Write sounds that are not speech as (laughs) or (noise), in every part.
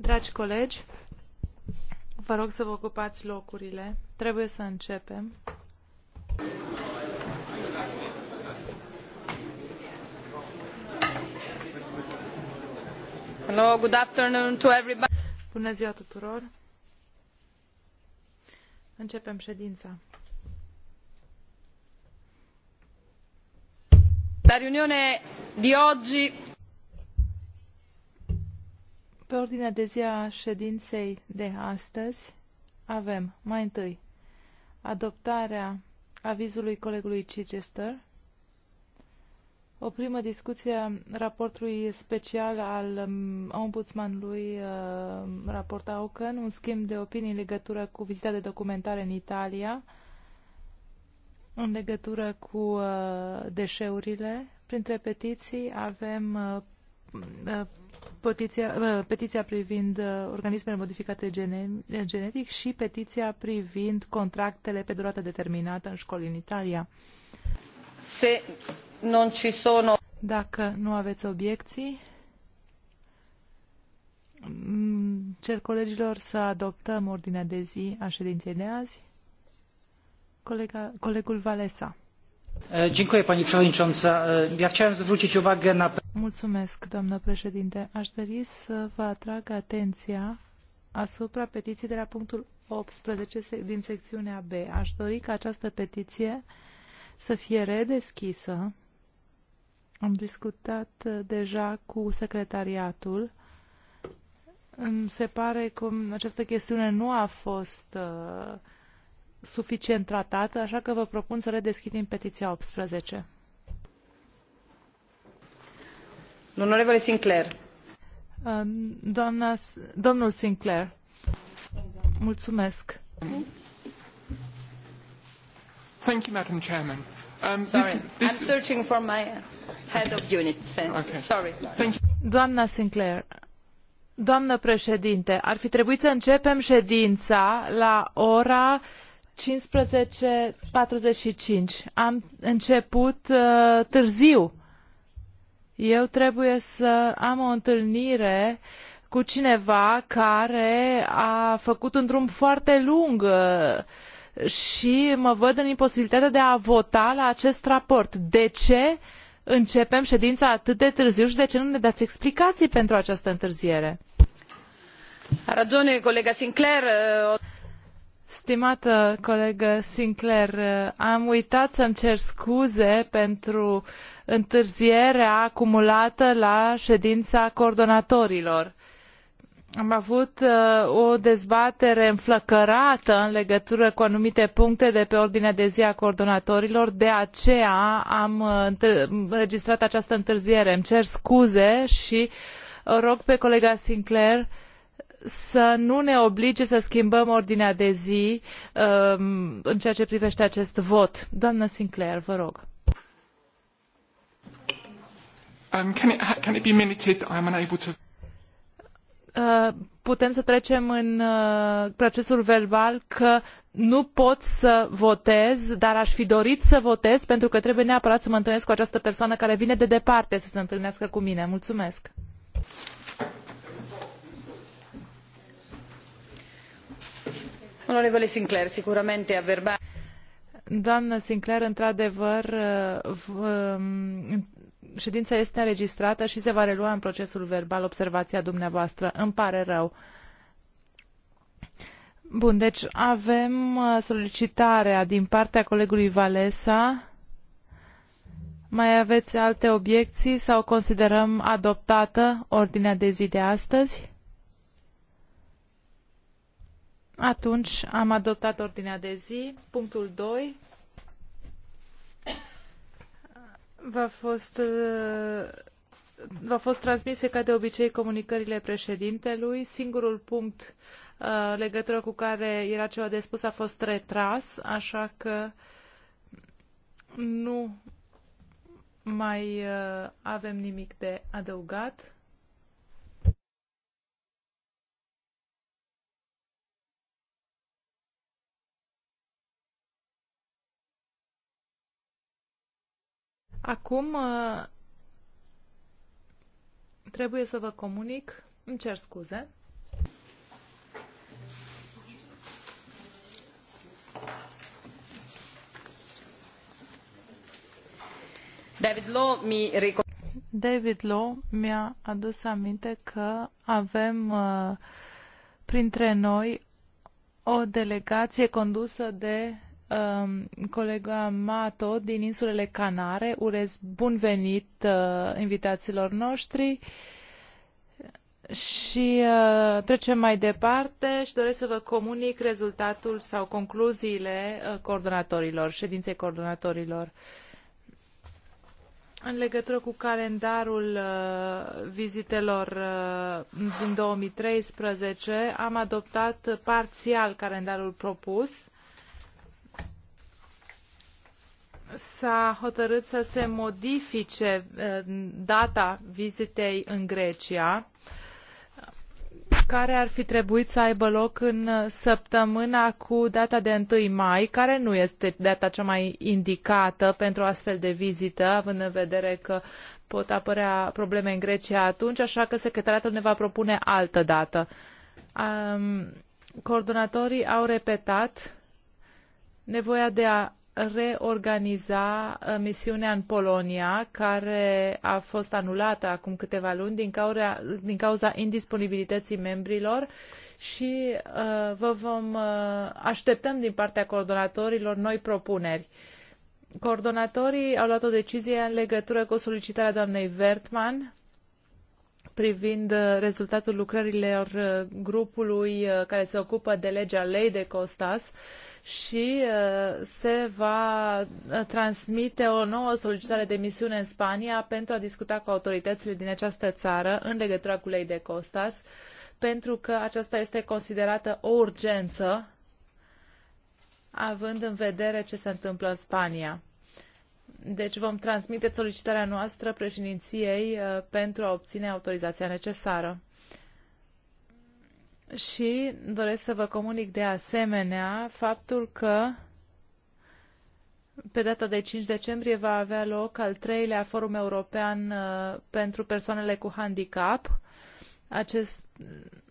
Dragi colegi, vă rog să vă ocupați locurile. Trebuie să începem. Hello, good afternoon to everybody. Bună ziua tuturor. Începem ședința. La riunione de oggi pe ordinea de zi a ședinței de astăzi avem mai întâi adoptarea avizului colegului Chichester, o primă discuție a raportului special al um, ombudsmanului uh, raport Auken, un schimb de opinii în legătură cu vizita de documentare în Italia, în legătură cu uh, deșeurile. Printre petiții avem uh, Uh, petiția, uh, petiția privind uh, organismele modificate gene, genetic și petiția privind contractele pe durată determinată în școli în Italia. Se non ci sono... Dacă nu aveți obiecții, mm, cer colegilor să adoptăm ordinea de zi a ședinței de azi. Colega, colegul Valesa. Dziękuję Pani Przewodnicząca. Ja chciałem zwrócić uwagę na... Mulțumesc, doamnă președinte. Aș dori să vă atrag atenția asupra petiției de la punctul 18 din secțiunea B. Aș dori ca această petiție să fie redeschisă. Am discutat uh, deja cu secretariatul. se pare că această chestiune nu a fost uh, suficient tratată, așa că vă propun să redeschidem petiția 18. L'onorevole Sinclair. Doamna, domnul Sinclair. Mulțumesc. Thank you, Madam Chairman. Um, this, this... I'm searching for my head of unit. Okay. Sorry. Thank you. Doamna Sinclair, doamnă președinte, ar fi trebuit să începem ședința la ora 15.45. Am început uh, târziu eu trebuie să am o întâlnire cu cineva care a făcut un drum foarte lung uh, și mă văd în imposibilitatea de a vota la acest raport. De ce începem ședința atât de târziu și de ce nu ne dați explicații pentru această întârziere? A ragione, colega Sinclair. Uh, Stimată colegă Sinclair, uh, am uitat să-mi cer scuze pentru uh, întârzierea acumulată la ședința coordonatorilor. Am avut uh, o dezbatere înflăcărată în legătură cu anumite puncte de pe ordinea de zi a coordonatorilor, de aceea am uh, înregistrat această întârziere. Îmi cer scuze și uh, rog pe colega Sinclair să nu ne oblige să schimbăm ordinea de zi în ceea ce privește acest vot. Doamnă Sinclair, vă rog. Um, can, it, can it be minuted? I'm unable to... Uh, putem să trecem în uh, procesul verbal că nu pot să votez, dar aș fi dorit să votez pentru că trebuie neapărat să mă întâlnesc cu această persoană care vine de departe să se întâlnească cu mine. Mulțumesc! Onorevole Sinclair, sicuramente a verbal... Doamnă Sinclair, într-adevăr, uh, um, ședința este înregistrată și se va relua în procesul verbal observația dumneavoastră. Îmi pare rău. Bun, deci avem uh, solicitarea din partea colegului Valesa. Mai aveți alte obiecții sau considerăm adoptată ordinea de zi de astăzi? Atunci am adoptat ordinea de zi. Punctul 2. V-a fost, v-a fost transmise ca de obicei comunicările președintelui. Singurul punct uh, legătură cu care era ceva de spus a fost retras, așa că nu mai uh, avem nimic de adăugat. Acum uh, trebuie să vă comunic, îmi cer scuze. David Law mi David Law mi-a adus aminte că avem uh, printre noi o delegație condusă de uh, colega Mato din insulele Canare. Urez bun venit uh, invitațiilor noștri. Și uh, trecem mai departe și doresc să vă comunic rezultatul sau concluziile uh, coordonatorilor, ședinței coordonatorilor. În legătură cu calendarul uh, vizitelor uh, din 2013, am adoptat parțial calendarul propus s-a hotărât să se modifice eh, data vizitei în Grecia, care ar fi trebuit să aibă loc în eh, săptămâna cu data de 1 mai, care nu este data cea mai indicată pentru astfel de vizită, având în vedere că pot apărea probleme în Grecia atunci, așa că secretariatul ne va propune altă dată. Um, coordonatorii au repetat nevoia de a reorganiza uh, misiunea în Polonia, care a fost anulată acum câteva luni din cauza, din cauza indisponibilității membrilor și uh, vă vom uh, așteptăm din partea coordonatorilor noi propuneri. Coordonatorii au luat o decizie în legătură cu solicitarea doamnei Vertman privind uh, rezultatul lucrărilor uh, grupului care se ocupă de legea lei de Costas uh, și uh, se va uh, transmite o nouă solicitare de misiune în Spania pentru a discuta cu autoritățile din această țară în legătură cu lei de Costas, pentru că aceasta este considerată o urgență având în vedere ce se întâmplă în Spania. Deci vom transmite solicitarea noastră președinției uh, pentru a obține autorizația necesară. Și doresc să vă comunic de asemenea faptul că pe data de 5 decembrie va avea loc al treilea forum european uh, pentru persoanele cu handicap. Acest,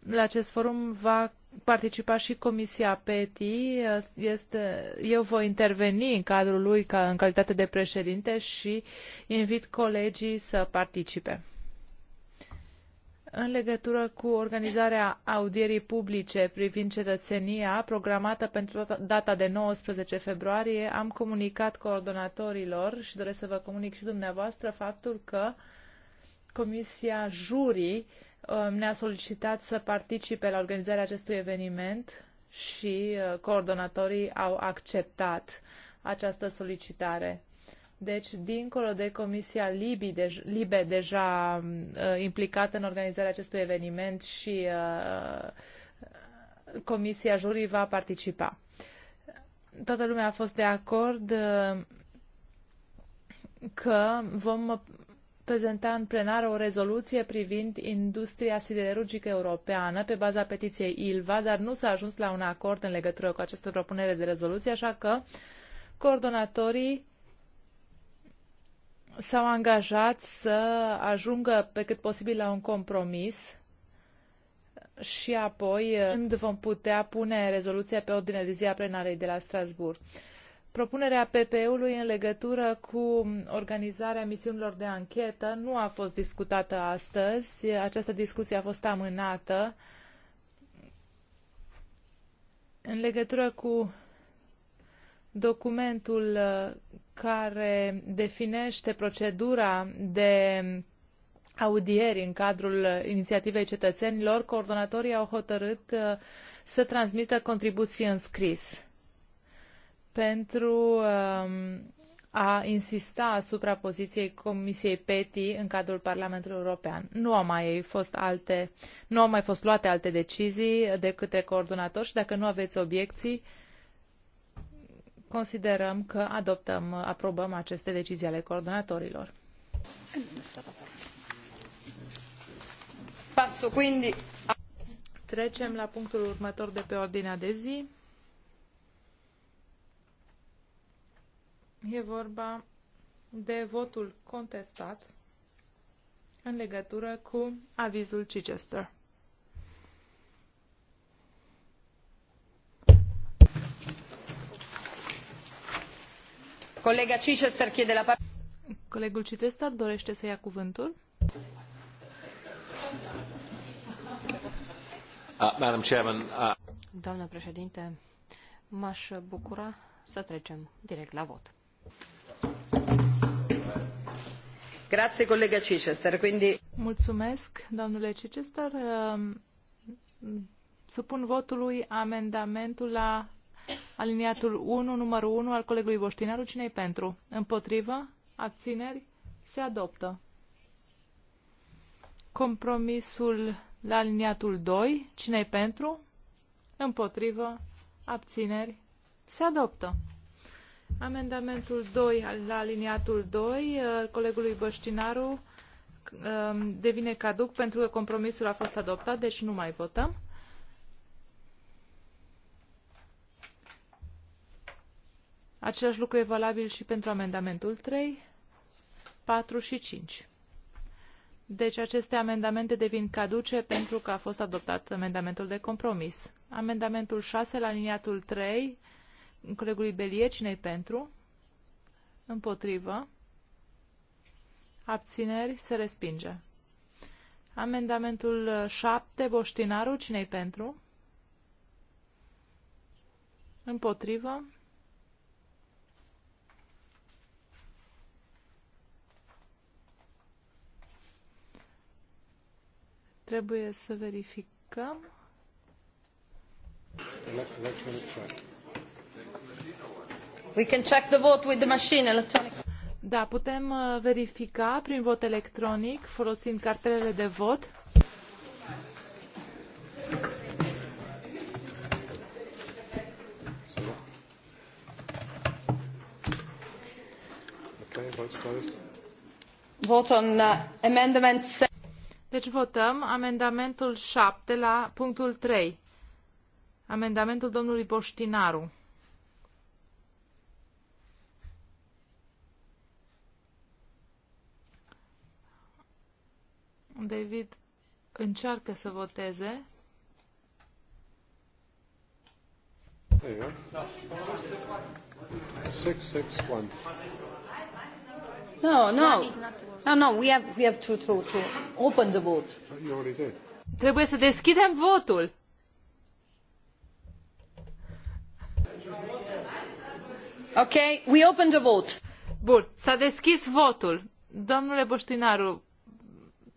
la acest forum va participa și Comisia PETI. Uh, este, eu voi interveni în cadrul lui ca, în calitate de președinte și invit colegii să participe în legătură cu organizarea audierii publice privind cetățenia programată pentru data de 19 februarie, am comunicat coordonatorilor și doresc să vă comunic și dumneavoastră faptul că Comisia Jurii uh, ne-a solicitat să participe la organizarea acestui eveniment și uh, coordonatorii au acceptat această solicitare. Deci, dincolo de Comisia Libii, de, Libe deja mm, uh, implicată în organizarea acestui eveniment și uh, uh, Comisia Jurii va participa. Toată lumea a fost de acord uh, că vom prezenta în plenară o rezoluție privind industria siderurgică europeană pe baza petiției ILVA, dar nu s-a ajuns la un acord în legătură cu această propunere de rezoluție, așa că coordonatorii s-au angajat să ajungă pe cât posibil la un compromis și apoi uh, când vom putea pune rezoluția pe ordine de zi a plenarei de la Strasburg. Propunerea PPE-ului în legătură cu organizarea misiunilor de anchetă nu a fost discutată astăzi. Această discuție a fost amânată. În legătură cu documentul uh, care definește procedura de audieri în cadrul inițiativei cetățenilor, coordonatorii au hotărât uh, să transmită contribuții în scris pentru um, a insista asupra poziției Comisiei PETI în cadrul Parlamentului European. Nu au mai fost alte, nu au mai fost luate alte decizii de către coordonatori și dacă nu aveți obiecții, considerăm că adoptăm, aprobăm aceste decizii ale coordonatorilor. Pasul, quindi... Trecem la punctul următor de pe ordinea de zi. E vorba de votul contestat în legătură cu avizul Chichester. Colega Chichester chiede la parola. Colegul Citestat dorește să ia cuvântul. Uh, Madam Chairman, uh... Doamnă președinte, m-aș bucura să trecem direct la vot. Grazie, colega Chichester. Quindi... Mulțumesc, domnule Chichester. Supun votului amendamentul la Aliniatul 1, numărul 1 al colegului Boștinaru, cine pentru? Împotrivă? Abțineri? Se adoptă. Compromisul la aliniatul 2, cine pentru? Împotrivă? Abțineri? Se adoptă. Amendamentul 2 la aliniatul 2 uh, al colegului Băștinaru um, devine caduc pentru că compromisul a fost adoptat, deci nu mai votăm. Același lucru e valabil și pentru amendamentul 3, 4 și 5. Deci aceste amendamente devin caduce pentru că a fost adoptat amendamentul de compromis. Amendamentul 6 la liniatul 3, colegului Belie, cine pentru? Împotrivă. Abțineri, se respinge. Amendamentul 7, Boștinaru, cine pentru? Împotrivă. Trebuie să verificăm. We can check the vote with the machine electronic. Da, putem uh, verifica prin vot electronic folosind cartelele de vot. vote on uh, amendment deci votăm amendamentul 7 la punctul 3. Amendamentul domnului Boștinaru. David încearcă să voteze. There you No, no. No, no, we have, we have to, to, to open the vote. Trebuie să deschidem votul. Ok, we open the vote. Bun, s-a deschis votul. Domnule Boștinaru,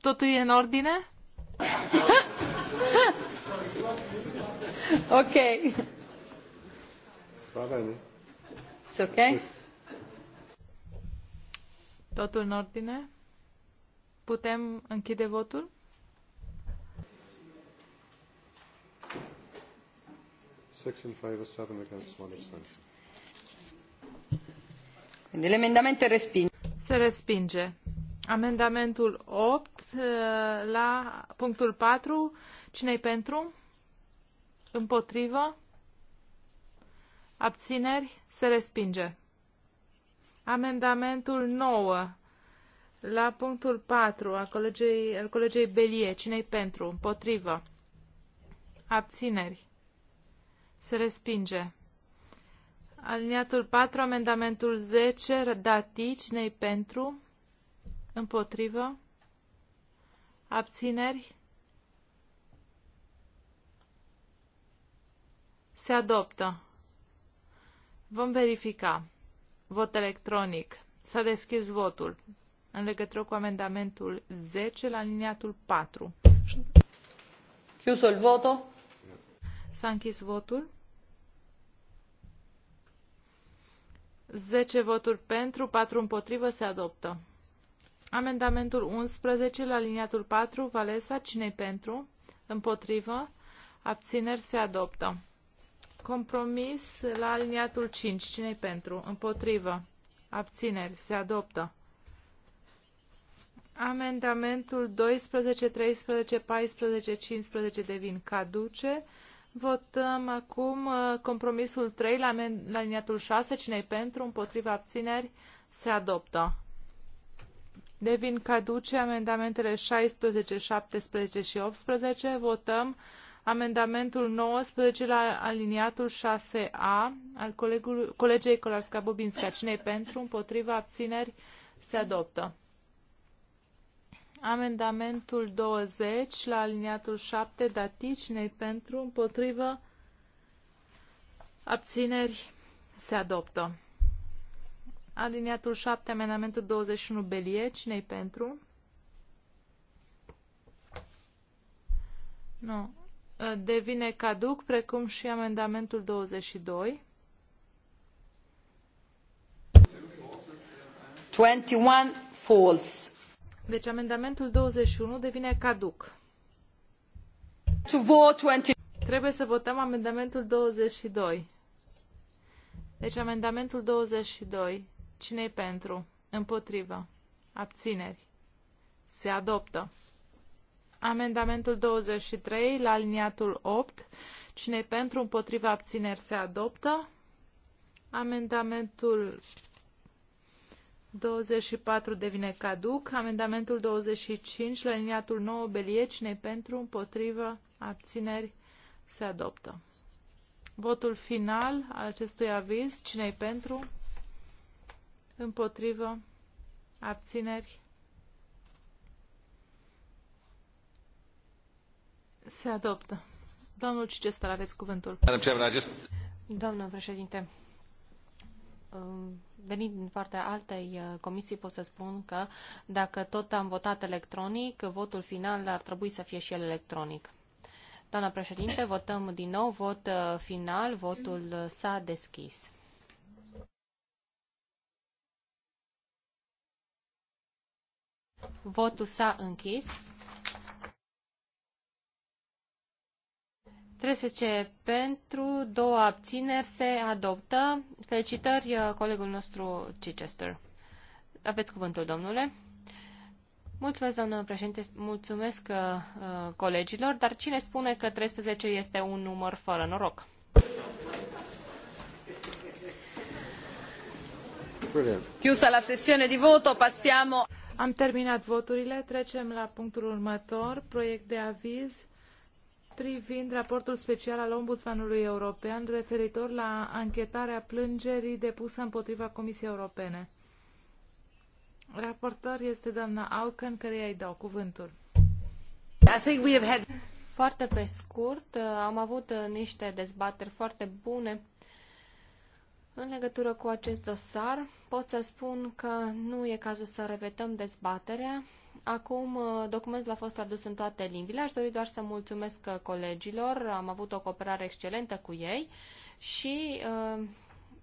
totul e în ordine? (laughs) ok. Va bene. It's ok? Totul în ordine? Putem închide votul? Se respinge. Amendamentul 8 eh, la punctul 4. cine e pentru? Împotrivă? Abțineri? Se respinge. Amendamentul 9 la punctul 4 al colegei, al colegei Belie, cine-i pentru? Împotrivă. Abțineri. Se respinge. Aliniatul 4, amendamentul 10, Rădati, cine-i pentru? Împotrivă. Abțineri. Se adoptă. Vom verifica. Vot electronic. S-a deschis votul în legătură cu amendamentul 10 la liniatul 4. Chiusul il voto. S-a închis votul. 10 voturi pentru, 4 împotrivă, se adoptă. Amendamentul 11 la liniatul 4, Valesa, cine pentru? Împotrivă, abțineri, se adoptă. Compromis la aliniatul 5, cine pentru? Împotrivă, abțineri, se adoptă. Amendamentul 12, 13, 14, 15 devin caduce. Votăm acum uh, compromisul 3 la, la liniatul 6. Cine-i pentru? Împotriva abțineri? Se adoptă. Devin caduce amendamentele 16, 17 și 18. Votăm amendamentul 19 la aliniatul 6A al colegului, colegei Colarska-Bobinska. Cine-i pentru? Împotriva abțineri? Se adoptă. Amendamentul 20 la aliniatul 7, daticinei pentru, împotrivă, abțineri, se adoptă. Aliniatul 7, amendamentul 21, belie, cinei pentru? Nu. Devine caduc, precum și amendamentul 22. 21 false. Deci amendamentul 21 devine caduc. To vote 20. Trebuie să votăm amendamentul 22. Deci amendamentul 22. cine e pentru? Împotrivă. Abțineri. Se adoptă. Amendamentul 23 la aliniatul 8. cine e pentru? Împotrivă. Abțineri. Se adoptă. Amendamentul 24 devine caduc. Amendamentul 25 la liniatul 9 belie. cine pentru? Împotrivă? Abțineri? Se adoptă. Votul final al acestui aviz. cine pentru? Împotrivă? Abțineri? Se adoptă. Domnul Cicestar, aveți cuvântul. Doamnă președinte, um, Venind din partea altei uh, comisii, pot să spun că dacă tot am votat electronic, votul final ar trebui să fie și el electronic. Doamna președinte, votăm din nou vot uh, final. Votul uh, s-a deschis. Votul s-a închis. 13 pentru, două abțineri, se adoptă. Felicitări uh, colegul nostru Chichester. Aveți cuvântul, domnule. Mulțumesc, doamnă președinte, mulțumesc uh, uh colegilor, dar cine spune că 13 este un număr fără noroc? Chiusa la sesiune di voto, passiamo... Am terminat voturile, trecem la punctul următor, proiect de aviz privind raportul special al Ombudsmanului European referitor la anchetarea plângerii depusă împotriva Comisiei Europene. Raportor este doamna Auken, care îi dau cuvântul. I think we have had... Foarte pe scurt, am avut niște dezbateri foarte bune în legătură cu acest dosar. Pot să spun că nu e cazul să repetăm dezbaterea, Acum uh, documentul a fost tradus în toate limbile. Aș dori doar să mulțumesc uh, colegilor. Am avut o cooperare excelentă cu ei și uh,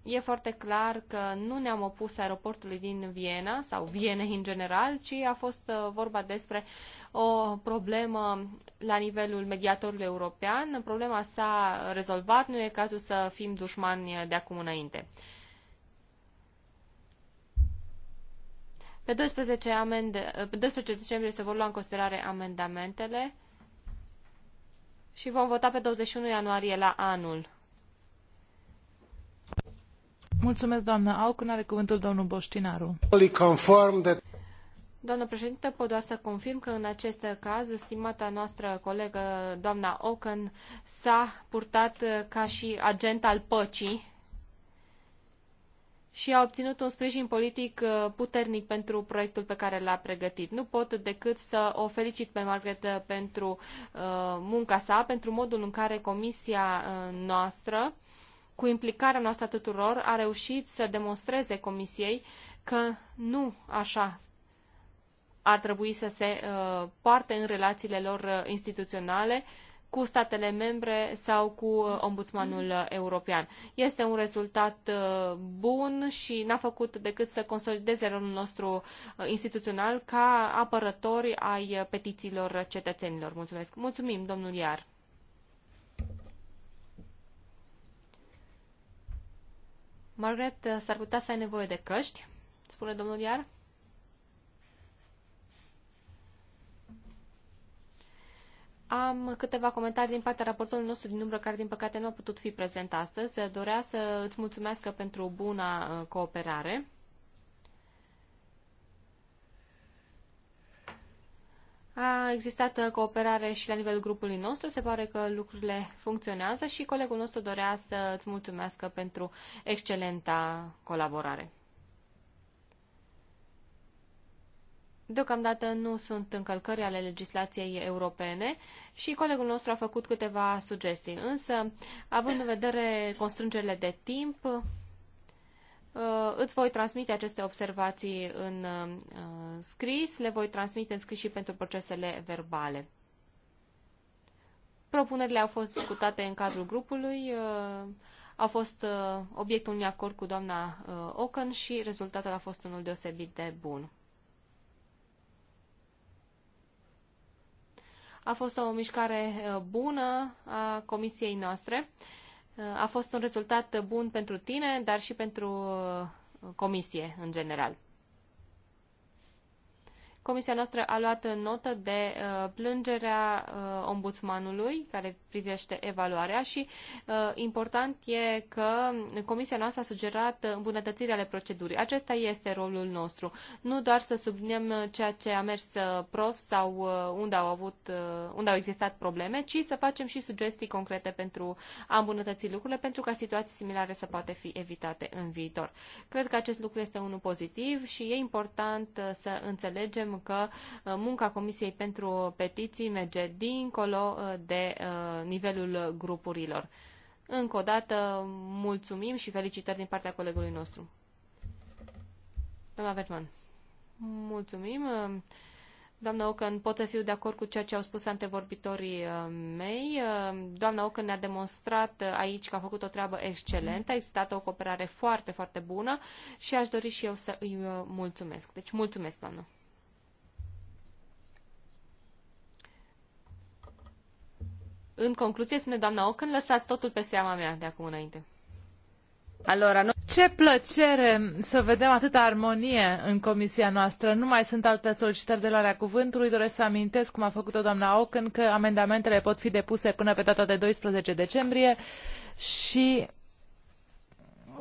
e foarte clar că nu ne-am opus aeroportului din Viena sau Viena în general, ci a fost vorba despre o problemă la nivelul mediatorului european. Problema s-a rezolvat, nu e cazul să fim dușmani de acum înainte. Pe 12, pe 12 decembrie se vor lua în considerare amendamentele și vom vota pe 21 ianuarie la anul. Mulțumesc, doamna Aucun. Are cuvântul domnul Boștinaru. Doamnă președintă, pot doar să confirm că în acest caz, stimata noastră colegă, doamna Ocan, s-a purtat ca și agent al păcii și a obținut un sprijin politic uh, puternic pentru proiectul pe care l-a pregătit. Nu pot decât să o felicit pe Margaret uh, pentru uh, munca sa, pentru modul în care comisia noastră, cu implicarea noastră a tuturor, a reușit să demonstreze comisiei că nu așa ar trebui să se poarte în relațiile lor instituționale uh, cu statele membre sau cu uh, ombudsmanul uh, european. Este un rezultat uh, bun și n-a făcut decât să consolideze rolul nostru instituțional ca apărători ai petițiilor cetățenilor. Mulțumesc. Mulțumim, domnul Iar. Margaret, s-ar putea să ai nevoie de căști, spune domnul Iar. Am câteva comentarii din partea raportorului nostru din umbră, care din păcate nu a putut fi prezent astăzi. Dorea să îți mulțumesc pentru buna uh, cooperare. A existat uh, cooperare și la nivelul grupului nostru, se pare că lucrurile funcționează și colegul nostru dorea să îți mulțumesc pentru excelenta colaborare. Deocamdată nu sunt încălcări ale legislației europene și colegul nostru a făcut câteva sugestii. Însă, având în vedere constrângerile de timp, uh, îți voi transmite aceste observații în uh, scris, le voi transmite în scris și pentru procesele verbale. Propunerile au fost discutate în cadrul grupului, uh, au fost obiectul unui acord cu doamna Ocan și rezultatul a fost unul deosebit de bun. A fost o mișcare uh, bună a comisiei noastre. Uh, a fost un rezultat bun pentru tine, dar și pentru uh, comisie în general. Comisia noastră a luat notă de uh, plângerea uh, ombudsmanului care privește evaluarea și uh, important e că Comisia noastră a sugerat îmbunătățirea ale procedurii. Acesta este rolul nostru. Nu doar să subliniem ceea ce a mers uh, prost sau uh, unde, au avut, uh, unde au existat probleme, ci să facem și sugestii concrete pentru a îmbunătăți lucrurile, pentru ca situații similare să poate fi evitate în viitor. Cred că acest lucru este unul pozitiv și e important uh, să înțelegem că uh, munca Comisiei pentru Petiții merge dincolo uh, de uh, nivelul grupurilor. Încă o dată, mulțumim și felicitări din partea colegului nostru. Doamna Vertman, mulțumim. Doamna Ocan, pot să fiu de acord cu ceea ce au spus antevorbitorii mei. Doamna Ocan ne-a demonstrat aici că a făcut o treabă excelentă, a existat o cooperare foarte, foarte bună și aș dori și eu să îi mulțumesc. Deci, mulțumesc, doamnă. În concluzie, spune doamna Ocan, lăsați totul pe seama mea de acum înainte. Allora, nu... Ce plăcere să vedem atâta armonie în comisia noastră. Nu mai sunt alte solicitări de luarea cuvântului. Doresc să amintesc, cum a făcut-o doamna Ocan, că amendamentele pot fi depuse până pe data de 12 decembrie și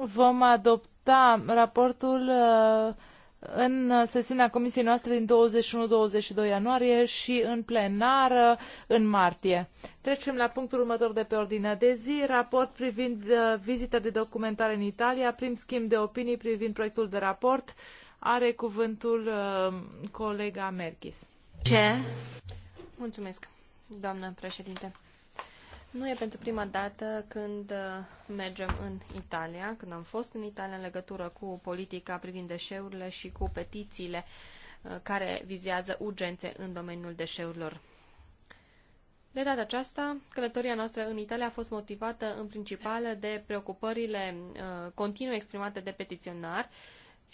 vom adopta raportul uh, în sesiunea comisiei noastre din 21-22 ianuarie și în plenară în martie. Trecem la punctul următor de pe ordinea de zi, raport privind uh, vizita de documentare în Italia, prim schimb de opinii privind proiectul de raport. Are cuvântul uh, colega Merchis. Ce? Mulțumesc, doamnă președinte. Nu e pentru prima dată când uh, mergem în Italia, când am fost în Italia în legătură cu politica privind deșeurile și cu petițiile uh, care vizează urgențe în domeniul deșeurilor. De data aceasta, călătoria noastră în Italia a fost motivată în principal de preocupările uh, continuu exprimate de petiționar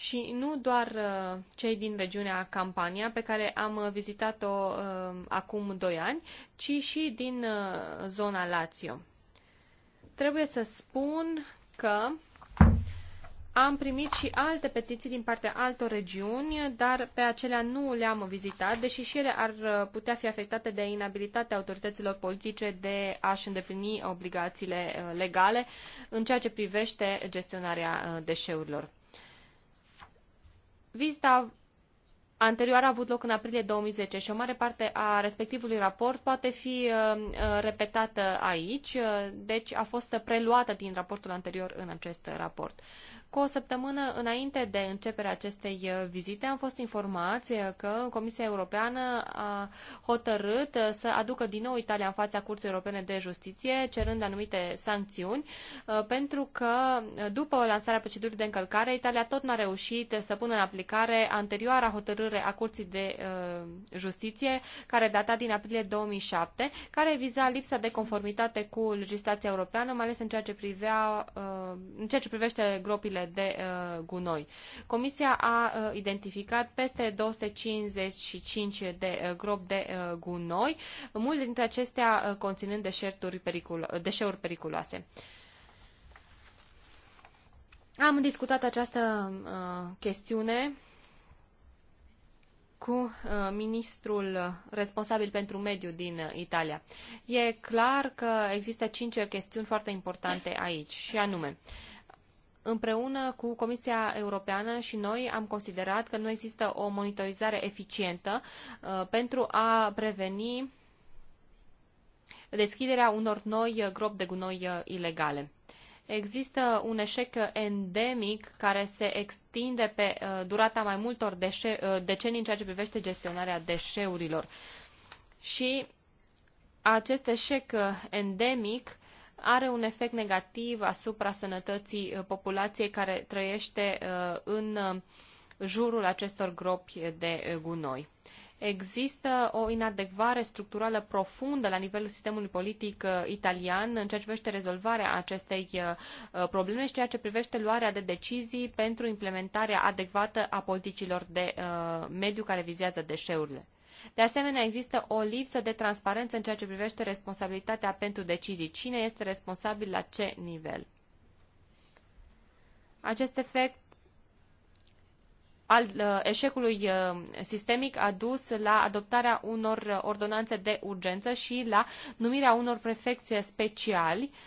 și nu doar uh, cei din regiunea Campania, pe care am uh, vizitat-o uh, acum doi ani, ci și din zona Lazio. Trebuie să spun că am primit și alte petiții din partea altor regiuni, dar pe acelea nu le-am vizitat, deși și ele ar putea fi afectate de inabilitatea autorităților politice de a-și îndeplini obligațiile legale în ceea ce privește gestionarea deșeurilor. Vizita anterioară a avut loc în aprilie 2010 și o mare parte a respectivului raport poate fi uh, uh, repetată aici, uh, deci a fost preluată din raportul anterior în acest raport. Cu o săptămână înainte de începerea acestei uh, vizite am fost informați uh, că Comisia Europeană a hotărât uh, să aducă din nou Italia în fața Curții Europene de Justiție, cerând anumite sancțiuni, pentru că după lansarea procedurii de încălcare, Italia tot n-a reușit să pună în aplicare anterioara hotărâre a Curții de Justiție, care data din aprilie 2007, care viza lipsa de conformitate cu legislația europeană, mai ales în ceea ce, privea, în ceea ce privește gropile deșeurile de uh, gunoi. Comisia a uh, identificat peste 255 de uh, gropi de uh, gunoi, multe dintre acestea uh, conținând periculo deșeuri periculoase. Am discutat această uh, chestiune cu uh, ministrul responsabil pentru mediu din uh, Italia. E clar că există cinci chestiuni foarte importante aici, și anume uh, împreună cu Comisia Europeană și noi am considerat că nu există o monitorizare eficientă uh, pentru a preveni deschiderea unor noi gropi de gunoi uh, ilegale. Există un eșec endemic care se extinde pe uh, durata mai multor deșe- decenii în ceea ce privește gestionarea deșeurilor. Și acest eșec endemic are un efect negativ asupra sănătății uh, populației care trăiește uh, în uh, jurul acestor gropi de gunoi. Există o inadecvare structurală profundă la nivelul sistemului politic italian în ceea ce privește rezolvarea acestei probleme și ceea ce privește luarea de decizii pentru implementarea adecvată a politicilor de mediu care vizează deșeurile. De asemenea, există o lipsă de transparență în ceea ce privește responsabilitatea pentru decizii. Cine este responsabil la ce nivel? Acest efect al uh, eșecului uh, sistemic a dus la adoptarea unor uh, ordonanțe de urgență și la numirea unor prefecții speciali uh,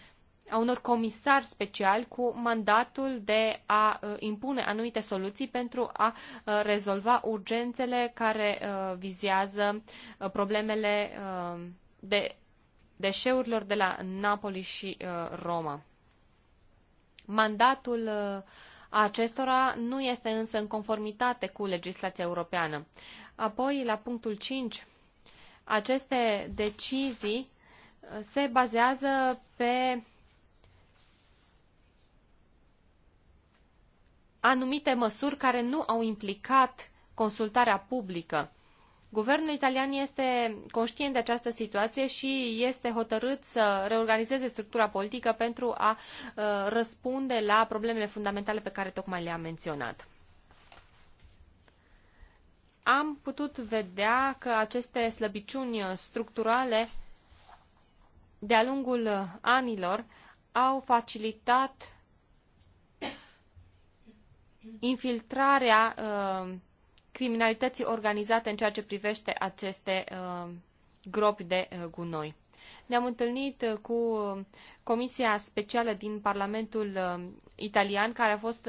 a unor comisari speciali cu mandatul de a uh, impune anumite soluții pentru a uh, rezolva urgențele care uh, vizează problemele de deșeurilor de la Napoli și Roma. Mandatul acestora nu este însă în conformitate cu legislația europeană. Apoi, la punctul 5, aceste decizii se bazează pe anumite măsuri care nu au implicat consultarea publică. Guvernul italian este conștient de această situație și este hotărât să reorganizeze structura politică pentru a uh, răspunde la problemele fundamentale pe care tocmai le-am menționat. Am putut vedea că aceste slăbiciuni structurale de-a lungul anilor au facilitat infiltrarea uh, criminalității organizate în ceea ce privește aceste uh, gropi de uh, gunoi. Ne-am întâlnit uh, cu uh, Comisia Specială din Parlamentul uh, Italian, care a fost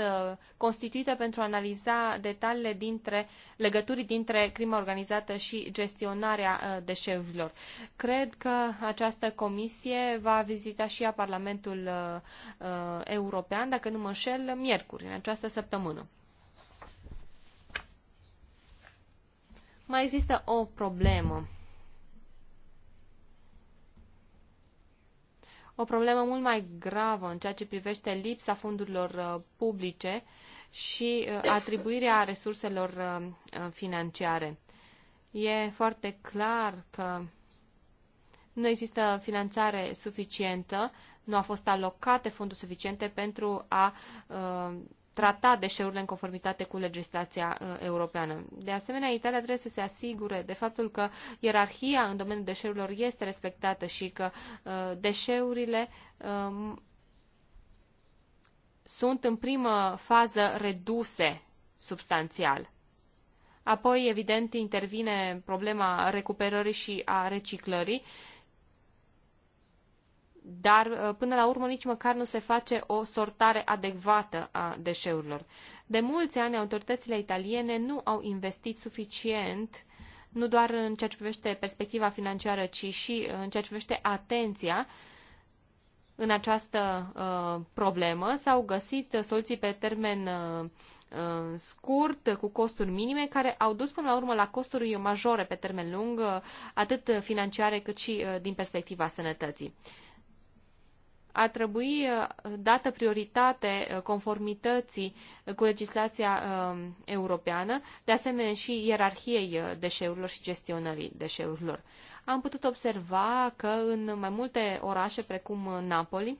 constituită pentru a analiza detaliile dintre legături dintre crima organizată și gestionarea deșeurilor. Cred că această comisie va vizita și ea Parlamentul European, dacă nu mă înșel, miercuri, în această săptămână. Mai există o problemă o problemă mult mai gravă în ceea ce privește lipsa fondurilor uh, publice și uh, atribuirea resurselor uh, financiare. E foarte clar că nu există finanțare suficientă, nu a fost alocate fonduri suficiente pentru a trata deșeurile în conformitate cu legislația uh, europeană. De asemenea, Italia trebuie să se asigure de faptul că ierarhia în domeniul deșeurilor este respectată și că uh, deșeurile um, sunt în primă fază reduse substanțial. Apoi, evident, intervine problema recuperării și a reciclării, uh, dar uh, până la urmă nici măcar nu se face o sortare adecvată a deșeurilor. De mulți ani, autoritățile italiene nu au investit suficient nu doar în ceea ce privește perspectiva financiară, ci și uh, în ceea ce privește atenția în această uh, problemă. S-au găsit soluții pe termen uh, uh, scurt, cu costuri minime, care au dus până la urmă la costuri majore pe termen lung, atât financiare cât și din perspectiva sănătății ar trebui uh, dată prioritate uh, conformității uh, cu legislația um, europeană, de asemenea și ierarhiei deșeurilor și gestionării deșeurilor. Am putut observa că în mai multe orașe, precum Napoli,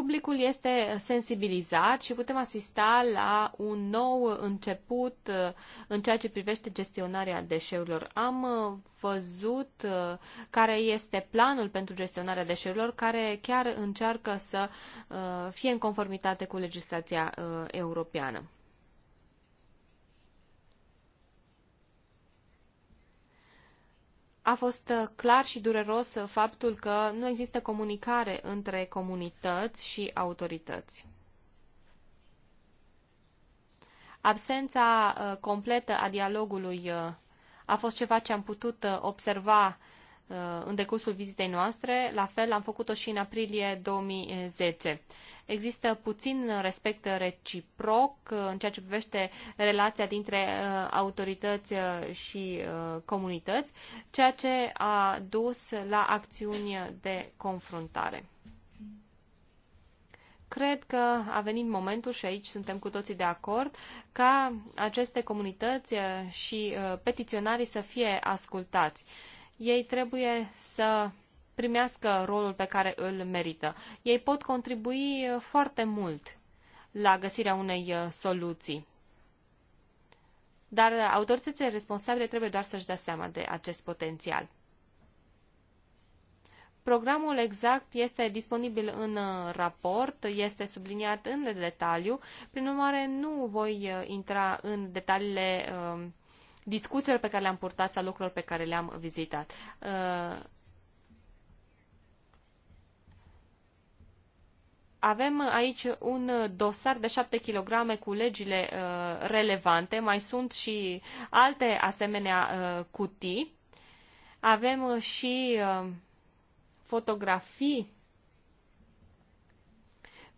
Publicul este sensibilizat și putem asista la un nou început uh, în ceea ce privește gestionarea deșeurilor. Am uh, văzut uh, care este planul pentru gestionarea deșeurilor, care chiar încearcă să fie în conformitate cu legislația europeană. a fost uh, clar și dureros uh, faptul că nu există comunicare între comunități și autorități. Absența uh, completă a dialogului a fost ceva ce am putut observa Uh, în decursul vizitei noastre, la fel am făcut-o și în aprilie 2010. Există puțin respect reciproc uh, în ceea ce privește relația dintre uh, autorități și comunități, ceea ce a dus la acțiuni de confruntare. Cred că a venit momentul, și aici suntem cu toții de acord, ca aceste comunități și petiționarii să fie ascultați. Ei trebuie să primească rolul pe care îl merită. Ei pot contribui uh, foarte mult la găsirea unei uh, soluții. Dar autoritățile responsabile trebuie doar să-și dea seama de acest potențial. Programul exact este disponibil în uh, raport, este subliniat în detaliu, prin urmare nu voi intra în detaliile uh, discuțiilor pe care le-am purtat sau lucrurilor pe care le-am vizitat. Uh, avem aici un dosar de 7 kg cu legile uh, relevante, mai sunt și alte asemenea uh, cutii. Avem uh, și fotografii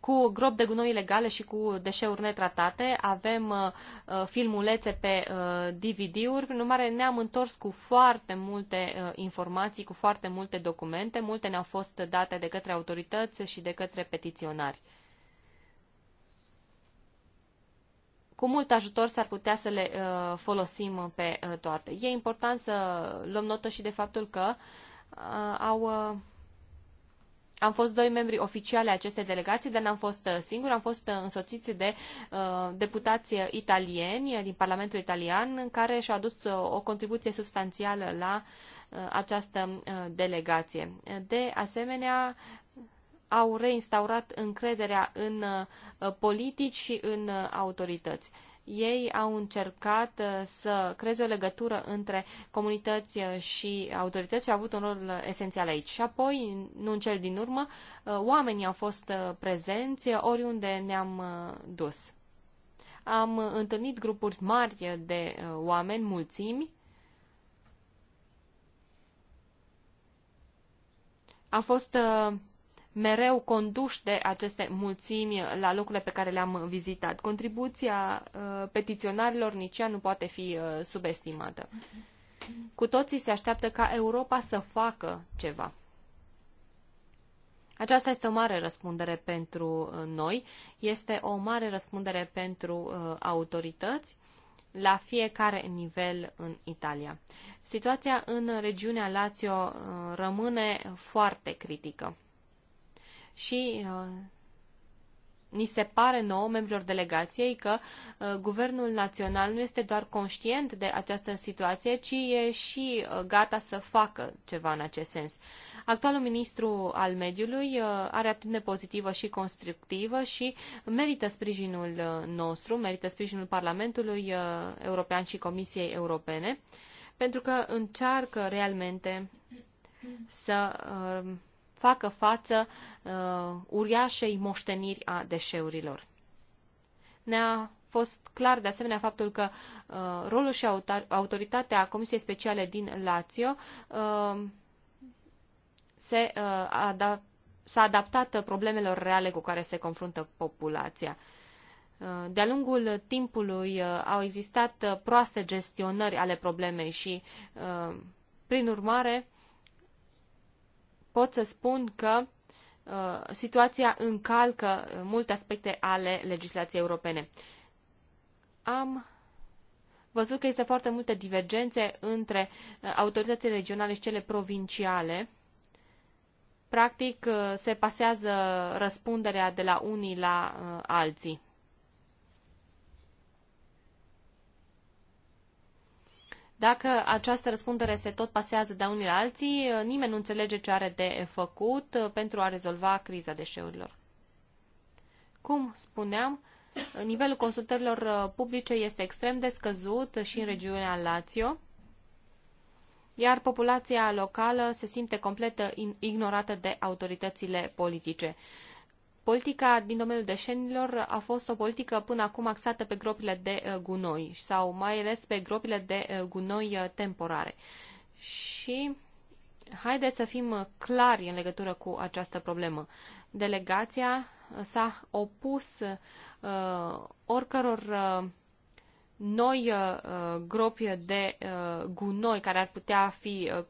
cu grob de gunoi ilegale și cu deșeuri netratate, avem uh, uh filmulețe pe uh, DVD-uri, prin urmare ne-am întors cu foarte multe uh, informații, cu foarte multe documente, multe ne-au fost date de către autorități și de către petiționari. cu mult ajutor s-ar putea să le uh, folosim pe uh, toate. E important să luăm notă și de faptul că uh, au uh, am fost doi membri oficiale acestei delegații, dar n-am fost uh, singur, am fost uh, însoțiți de uh, deputați uh, italieni din Parlamentul Italian, care și-au adus o contribuție substanțială la uh, această uh, delegație. De asemenea, au reinstaurat încrederea în uh, politici și în uh, autorități. Uh, ei au încercat uh, să creeze o legătură între comunități uh, și autorități și au avut un rol uh, esențial aici. Și apoi, nu în cel din urmă, oamenii au fost prezenți oriunde ne-am dus. Am întâlnit grupuri mari de oameni, mulțimi, a fost mereu conduși de aceste mulțimi la locurile pe care le-am vizitat. Contribuția uh, petiționarilor nici ea nu poate fi uh, subestimată. Cu toții se așteaptă ca Europa să facă ceva. Aceasta este o mare răspundere pentru uh, noi, este o mare răspundere pentru autorități la fiecare nivel în Italia. Situația în regiunea Lazio rămâne foarte critică și uh, ni se pare nouă, membrilor delegației, că uh, Guvernul Național nu este doar conștient de această situație, ci e și uh, gata să facă ceva în acest sens. Actualul ministru al mediului uh, are atitudine pozitivă și constructivă și merită sprijinul uh, nostru, merită sprijinul Parlamentului uh, European și Comisiei Europene, pentru că încearcă realmente să facă față uh, uriașei moșteniri a deșeurilor. Ne-a fost clar de asemenea faptul că uh, rolul și autoritatea Comisiei Speciale din Lazio uh, se uh, adaptă s-a adaptat problemelor reale cu care se confruntă populația. Uh, de-a lungul timpului uh, au existat proaste gestionări ale problemei și, uh, prin urmare, pot să spun că uh, situația încalcă uh, multe aspecte ale legislației europene. Am văzut că este foarte multe divergențe între uh, autoritățile regionale și cele provinciale. Practic, se pasează răspunderea de la unii la alții. Dacă această răspundere se tot pasează de unii la alții, nimeni nu înțelege ce are de făcut uh, pentru a rezolva criza deșeurilor. Cum spuneam, nivelul consultărilor uh, publice este extrem de scăzut și în regiunea Lazio, iar populația locală se simte complet uh, ignorată de autoritățile politice. Politica din domeniul deșenilor a fost o politică până acum axată pe gropile de uh, gunoi sau mai ales pe gropile de uh, gunoi uh, temporare. Și haideți să fim clari în legătură cu această problemă. Delegația s-a opus uh, oricăror uh, noi uh, gropi de uh, gunoi care ar putea fi uh,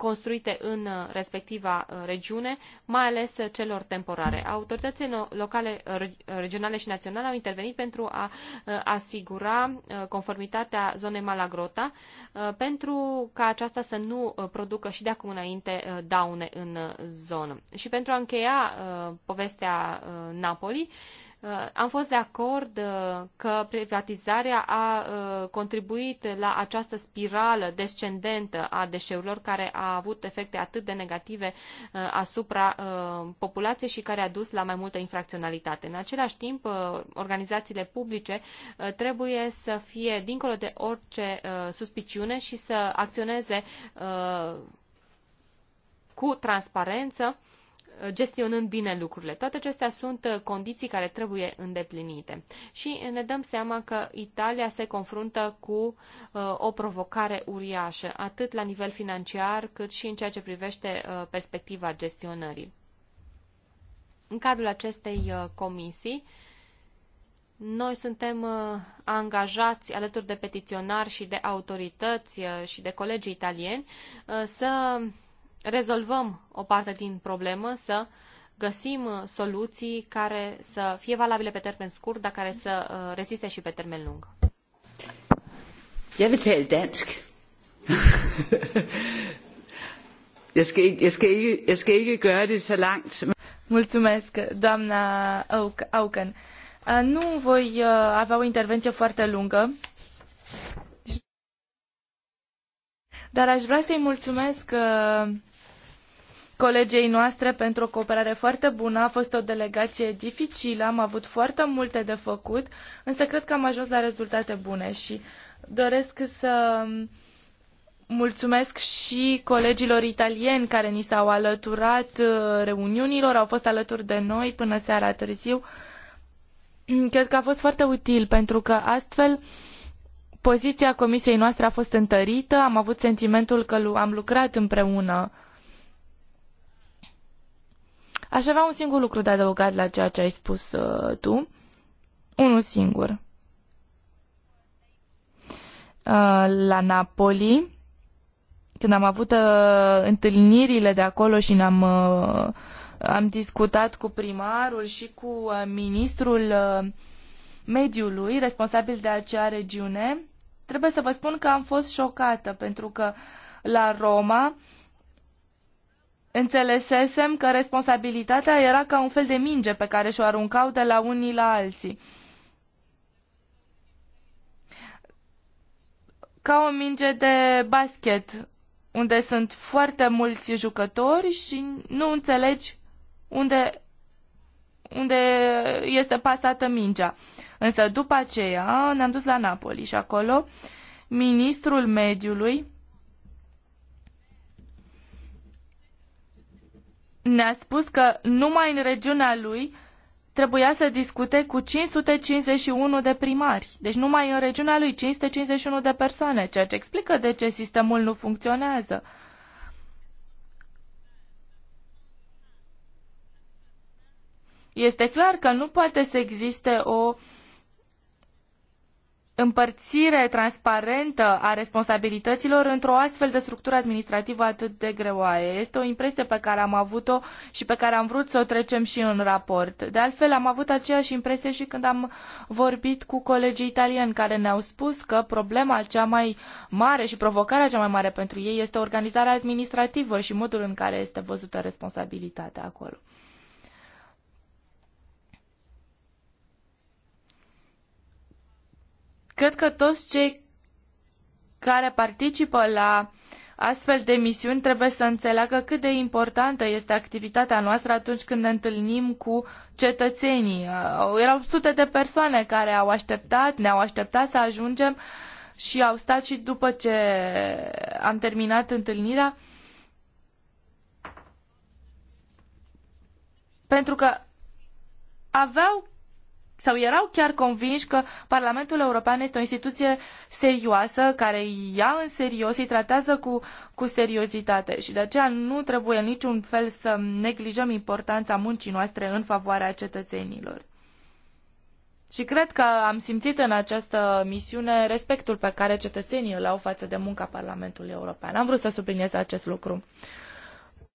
construite în uh, respectiva uh, regiune, mai ales uh, celor temporare. Autoritățile locale, regionale și naționale au intervenit pentru a asigura conformitatea zonei Malagrota, pentru ca aceasta să nu producă și de acum înainte daune în zonă. Și pentru a încheia povestea Napoli, Uh, am fost de acord uh, că privatizarea a uh, contribuit la această spirală descendentă a deșeurilor care a avut efecte atât de negative asupra populației și care a dus la mai multă infracționalitate. În același timp, organizațiile publice trebuie să fie dincolo de orice suspiciune și să acționeze cu transparență gestionând bine lucrurile. Toate acestea sunt uh, condiții care trebuie îndeplinite. Și ne dăm seama că Italia se confruntă cu uh, o provocare uriașă, atât la nivel financiar, cât și în ceea ce privește uh, perspectiva gestionării. În cadrul acestei comisii, noi suntem angajați alături de petiționari și de autorități și de colegii italieni să rezolvăm o parte din problemă, să găsim uh, soluții care să fie valabile pe termen scurt, dar care să uh, reziste și pe termen lung. Jeg vil tale dansk. (laughs) jeg, skal ikke, jeg, skal ikke, jeg skal ikke gøre det så langt. Mulțumesc, doamna Auken. Nu voi uh, avea o intervenție foarte lungă, dar aș vrea să-i mulțumesc colegei noastre pentru o cooperare foarte bună. A fost o delegație dificilă, am avut foarte multe de făcut, însă cred că am ajuns la rezultate bune și doresc să mulțumesc și colegilor italieni care ni s-au alăturat uh, reuniunilor, au fost alături de noi până seara târziu. Cred că a fost foarte util pentru că astfel poziția comisiei noastre a fost întărită, am avut sentimentul că am lucrat împreună Aș avea un singur lucru de adăugat la ceea ce ai spus uh, tu. Unul singur. Uh, la Napoli, când am avut uh, întâlnirile de acolo și ne-am uh, am discutat cu primarul și cu uh, ministrul uh, mediului, responsabil de acea regiune, trebuie să vă spun că am fost șocată pentru că la Roma uh, înțelesesem că responsabilitatea era ca un fel de minge pe care și-o aruncau de la unii la alții. Ca o minge de basket, unde sunt foarte mulți jucători și nu înțelegi unde, unde este pasată mingea. Însă după aceea ne-am dus la Napoli și acolo ministrul mediului ne-a spus că numai în regiunea lui trebuia să discute cu 551 de primari. Deci numai în regiunea lui 551 de persoane, ceea ce explică de ce sistemul nu funcționează. Este clar că nu poate să existe o uh, împărțire transparentă a responsabilităților într-o astfel de structură administrativă atât de greoaie. Este o impresie pe care am avut-o și pe care am vrut să o trecem și în raport. De altfel, am avut aceeași impresie și când am vorbit cu colegii italieni care ne-au spus că problema cea mai mare și provocarea cea mai mare pentru ei este organizarea administrativă și modul în care este văzută responsabilitatea acolo. Cred că toți cei care participă la astfel de misiuni trebuie să înțeleagă cât de importantă este activitatea noastră atunci când ne întâlnim cu cetățenii. Uh, erau sute de persoane care au așteptat, ne-au așteptat să ajungem și au stat și după ce am terminat întâlnirea. Pentru că aveau sau erau chiar convinși că Parlamentul European este o instituție serioasă, care ia în serios, îi tratează cu, cu seriozitate și de aceea nu trebuie în niciun fel să neglijăm importanța muncii noastre în favoarea cetățenilor. Și cred că am simțit în această misiune respectul pe care cetățenii îl au față de munca Parlamentului European. Am vrut să subliniez acest lucru.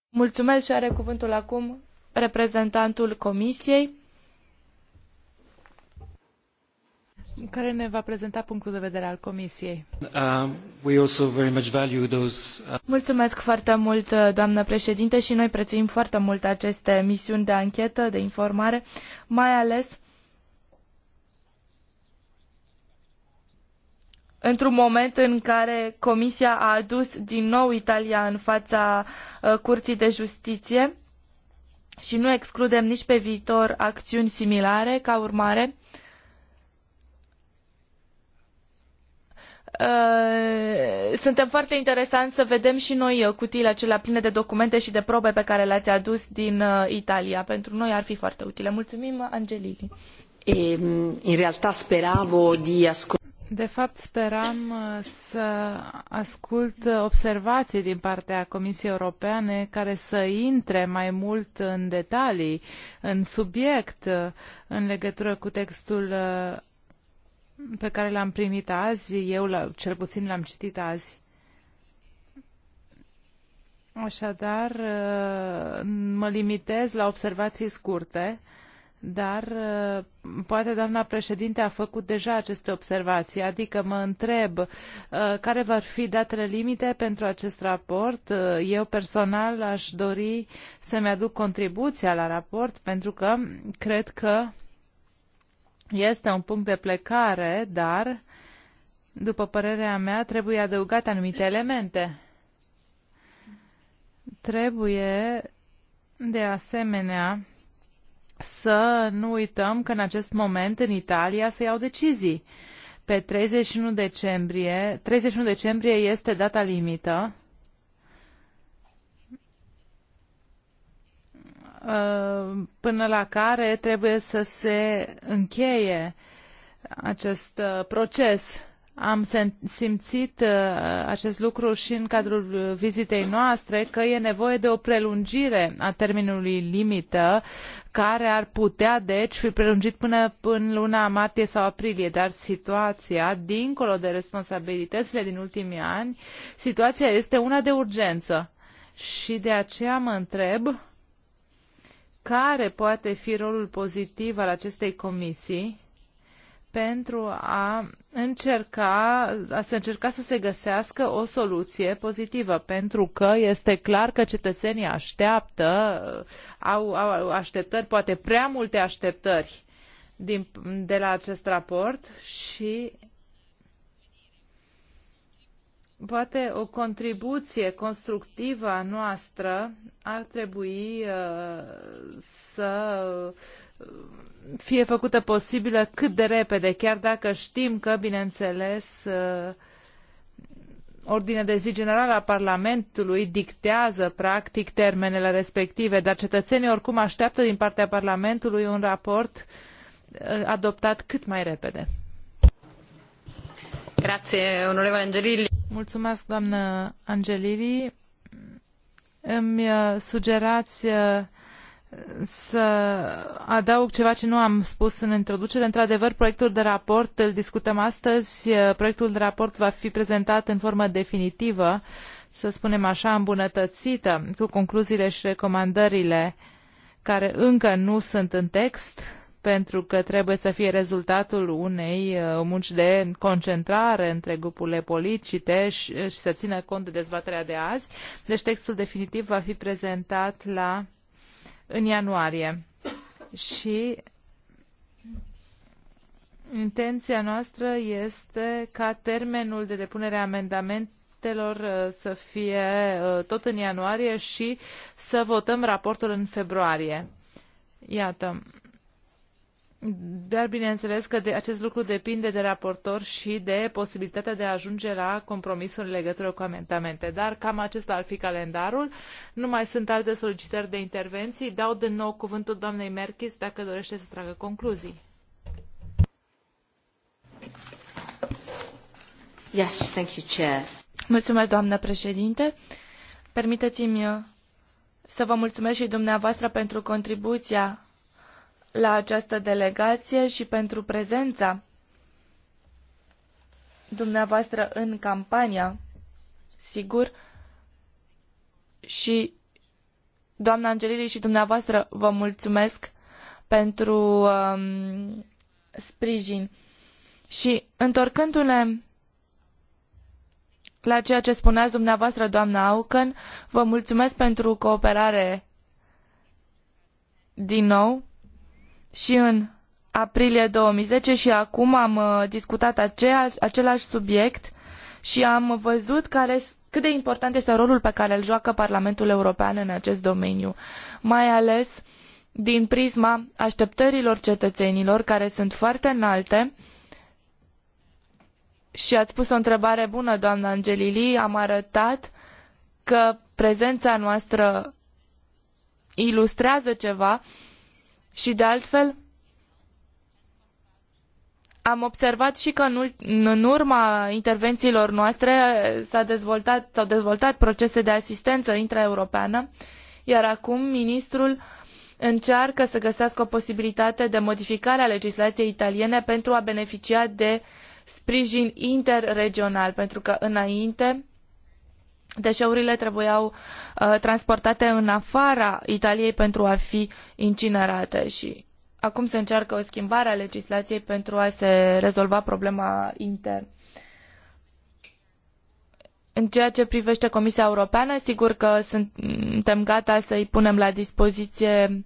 Mulțumesc și are cuvântul acum reprezentantul Comisiei care ne va prezenta punctul de vedere al Comisiei. Uh, we also very much value those... Uh, Mulțumesc foarte mult, uh, doamnă președinte, și noi prețuim foarte mult aceste misiuni de anchetă, de informare, mai ales într-un moment în care Comisia a adus din nou Italia în fața uh, Curții de Justiție și nu excludem nici pe viitor acțiuni similare ca urmare uh, suntem foarte interesanți să vedem și noi uh, cutiile acelea pline de documente și de probe pe care le-ați adus din uh, Italia. Pentru noi ar fi foarte utile. Mulțumim, Angelili. În ehm, realtà speravo di De fapt, speram uh, să ascult uh, observații din partea Comisiei Europene care să intre mai mult în detalii, în subiect, în legătură cu textul pe care l-am primit azi, eu la, cel puțin l-am citit azi. Așadar, uh, mă limitez la observații scurte, dar uh, poate doamna președinte a făcut deja aceste observații, adică mă întreb uh, care vor fi datele limite pentru acest raport. Eu personal aș dori să-mi aduc contribuția la raport pentru că cred că este un punct de plecare, dar, după părerea mea, trebuie adăugate anumite elemente. Trebuie, de asemenea, să nu uităm că în acest moment în Italia se iau decizii. Pe 31 decembrie, 31 decembrie este data limită Uh, până la care trebuie să se încheie acest uh, proces. Am simțit uh, acest lucru și în cadrul vizitei noastre că e nevoie de o prelungire a termenului limită care ar putea deci fi prelungit până în luna martie sau aprilie, dar situația, dincolo de responsabilitățile din ultimii ani, situația este una de urgență. Și de aceea mă întreb care poate fi rolul pozitiv al acestei comisii pentru a încerca, a se încerca să se găsească o soluție pozitivă, pentru că este clar că cetățenii așteaptă, au, au așteptări, poate prea multe așteptări din, de la acest raport și Poate o contribuție constructivă a noastră ar trebui uh, să uh, fie făcută posibilă cât de repede, chiar dacă știm că, bineînțeles, uh, ordinea de zi generală a Parlamentului dictează, practic, termenele respective, dar cetățenii oricum așteaptă din partea Parlamentului un raport uh, adoptat cât mai repede. Grazie, onorevole Angelilli. Mulțumesc, doamnă Angelili. Îmi uh, sugerați uh, să adaug ceva ce nu am spus în introducere. Într-adevăr, proiectul de raport îl discutăm astăzi. Uh, proiectul de raport va fi prezentat în formă definitivă, să spunem așa, îmbunătățită, cu concluziile și recomandările care încă nu sunt în text pentru că trebuie să fie rezultatul unei uh, munci de concentrare între grupurile politice și, uh, și să țină cont de dezbaterea de azi. Deci textul definitiv va fi prezentat la, în ianuarie. Și intenția noastră este ca termenul de depunere a amendament uh, să fie tot în ianuarie și să votăm raportul în februarie. Iată, dar bineînțeles că de, acest lucru depinde de raportor și de posibilitatea de a ajunge la compromisuri în legătură cu amendamente. Dar cam acesta ar fi calendarul. Nu mai sunt alte solicitări de intervenții. Dau de nou cuvântul doamnei Merchis dacă dorește să tragă concluzii. Yes, thank you, Chair. Mulțumesc, doamnă președinte. Permiteți-mi să vă mulțumesc și dumneavoastră pentru contribuția la această delegație și pentru prezența dumneavoastră în campania, sigur, și doamna Angelili și dumneavoastră vă mulțumesc pentru um, sprijin. Și întorcându-ne la ceea ce spuneați dumneavoastră, doamna Auken, vă mulțumesc pentru cooperare din nou și în aprilie 2010 și acum am uh, discutat aceeași, același subiect și am văzut care, cât de important este rolul pe care îl joacă Parlamentul European în acest domeniu, mai ales din prisma așteptărilor cetățenilor care sunt foarte înalte și ați pus o întrebare bună, doamna Angelili, am arătat că prezența noastră ilustrează ceva și de altfel, am observat și că în, urma intervențiilor noastre s-a dezvoltat, s-au dezvoltat procese de asistență intraeuropeană, iar acum ministrul încearcă să găsească o posibilitate de modificare a legislației italiene pentru a beneficia de sprijin interregional, pentru că înainte deșeurile trebuiau uh, transportate în afara Italiei pentru a fi incinerate și acum se încearcă o schimbare a legislației pentru a se rezolva problema intern. În ceea ce privește Comisia Europeană, sigur că suntem gata să îi punem la dispoziție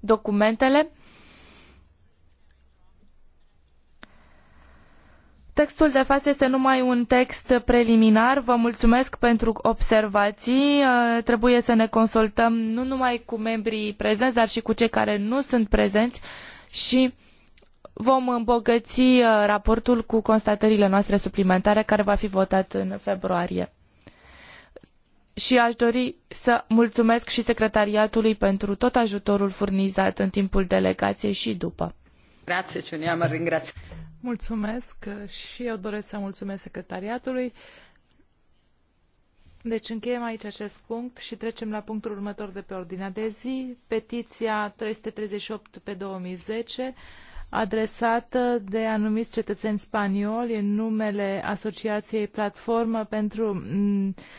documentele Textul de față este numai un text preliminar. Vă mulțumesc pentru observații. Uh, trebuie să ne consultăm nu numai cu membrii prezenți, dar și cu cei care nu sunt prezenți și vom îmbogăți uh, raportul cu constatările noastre suplimentare care va fi votat în februarie. Și aș dori să mulțumesc și secretariatului pentru tot ajutorul furnizat în timpul delegației și după. Grazie, Mulțumesc și eu doresc să mulțumesc secretariatului. Deci încheiem aici acest punct și trecem la punctul următor de pe ordinea de zi, petiția 338 pe 2010, adresată de anumiți cetățeni spanioli în numele Asociației Platformă pentru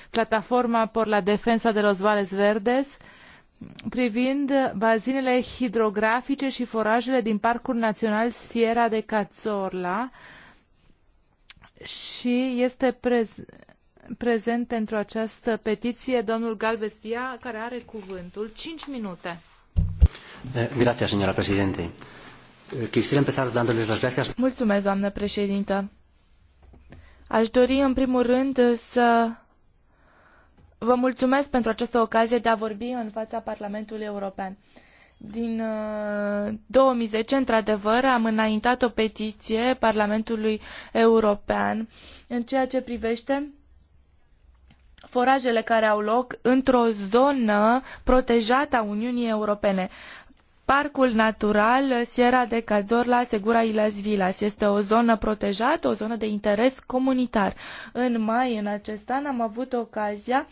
Plataforma por la Defensa de los Vales Verdes, privind bazinele hidrografice și forajele din Parcul Național Sierra de Cazorla și este prez prezent pentru această petiție domnul Galvez Via, care are cuvântul. 5 minute. Eh, gracias, señora presidente. Eh, quisiera empezar dándoles las gracias. Mulțumesc, doamnă președintă. Aș dori, în primul rând, să Vă mulțumesc pentru această ocazie de a vorbi în fața Parlamentului European. Din 2010, uh, într-adevăr, am înaintat o petiție Parlamentului European în ceea ce privește forajele care au loc într-o zonă protejată a Uniunii Europene. Parcul natural Sierra de Cazorla Segura y Las Vilas este o zonă protejată, o zonă de interes comunitar. În mai în acest an am avut ocazia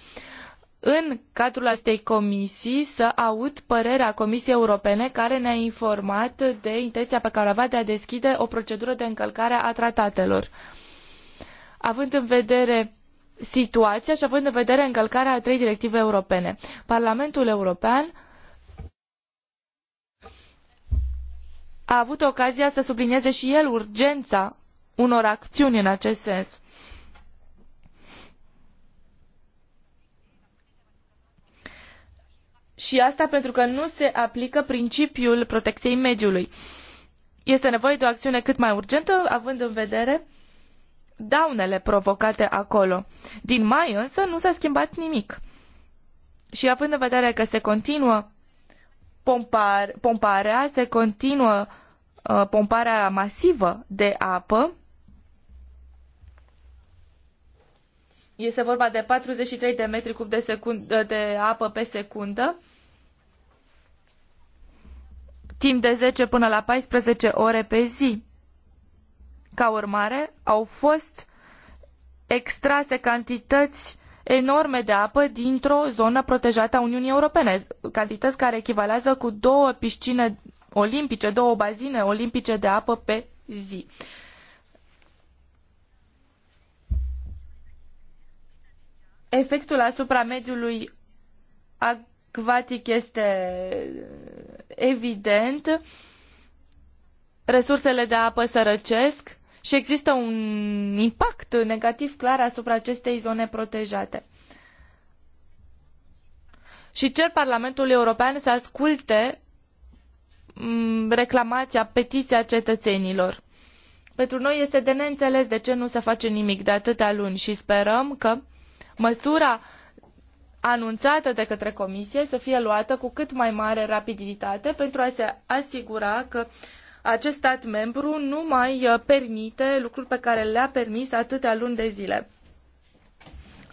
în cadrul acestei comisii să aud părerea Comisiei Europene care ne-a informat de intenția pe care o avea de a deschide o procedură de încălcare a tratatelor. Având în vedere situația și având în vedere încălcarea a trei directive europene, Parlamentul European a avut ocazia să sublinieze și el urgența unor acțiuni în acest sens. Și asta pentru că nu se aplică principiul protecției mediului. Este nevoie de o acțiune cât mai urgentă, având în vedere daunele provocate acolo. Din mai însă nu s-a schimbat nimic. Și având în vedere că se continuă pompar, pomparea, se continuă Uh, pomparea masivă de apă. Este vorba de 43 de metri cub de, secundă, uh, de apă pe secundă, timp de 10 până la 14 ore pe zi. Ca urmare, au fost extrase cantități enorme de apă dintr-o zonă protejată a Uniunii Europene, cantități care echivalează cu două piscine olimpice, două bazine olimpice de apă pe zi. Efectul asupra mediului acvatic este evident. Resursele de apă sărăcesc și există un impact negativ clar asupra acestei zone protejate. Și cer Parlamentului European să asculte Mm, reclamația, petiția cetățenilor. Pentru noi este de neînțeles de ce nu se face nimic de atâtea luni și sperăm că măsura anunțată de către Comisie să fie luată cu cât mai mare rapiditate pentru a se asigura că acest stat membru nu mai uh, permite lucruri pe care le-a permis atâtea luni de zile.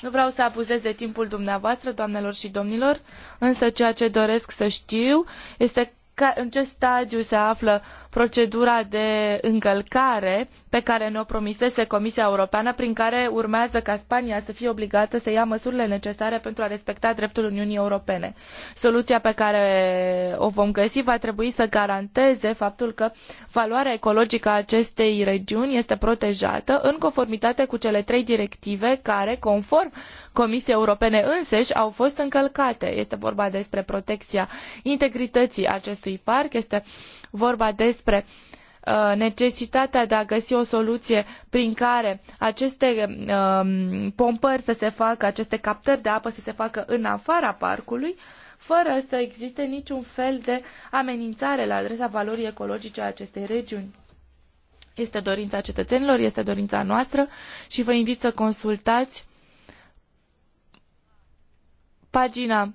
Nu vreau să abuzez de timpul dumneavoastră, doamnelor și domnilor, însă ceea ce doresc să știu este în ce stadiu se află procedura de încălcare pe care ne-o promisese Comisia Europeană, prin care urmează ca Spania să fie obligată să ia măsurile necesare pentru a respecta dreptul Uniunii Europene. Soluția pe care o vom găsi va trebui să garanteze faptul că valoarea ecologică a acestei regiuni este protejată în conformitate cu cele trei directive care, conform Comisiei Europene înseși, au fost încălcate. Este vorba despre protecția integrității acestui parc, este vorba despre despre uh, necesitatea de a găsi o soluție prin care aceste um, pompări să se facă, aceste captări de apă să se facă în afara parcului, fără să existe niciun fel de amenințare la adresa valorii ecologice a acestei regiuni. Este dorința cetățenilor, este dorința noastră și vă invit să consultați pagina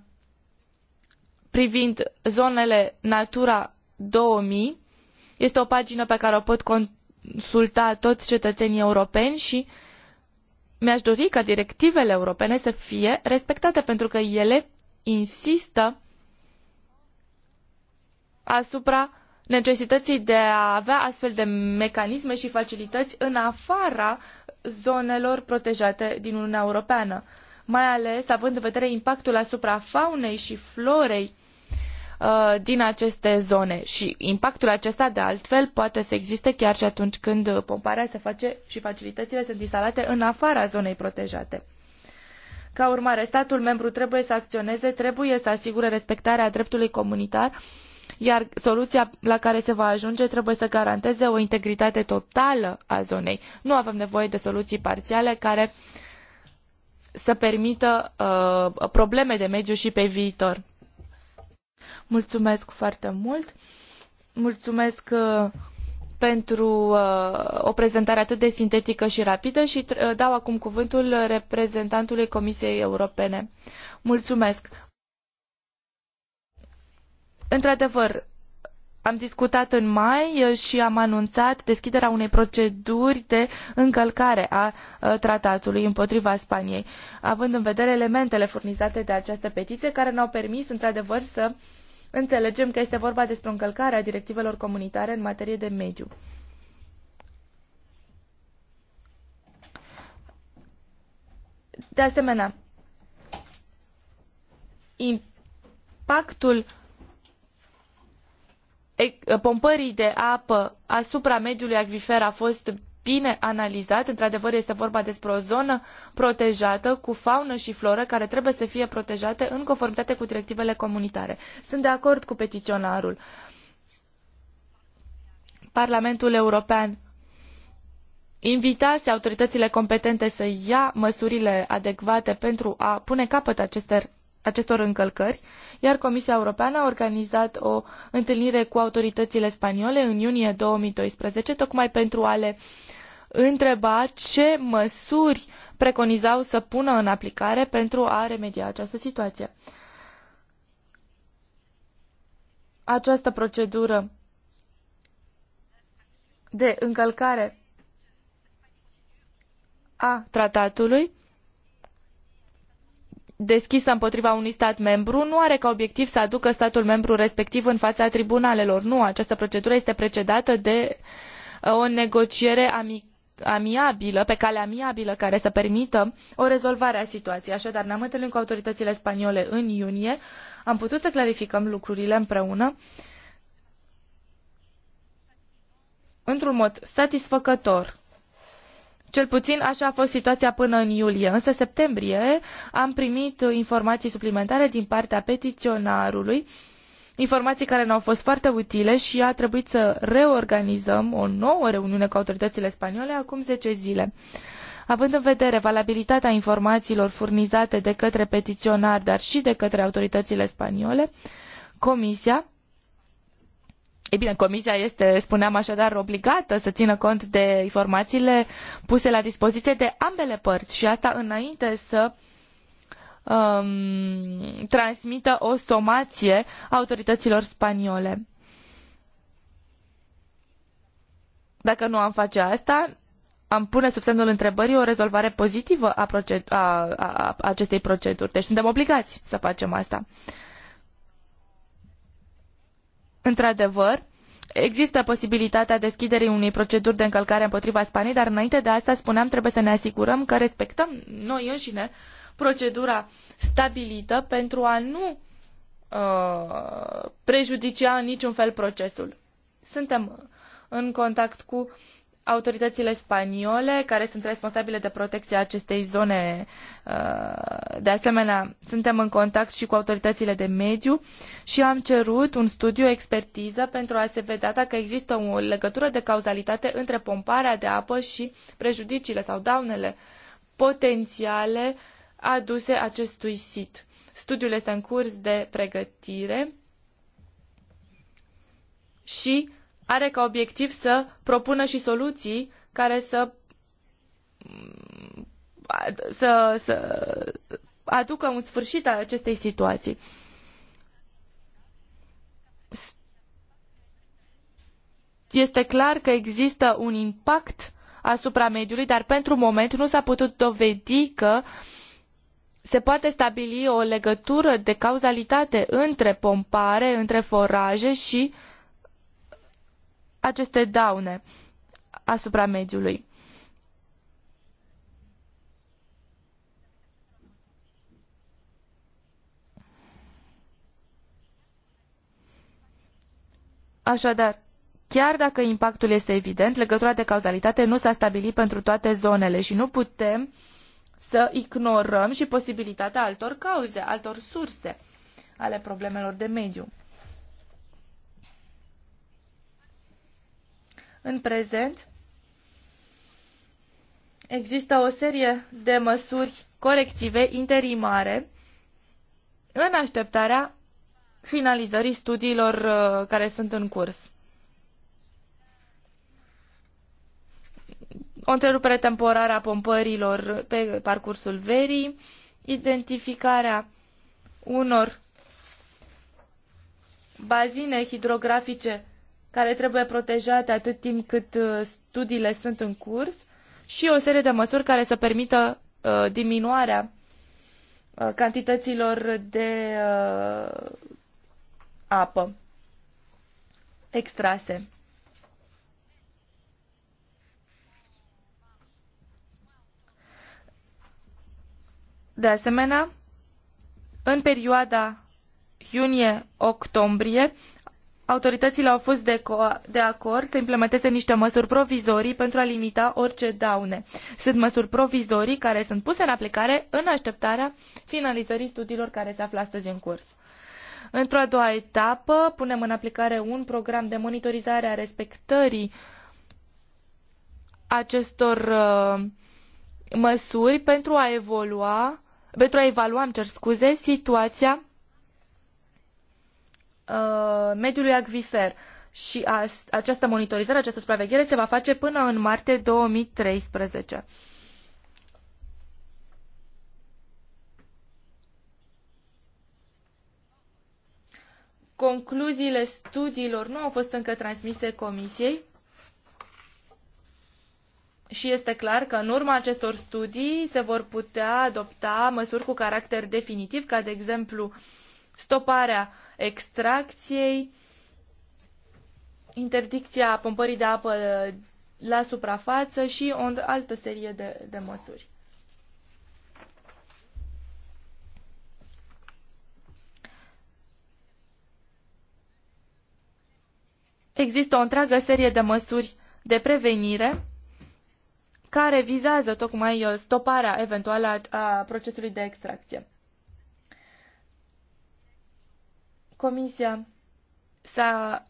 privind zonele Natura 2000 este o pagină pe care o pot consulta toți cetățenii europeni și mi-aș dori ca directivele europene să fie respectate pentru că ele insistă asupra necesității de a avea astfel de mecanisme și facilități în afara zonelor protejate din Uniunea Europeană, mai ales având în vedere impactul asupra faunei și florei Uh, din aceste zone și impactul acesta de altfel poate să existe chiar și atunci când pomparea se face și facilitățile sunt instalate în afara zonei protejate. Ca urmare, statul membru trebuie să acționeze, trebuie să asigure respectarea dreptului comunitar, iar soluția la care se va ajunge trebuie să garanteze o integritate totală a zonei. Nu avem nevoie de soluții parțiale care să permită uh, probleme de mediu și pe viitor. Mulțumesc foarte mult! Mulțumesc uh, pentru uh, o prezentare atât de sintetică și rapidă și uh, dau acum cuvântul reprezentantului Comisiei Europene. Mulțumesc! Într-adevăr, am discutat în mai uh, și am anunțat deschiderea unei proceduri de încălcare a uh, tratatului împotriva Spaniei, având în vedere elementele furnizate de această petiție care ne-au permis într-adevăr să înțelegem că este vorba despre o încălcare a directivelor comunitare în materie de mediu. De asemenea, impactul pompării de apă asupra mediului acvifer a fost bine analizat. Într-adevăr, este vorba despre o zonă protejată cu faună și floră care trebuie să fie protejate în conformitate cu directivele comunitare. Sunt de acord cu petiționarul. Parlamentul European invitase autoritățile competente să ia măsurile adecvate pentru a pune capăt acestor acestor încălcări, iar Comisia Europeană a organizat o întâlnire cu autoritățile spaniole în iunie 2012, tocmai pentru a le întreba ce măsuri preconizau să pună în aplicare pentru a remedia această situație. Această procedură de încălcare a tratatului deschisă împotriva unui stat membru nu are ca obiectiv să aducă statul membru respectiv în fața tribunalelor. Nu, această procedură este precedată de uh, o negociere amicală amiabilă, pe cale amiabilă care să permită o rezolvare a situației. Așadar, ne-am întâlnit cu autoritățile spaniole în iunie, am putut să clarificăm lucrurile împreună într-un mod satisfăcător. Cel puțin așa a fost situația până în iulie. Însă septembrie am primit uh, informații suplimentare din partea petiționarului, informații care ne-au fost foarte utile și a trebuit să reorganizăm o nouă reuniune cu autoritățile spaniole acum zece zile. Având în vedere valabilitatea informațiilor furnizate de către petiționar, dar și de către autoritățile spaniole, Comisia ei bine, comisia este, spuneam așadar, obligată să țină cont de informațiile puse la dispoziție de ambele părți și asta înainte să um, transmită o somație autorităților spaniole. Dacă nu am face asta, am pune sub semnul întrebării o rezolvare pozitivă a, proced- a, a, a acestei proceduri. Deci suntem obligați să facem asta. Uh, Într-adevăr, Există posibilitatea deschiderii unei proceduri de încălcare împotriva Spaniei, dar înainte de asta spuneam trebuie să ne asigurăm că respectăm noi înșine procedura stabilită pentru a nu uh, prejudicia în niciun fel procesul. Suntem în contact cu autoritățile spaniole care sunt responsabile de protecția acestei zone. Uh, de asemenea, suntem în contact și cu autoritățile de mediu și am cerut un studiu expertiză pentru a se vedea dacă există o legătură de cauzalitate între pomparea de apă și prejudiciile sau daunele potențiale aduse acestui sit. Studiul este în curs de pregătire și are ca obiectiv să propună și soluții care să să, să aducă un sfârșit al acestei situații. Este clar că există un impact asupra mediului, dar pentru moment nu s-a putut dovedi că se poate stabili o legătură de cauzalitate între pompare, între foraje și uh, aceste daune asupra mediului. Așadar, chiar dacă impactul este evident, legătura de cauzalitate nu s-a stabilit pentru toate zonele și nu putem să ignorăm și posibilitatea altor cauze, altor surse ale problemelor de mediu. În prezent există o serie de măsuri corective interimare în așteptarea finalizării studiilor uh, care sunt în curs. O întrerupere temporară a pompărilor pe parcursul verii, identificarea unor bazine hidrografice care trebuie protejate atât timp cât uh, studiile sunt în curs și o serie de măsuri care să permită uh, diminuarea uh, cantităților de apă extrase. De asemenea, în perioada iunie-octombrie autorităile au fost de, de acord să implementeze niște măsuri provizorii pentru a limita orice daune. Sunt măsuri provizorii care sunt puse în aplicare în așteptarea finalizării studiilor care se află astăzi în curs. Într-o a doua etapă, punem în aplicare un program de monitorizare a respectării acestor uh, măsuri pentru a evolua, pentru a evalua, îmi cer scuze, situația Uh, mediului acvifer și această monitorizare, această supraveghere se va face până în martie 2013. Concluziile studiilor nu au fost încă transmise comisiei și este clar că în urma acestor studii se vor putea adopta măsuri cu caracter definitiv, ca de exemplu stoparea uh, extracției, interdicția pompării de apă uh, la suprafață și o altă serie de, de măsuri. Există o întreagă serie de măsuri de prevenire care vizează tocmai uh, stoparea eventuală a procesului de extracție. Comisia s-a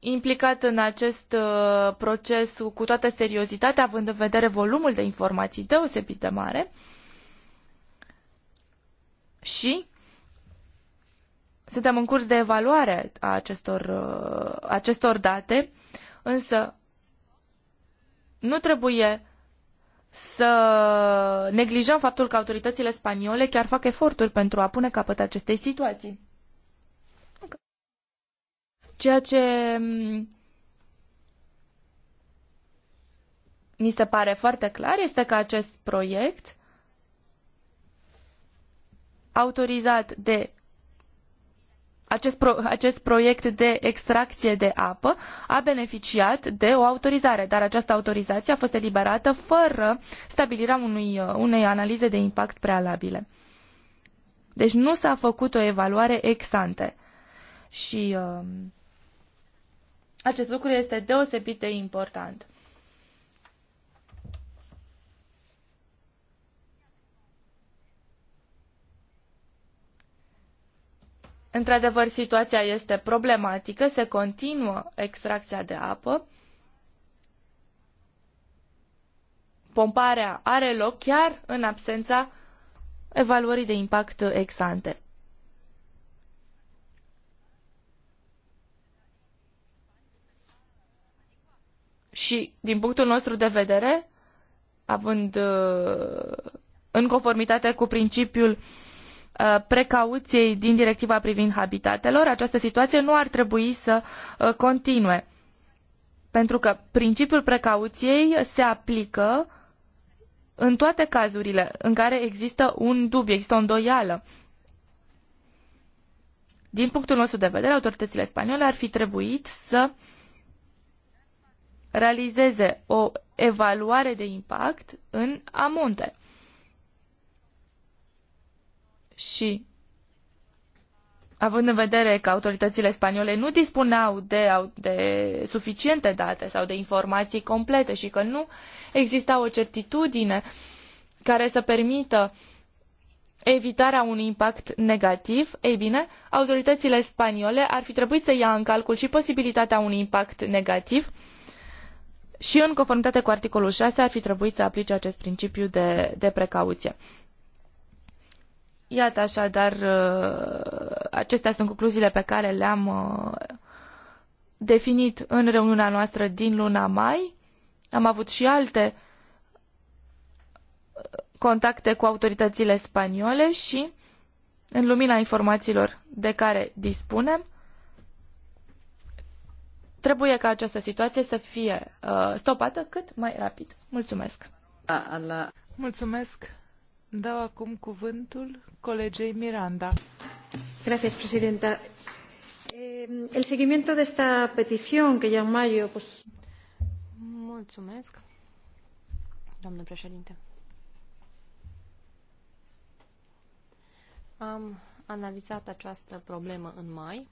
implicat în acest uh, proces cu toată seriozitatea, având în vedere volumul de informații deosebit de mare. Și suntem în curs de evaluare a acestor, uh, acestor date, însă nu trebuie să neglijăm faptul că autoritățile spaniole chiar fac eforturi pentru a pune capăt acestei situații ceea ce mm, mi se pare foarte clar este că acest proiect autorizat de acest, pro, acest proiect de extracție de apă a beneficiat de o autorizare, dar această autorizație a fost eliberată fără stabilirea unui, uh, unei analize de impact prealabile. Deci nu s-a făcut o evaluare ex ante. Și uh, acest lucru este deosebit de important. Într-adevăr, situația este problematică, se continuă extracția de apă, pomparea are loc chiar în absența evaluării de impact ex ante. Și din punctul nostru de vedere, având uh, în conformitate cu principiul uh, precauției din directiva privind habitatelor, această situație nu ar trebui să uh, continue. Pentru că principiul precauției se aplică în toate cazurile în care există un dubiu, există o îndoială. Din punctul nostru de vedere, autoritățile spaniole ar fi trebuit să uh, realizeze o evaluare de impact în amonte. Și având în vedere că autoritățile spaniole nu dispuneau de, de suficiente date sau de informații complete și că nu exista o certitudine care să permită evitarea unui impact negativ, ei bine, autoritățile spaniole ar fi trebuit să ia în calcul și posibilitatea unui impact negativ și în conformitate cu articolul 6 ar fi trebuit să aplice acest principiu de, de precauție. Iată așadar, uh, acestea sunt concluziile pe care le-am uh, definit în reuniunea noastră din luna mai. Am avut și alte uh, contacte cu autoritățile spaniole și, în lumina informațiilor de care dispunem, Trebuie ca această situație să fie uh, stopată cât mai rapid. Mulțumesc! Mulțumesc! Dau acum cuvântul colegei Miranda. Gracias, Presidenta. Eh, el seguimiento de esta petición que ya en mayo... Pues... Mulțumesc, doamnă președinte. Am analizat această problemă în mai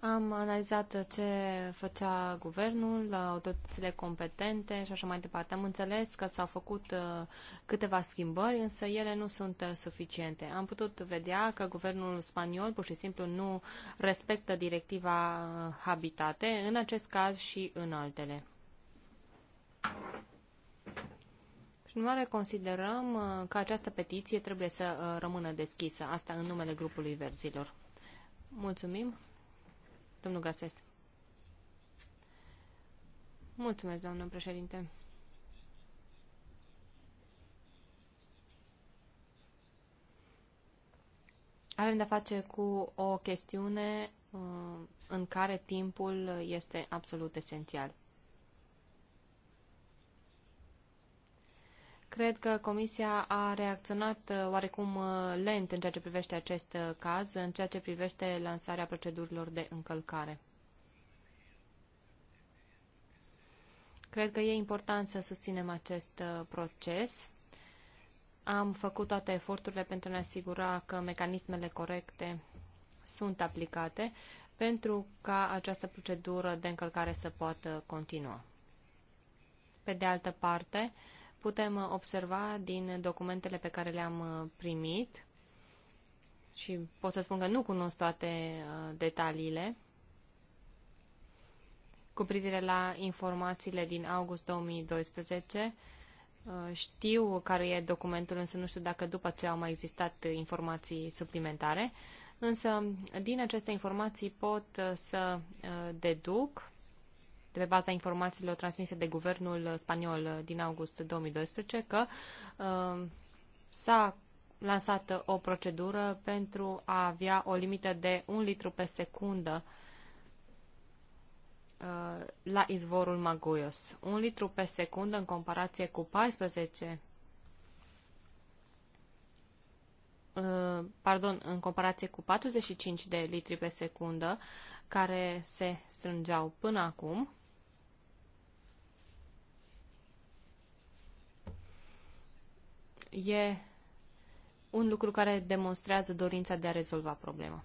Am analizat ce făcea guvernul, autoritățile competente și așa mai departe. Am înțeles că s-au făcut uh, câteva schimbări, însă ele nu sunt uh, suficiente. Am putut vedea că guvernul spaniol pur și simplu nu respectă directiva uh, Habitate, în acest caz și în altele. Prin mare considerăm că această petiție trebuie să rămână deschisă, asta în numele grupului verzilor. Mulțumim! Domnul Gases. Mulțumesc, doamnă președinte. Avem de-a face cu o chestiune uh, în care timpul este absolut esențial. Cred că Comisia a reacționat uh, oarecum uh, lent în ceea ce privește acest uh, caz, în ceea ce privește lansarea procedurilor de încălcare. Cred că e important să susținem acest proces. Am făcut toate eforturile pentru a ne asigura că mecanismele corecte sunt aplicate pentru ca această procedură de încălcare să poată continua. Pe de altă parte, putem uh, observa din documentele pe care le-am uh, primit și pot să spun că nu cunosc toate uh, detaliile cu privire la informațiile din august 2012. Știu care e documentul, însă nu știu dacă după ce au mai existat informații suplimentare. Însă, din aceste informații pot să deduc de pe baza informațiilor transmise de guvernul spaniol din august 2012 că uh, s-a lansat o procedură pentru a avea o limită de un litru pe secundă uh, la izvorul Maguyos. un litru pe secundă în comparație cu 14 uh, pardon, în comparație cu 45 de litri pe secundă care se strângeau până acum e un lucru care demonstrează dorința de a rezolva problema.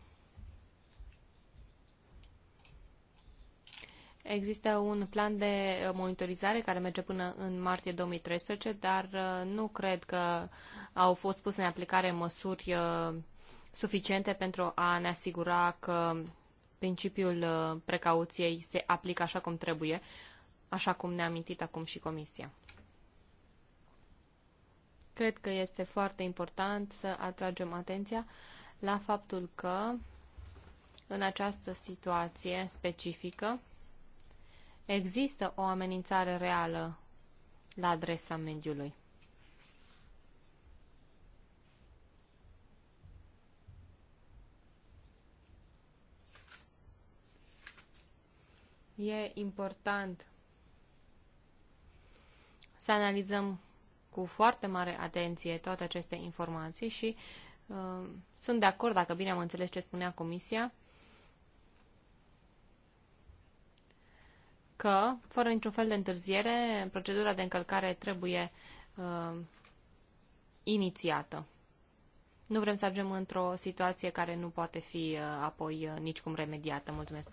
Există un plan de uh, monitorizare care merge până în martie 2013, dar uh, nu cred că au fost puse în aplicare măsuri uh, suficiente pentru a ne asigura că principiul precauției se aplică așa cum trebuie, așa cum ne-a amintit acum și Comisia. Cred că este foarte important să atragem atenția la faptul că în această situație specifică există o amenințare reală la adresa mediului. E important să analizăm cu foarte mare atenție toate aceste informații și uh, sunt de acord, dacă bine am înțeles ce spunea Comisia, că, fără niciun fel de întârziere, procedura de încălcare trebuie uh, inițiată. Nu vrem să ajungem într-o situație care nu poate fi uh, apoi uh, nicicum remediată. Mulțumesc!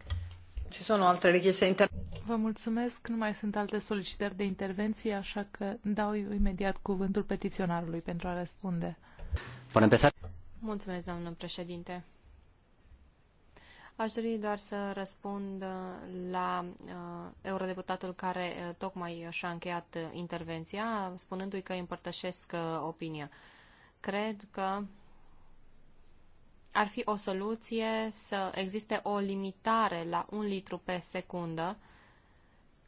Vă mulțumesc, nu mai sunt alte solicitări de intervenție, așa că dau imediat cuvântul petiționarului pentru a răspunde. Bună empezar. Mulțumesc, doamnă președinte. Aș dori doar să răspund uh, la uh, eurodeputatul care uh, tocmai și-a încheiat uh, intervenția, spunându-i că împărtășesc uh, opinia. Cred că uh, ar fi o soluție să existe o limitare la un litru pe secundă,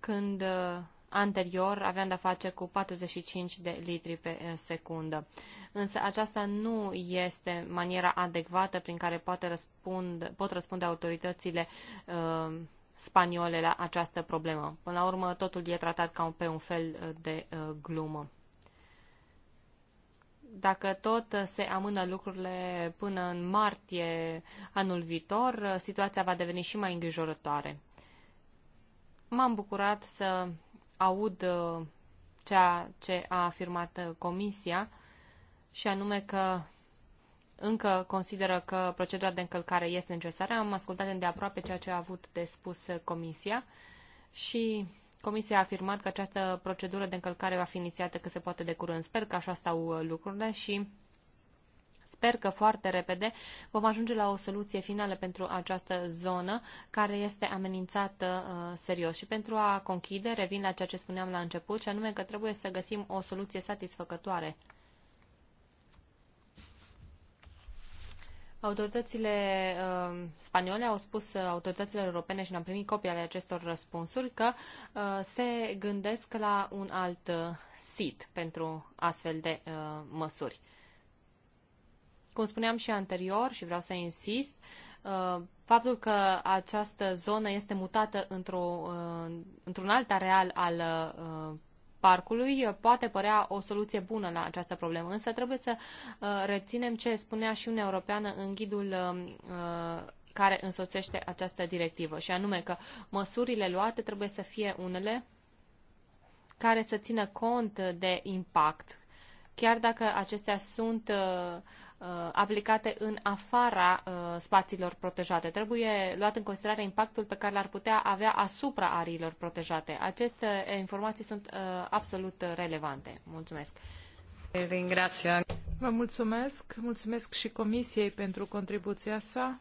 când uh, anterior aveam de-a face cu 45 de litri pe uh, secundă. Însă aceasta nu este maniera adecvată prin care poate răspund, pot răspunde autoritățile uh, spaniole la această problemă. Până la urmă, totul e tratat ca un, pe un fel uh, de uh, glumă dacă tot se amână lucrurile până în martie anul viitor, situația va deveni și mai îngrijorătoare. M-am bucurat să aud uh, ceea ce a afirmat uh, Comisia, și anume că încă consideră că procedura de încălcare este necesară. Am ascultat îndeaproape ceea ce a avut de spus uh, Comisia și Comisia a afirmat că această procedură de încălcare va fi inițiată cât se poate de curând. Sper că așa stau uh, lucrurile și sper că foarte repede vom ajunge la o soluție finală pentru această zonă care este amenințată uh, serios. Și pentru a conchide, revin la ceea ce spuneam la început, și anume că trebuie să găsim o soluție satisfăcătoare Autoritățile uh, spaniole au spus autorităților europene și ne-am primit copii ale acestor răspunsuri că uh, se gândesc la un alt uh, sit pentru astfel de uh, măsuri. Cum spuneam și anterior și vreau să insist, uh, faptul că această zonă este mutată uh, într-un alt areal al uh, parcului uh, poate părea o soluție bună la această problemă, însă trebuie să uh, reținem ce spunea și Uniunea Europeană în ghidul uh, care însoțește această directivă, și anume că măsurile luate trebuie să fie unele care să țină cont de impact, chiar dacă acestea sunt uh, Uh, aplicate în afara uh, spațiilor protejate. Trebuie luat în considerare impactul pe care l-ar putea avea asupra ariilor protejate. Aceste uh, informații sunt absolut relevante. Mulțumesc! Vă mulțumesc, mulțumesc și Comisiei pentru contribuția sa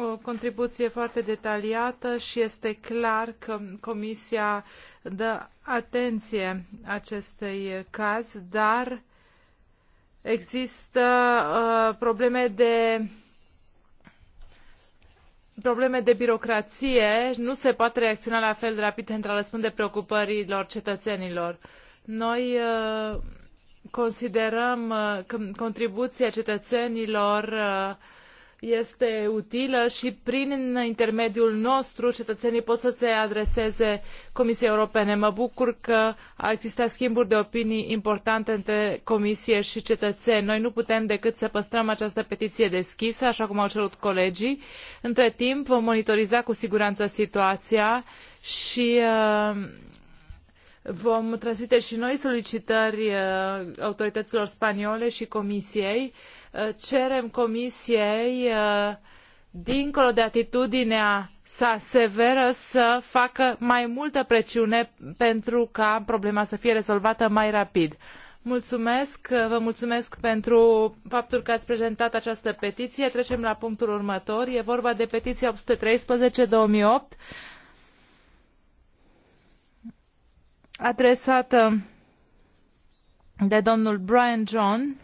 o contribuție foarte detaliată și este clar că Comisia dă atenție acestui caz, dar există uh, probleme de probleme de birocrație, nu se poate reacționa la fel de rapid pentru a răspunde preocupărilor cetățenilor. Noi uh, considerăm uh, că contribuția cetățenilor uh, este utilă și prin intermediul nostru cetățenii pot să se adreseze Comisiei Europene. Mă bucur că a existat schimburi de opinii importante între Comisie și cetățeni. Noi nu putem decât să păstrăm această petiție deschisă, așa cum au cerut colegii. Între timp vom monitoriza cu siguranță situația și uh, vom transmite și noi solicitări uh, autorităților spaniole și Comisiei Eh, cerem comisiei eh, dincolo de atitudinea sa severă să facă mai multă presiune pentru ca problema să fie rezolvată mai rapid. Mulțumesc, eh, vă mulțumesc pentru faptul că ați prezentat această petiție. Trecem la punctul următor. E vorba de petiția 813-2008 adresată de domnul Brian John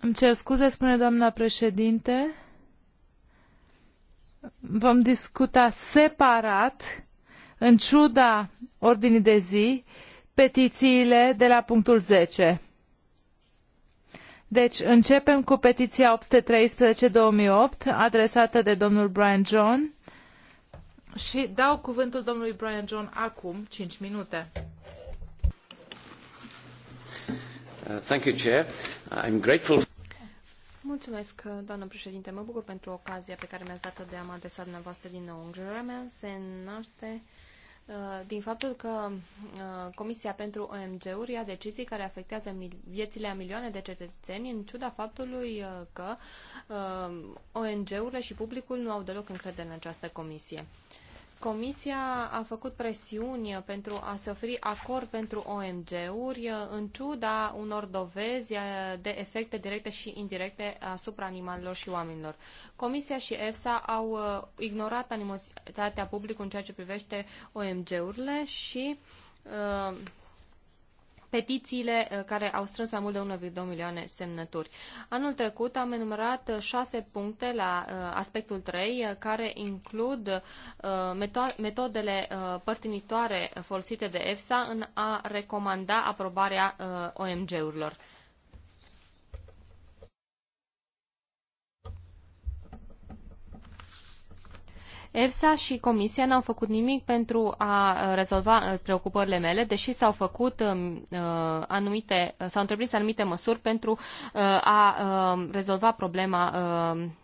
Îmi cer scuze, spune doamna președinte. Vom discuta separat, în ciuda ordinii de zi, petițiile de la punctul 10. Deci începem cu petiția 813-2008, adresată de domnul Brian John. Și dau cuvântul domnului Brian John acum, 5 minute. Uh, thank you, Chair. Uh, I'm grateful. Mulțumesc, uh, doamnă președinte. Mă bucur pentru ocazia pe care mi-ați dat-o de a mă adresa dumneavoastră din nou. Îngrijorarea mea se naște din faptul că Comisia pentru OMG-uri ia decizii care afectează viețile a milioane de cetățeni, în ciuda faptului că ONG-urile și publicul nu au deloc încredere în această comisie. Comisia a făcut presiuni pentru a se oferi acord pentru OMG-uri în ciuda unor dovezi de efecte directe și indirecte asupra animalelor și oamenilor. Comisia și EFSA au uh, ignorat animozitatea publică în ceea ce privește OMG-urile și uh, petițiile uh, care au strâns mai mult de 1,2 milioane semnături. Anul trecut am enumerat uh, șase puncte la uh, aspectul 3 care includ metodele părtinitoare folosite de EFSA în a recomanda aprobarea OMG-urilor. EFSA și Comisia n-au făcut nimic pentru a rezolva uh, preocupările mele, deși s-au făcut um, uh, anumite, uh, s-au întreprins anumite măsuri pentru a um, rezolva problema um,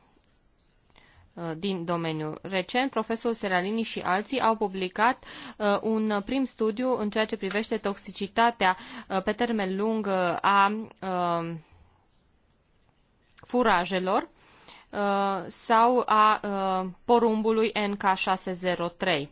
din domeniu. Recent, profesorul Seralini și alții au publicat uh, un prim studiu în ceea ce privește toxicitatea uh, pe termen lung uh, a furajelor Uh, sau a uh, porumbului NK603.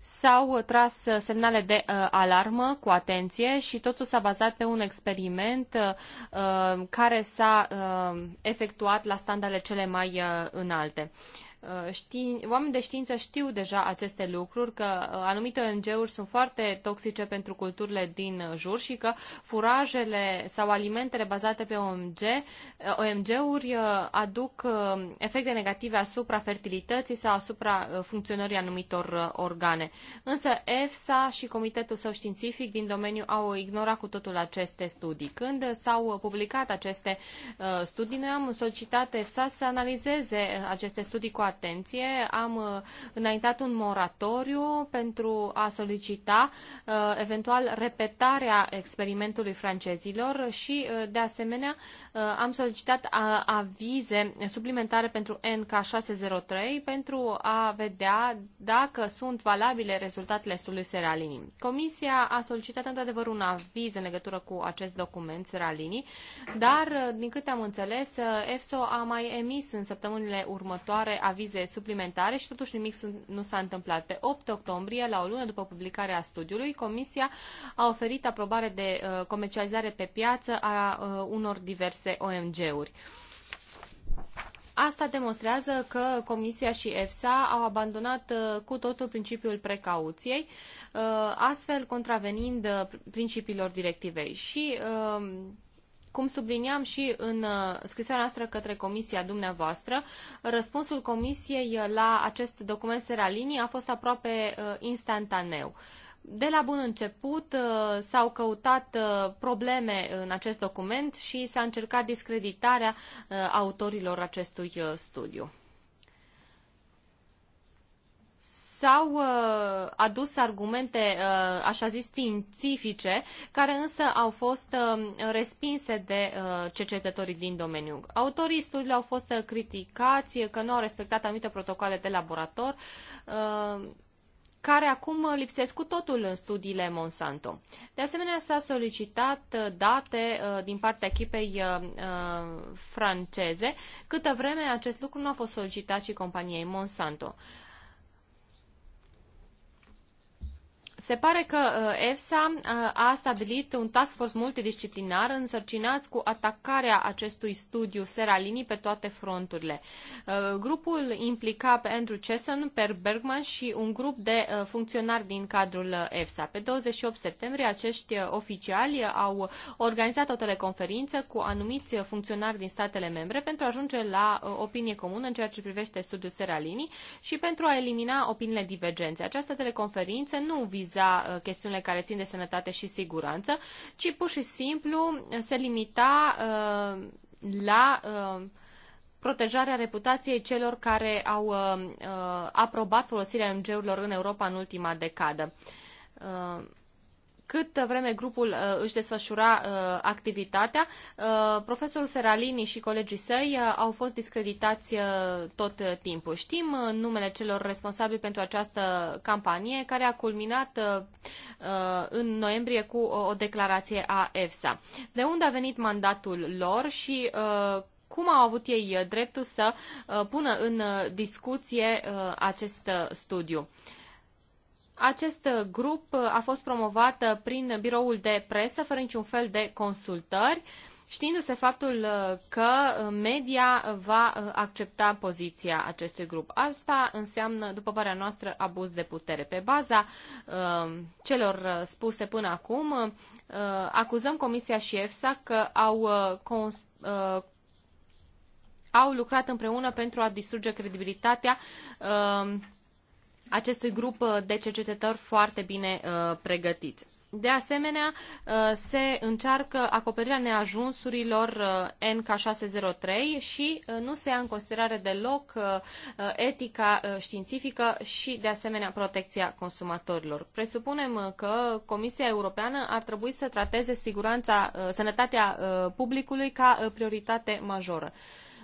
S-au tras semnale de uh, alarmă cu atenție și totul s-a bazat pe un experiment uh, uh care s-a uh, efectuat la standarde cele mai înalte. Uh, oamenii uh, oameni de știință știu deja aceste lucruri, că uh, anumite OMG-uri sunt foarte toxice pentru culturile din jur și că furajele sau alimentele bazate pe OMG, uh, OMG-uri aduc efecte negative asupra fertilității sau asupra funcționării anumitor organe. Însă EFSA și Comitetul său științific din domeniu au ignorat cu totul aceste studii. Când s-au publicat aceste studii, noi am solicitat EFSA să analizeze aceste studii cu atenție. Am uh, înaintat un moratoriu pentru a solicita uh, eventual repetarea experimentului francezilor și, uh, de asemenea, am solicitat avize suplimentare pentru NK603 pentru a vedea dacă sunt valabile rezultatele studiului Seralini. Comisia a solicitat într-adevăr un aviz în legătură cu acest document Seralini, dar, din câte am înțeles, EFSO a mai emis în săptămânile următoare aviz vize suplimentare și totuși nimic nu s-a întâmplat. Pe 8 octombrie, la o lună după publicarea studiului, Comisia a oferit aprobare de uh, comercializare pe piață a uh, unor diverse OMG-uri. Asta demonstrează că Comisia și EFSA au abandonat uh, cu totul principiul precauției, astfel contravenind principiilor directivei. Și cum subliniam și în uh, scrisoarea noastră către comisia dumneavoastră, răspunsul comisiei uh, la acest document Seralini a fost aproape uh, instantaneu. De la bun început s-au căutat probleme în acest document și s-a încercat discreditarea autorilor acestui studiu. s-au uh, adus argumente, uh, așa zis, științifice, care însă au fost uh, respinse de uh, cercetătorii din domeniu. Autorii studiului au fost uh, criticați că nu au respectat anumite protocoale de laborator, uh, care acum uh, lipsesc cu totul în studiile Monsanto. De asemenea, s-a solicitat uh, date din partea echipei franceze, câtă vreme acest lucru nu a fost solicitat și companiei Monsanto. Se pare că uh, EFSA uh, a stabilit un task force multidisciplinar însărcinat cu atacarea acestui studiu Seralini pe toate fronturile. Uh, grupul implica pe Andrew Chesson, Per Bergman și un grup de funcționari din cadrul EFSA. Pe 28 septembrie acești oficiali au organizat o teleconferință cu anumiți funcționari din statele membre pentru a ajunge la opinie comună în ceea ce privește studiul Seralini și pentru a elimina opiniile divergențe. Această teleconferință nu vizează viza uh, chestiunile care țin de sănătate și siguranță, ci pur și simplu uh, se limita uh, la protejarea reputației celor care au aprobat folosirea MG-urilor în Europa în ultima decadă cât vreme grupul uh, își desfășura uh, activitatea, uh, profesorul Seralini și colegii săi au fost discreditați tot timpul. Știm numele celor responsabili pentru această campanie, care a culminat în noiembrie cu o declarație a EFSA. De unde a venit mandatul lor și cum au avut ei dreptul să pună în discuție acest studiu? Acest grup a fost promovat prin biroul de presă, fără niciun fel de consultări, știindu-se faptul uh, că media va uh, accepta poziția acestui grup. Asta înseamnă, după părerea noastră, abuz de putere. Pe baza uh, celor spuse până acum, acuzăm Comisia și EFSA că au au lucrat împreună pentru a distruge credibilitatea uh, acestui grup uh, de cercetători foarte bine uh, pregătiți. De asemenea, uh, se încearcă acoperirea neajunsurilor NK603 și nu se ia în considerare deloc etica științifică și, de asemenea, protecția consumatorilor. Presupunem că Comisia Europeană ar trebui să trateze siguranța, sănătatea publicului ca prioritate majoră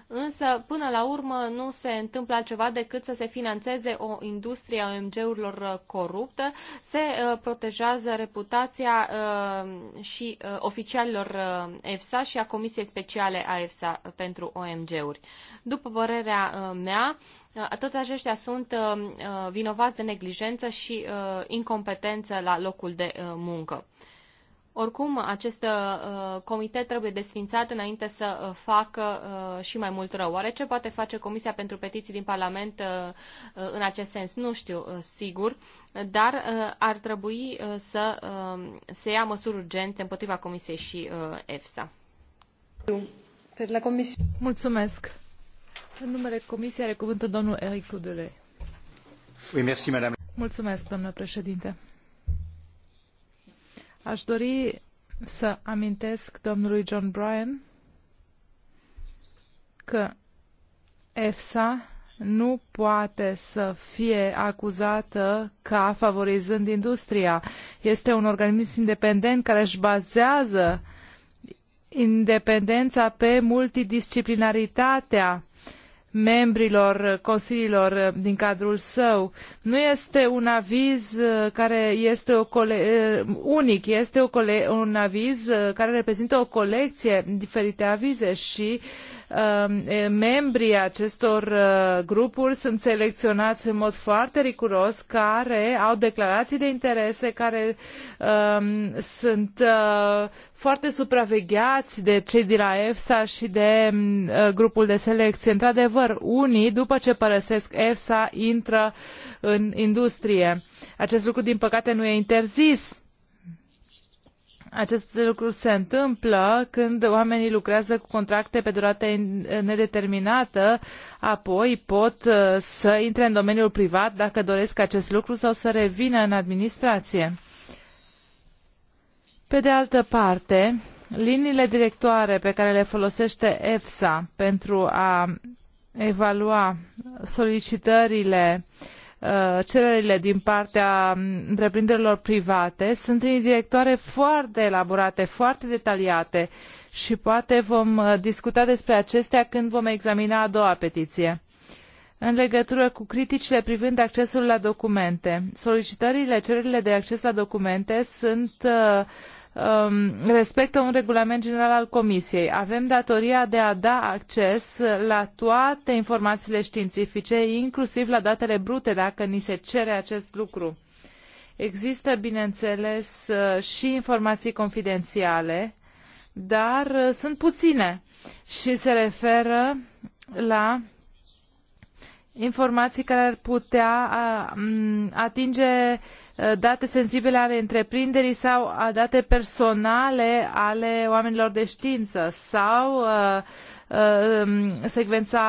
însă până la urmă nu se întâmplă altceva decât să se financeze o industrie a OMG-urilor uh, coruptă, se uh, protejează reputația uh, și oficialilor EFSA și a Comisiei Speciale a EFSA pentru OMG-uri. După părerea mea, toți aceștia sunt vinovați de neglijență și incompetență la locul de muncă. Oricum, acest uh, comitet trebuie desfințat înainte să uh, facă uh, și mai mult rău. Oare ce poate face Comisia pentru Petiții din Parlament uh, uh în acest sens? Nu știu uh, sigur, dar uh, ar trebui uh, să uh, se ia măsuri urgente împotriva Comisiei și uh, EFSA. Mulțumesc. În numele Comisiei are cuvântul domnul Eric Cudule. Mulțumesc, domnule președinte. Aș dori să amintesc domnului John Bryan că EFSA nu poate să fie acuzată ca favorizând industria. Este un organism independent care își bazează independența pe multidisciplinaritatea membrilor consiliilor din cadrul său. Nu este un aviz uh, care este o cole- uh, unic, este o cole- un aviz uh, care reprezintă o colecție diferite avize și Um, membrii acestor uh, grupuri sunt selecționați în mod foarte riguros, care au declarații de interese, care um, sunt uh, foarte supravegheați de cei de la EFSA și de um, uh, grupul de selecție. Într-adevăr, unii, după ce părăsesc EFSA, intră în industrie. Acest lucru, din păcate, nu e interzis aceste lucruri se întâmplă când oamenii lucrează cu contracte pe durată nedeterminată, apoi pot uh, să intre în domeniul privat dacă doresc acest lucru sau să revină în administrație. Pe de altă parte, liniile directoare pe care le folosește EFSA pentru a evalua solicitările uh, Uh, cererile din partea întreprinderilor private sunt linii directoare foarte elaborate, foarte detaliate și poate vom uh, discuta despre acestea când vom examina a doua petiție. În legătură cu criticile privind accesul la documente, solicitările, cererile de acces la documente sunt uh, Um, respectă un regulament general al Comisiei. Avem datoria de a da acces la toate informațiile științifice, inclusiv la datele brute, dacă ni se cere acest lucru. Există, bineînțeles, și informații confidențiale, dar sunt puține și se referă la informații care ar putea atinge Uh, date sensibile ale întreprinderii sau a date personale ale oamenilor de știință sau uh, uh, um, secvența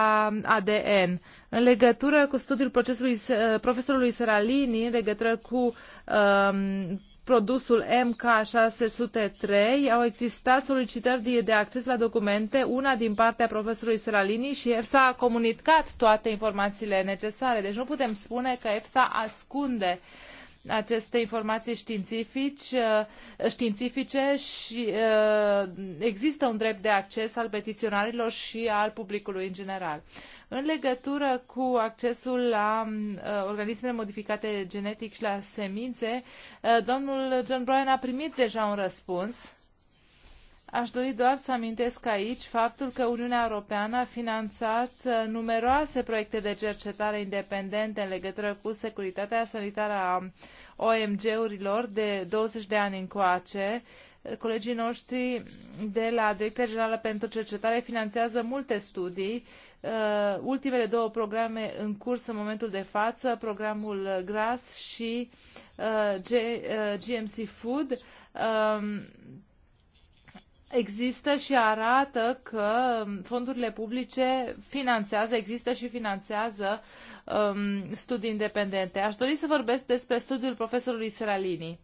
ADN. În legătură cu studiul procesului profesorului Seralini, în legătură cu um, produsul MK603, au existat solicitări de, de acces la documente, una din partea profesorului Seralini și EFSA a comunicat toate informațiile necesare. Deci nu putem spune că EFSA ascunde uh, aceste informații științifici, uh, științifice și uh, există un drept de acces al petiționarilor și al publicului în general. În legătură cu accesul la mm, uh, organismele modificate genetic și la semințe, domnul John Bryan a primit deja un răspuns Aș dori doar să amintesc aici faptul că Uniunea Europeană a finanțat uh, numeroase proiecte de cercetare independente în legătură cu securitatea sanitară a OMG-urilor de 20 de ani încoace. Colegii noștri de la Direcția Generală pentru Cercetare finanțează multe studii. Uh, ultimele două programe în curs în momentul de față, programul GRAS și uh, GMC Food, um, există și arată că fondurile publice finanțează, există și finanțează um, studii independente. Aș dori să vorbesc despre studiul profesorului Seralini.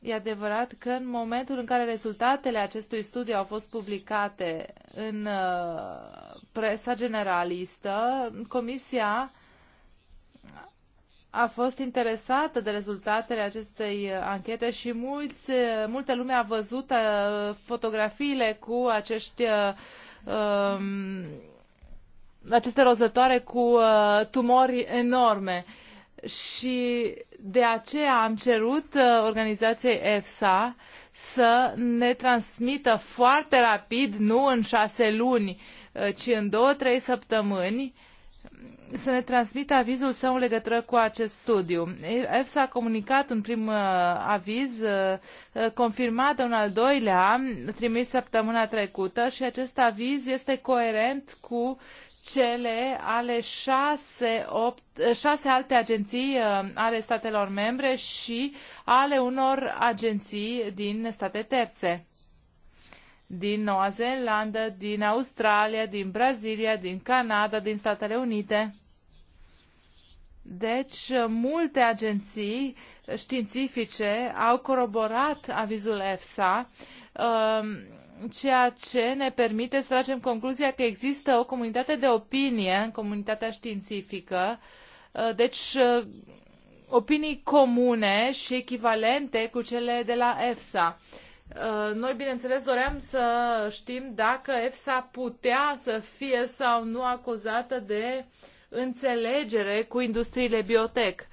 E adevărat că în momentul în care rezultatele acestui studiu au fost publicate în uh, presa generalistă, Comisia a fost interesată de rezultatele acestei uh, anchete și mulți, uh, multe lume a văzut uh, fotografiile cu acești uh, um, aceste rozătoare cu uh, tumori enorme. Și de aceea am cerut organizației EFSA să ne transmită foarte rapid, nu în șase luni, ci în două, trei săptămâni, uh, să ne transmită avizul său în legătură cu acest studiu. EFSA a comunicat un prim uh, aviz uh, uh, confirmat un al doilea trimis săptămâna trecută și acest aviz este coerent cu cele ale șase, opt, șase alte agenții ale statelor membre și ale unor agenții din state terțe din Noua Zeelandă, din Australia, din Brazilia, din Canada, din Statele Unite. Deci, multe agenții științifice au coroborat avizul EFSA, um, ceea ce ne permite să tragem concluzia că există o comunitate de opinie în comunitatea științifică, uh, deci uh, opinii comune și echivalente cu cele de la EFSA. Uh, noi, bineînțeles, doream să știm dacă EFSA putea să fie sau nu acuzată de înțelegere cu industriile biotech.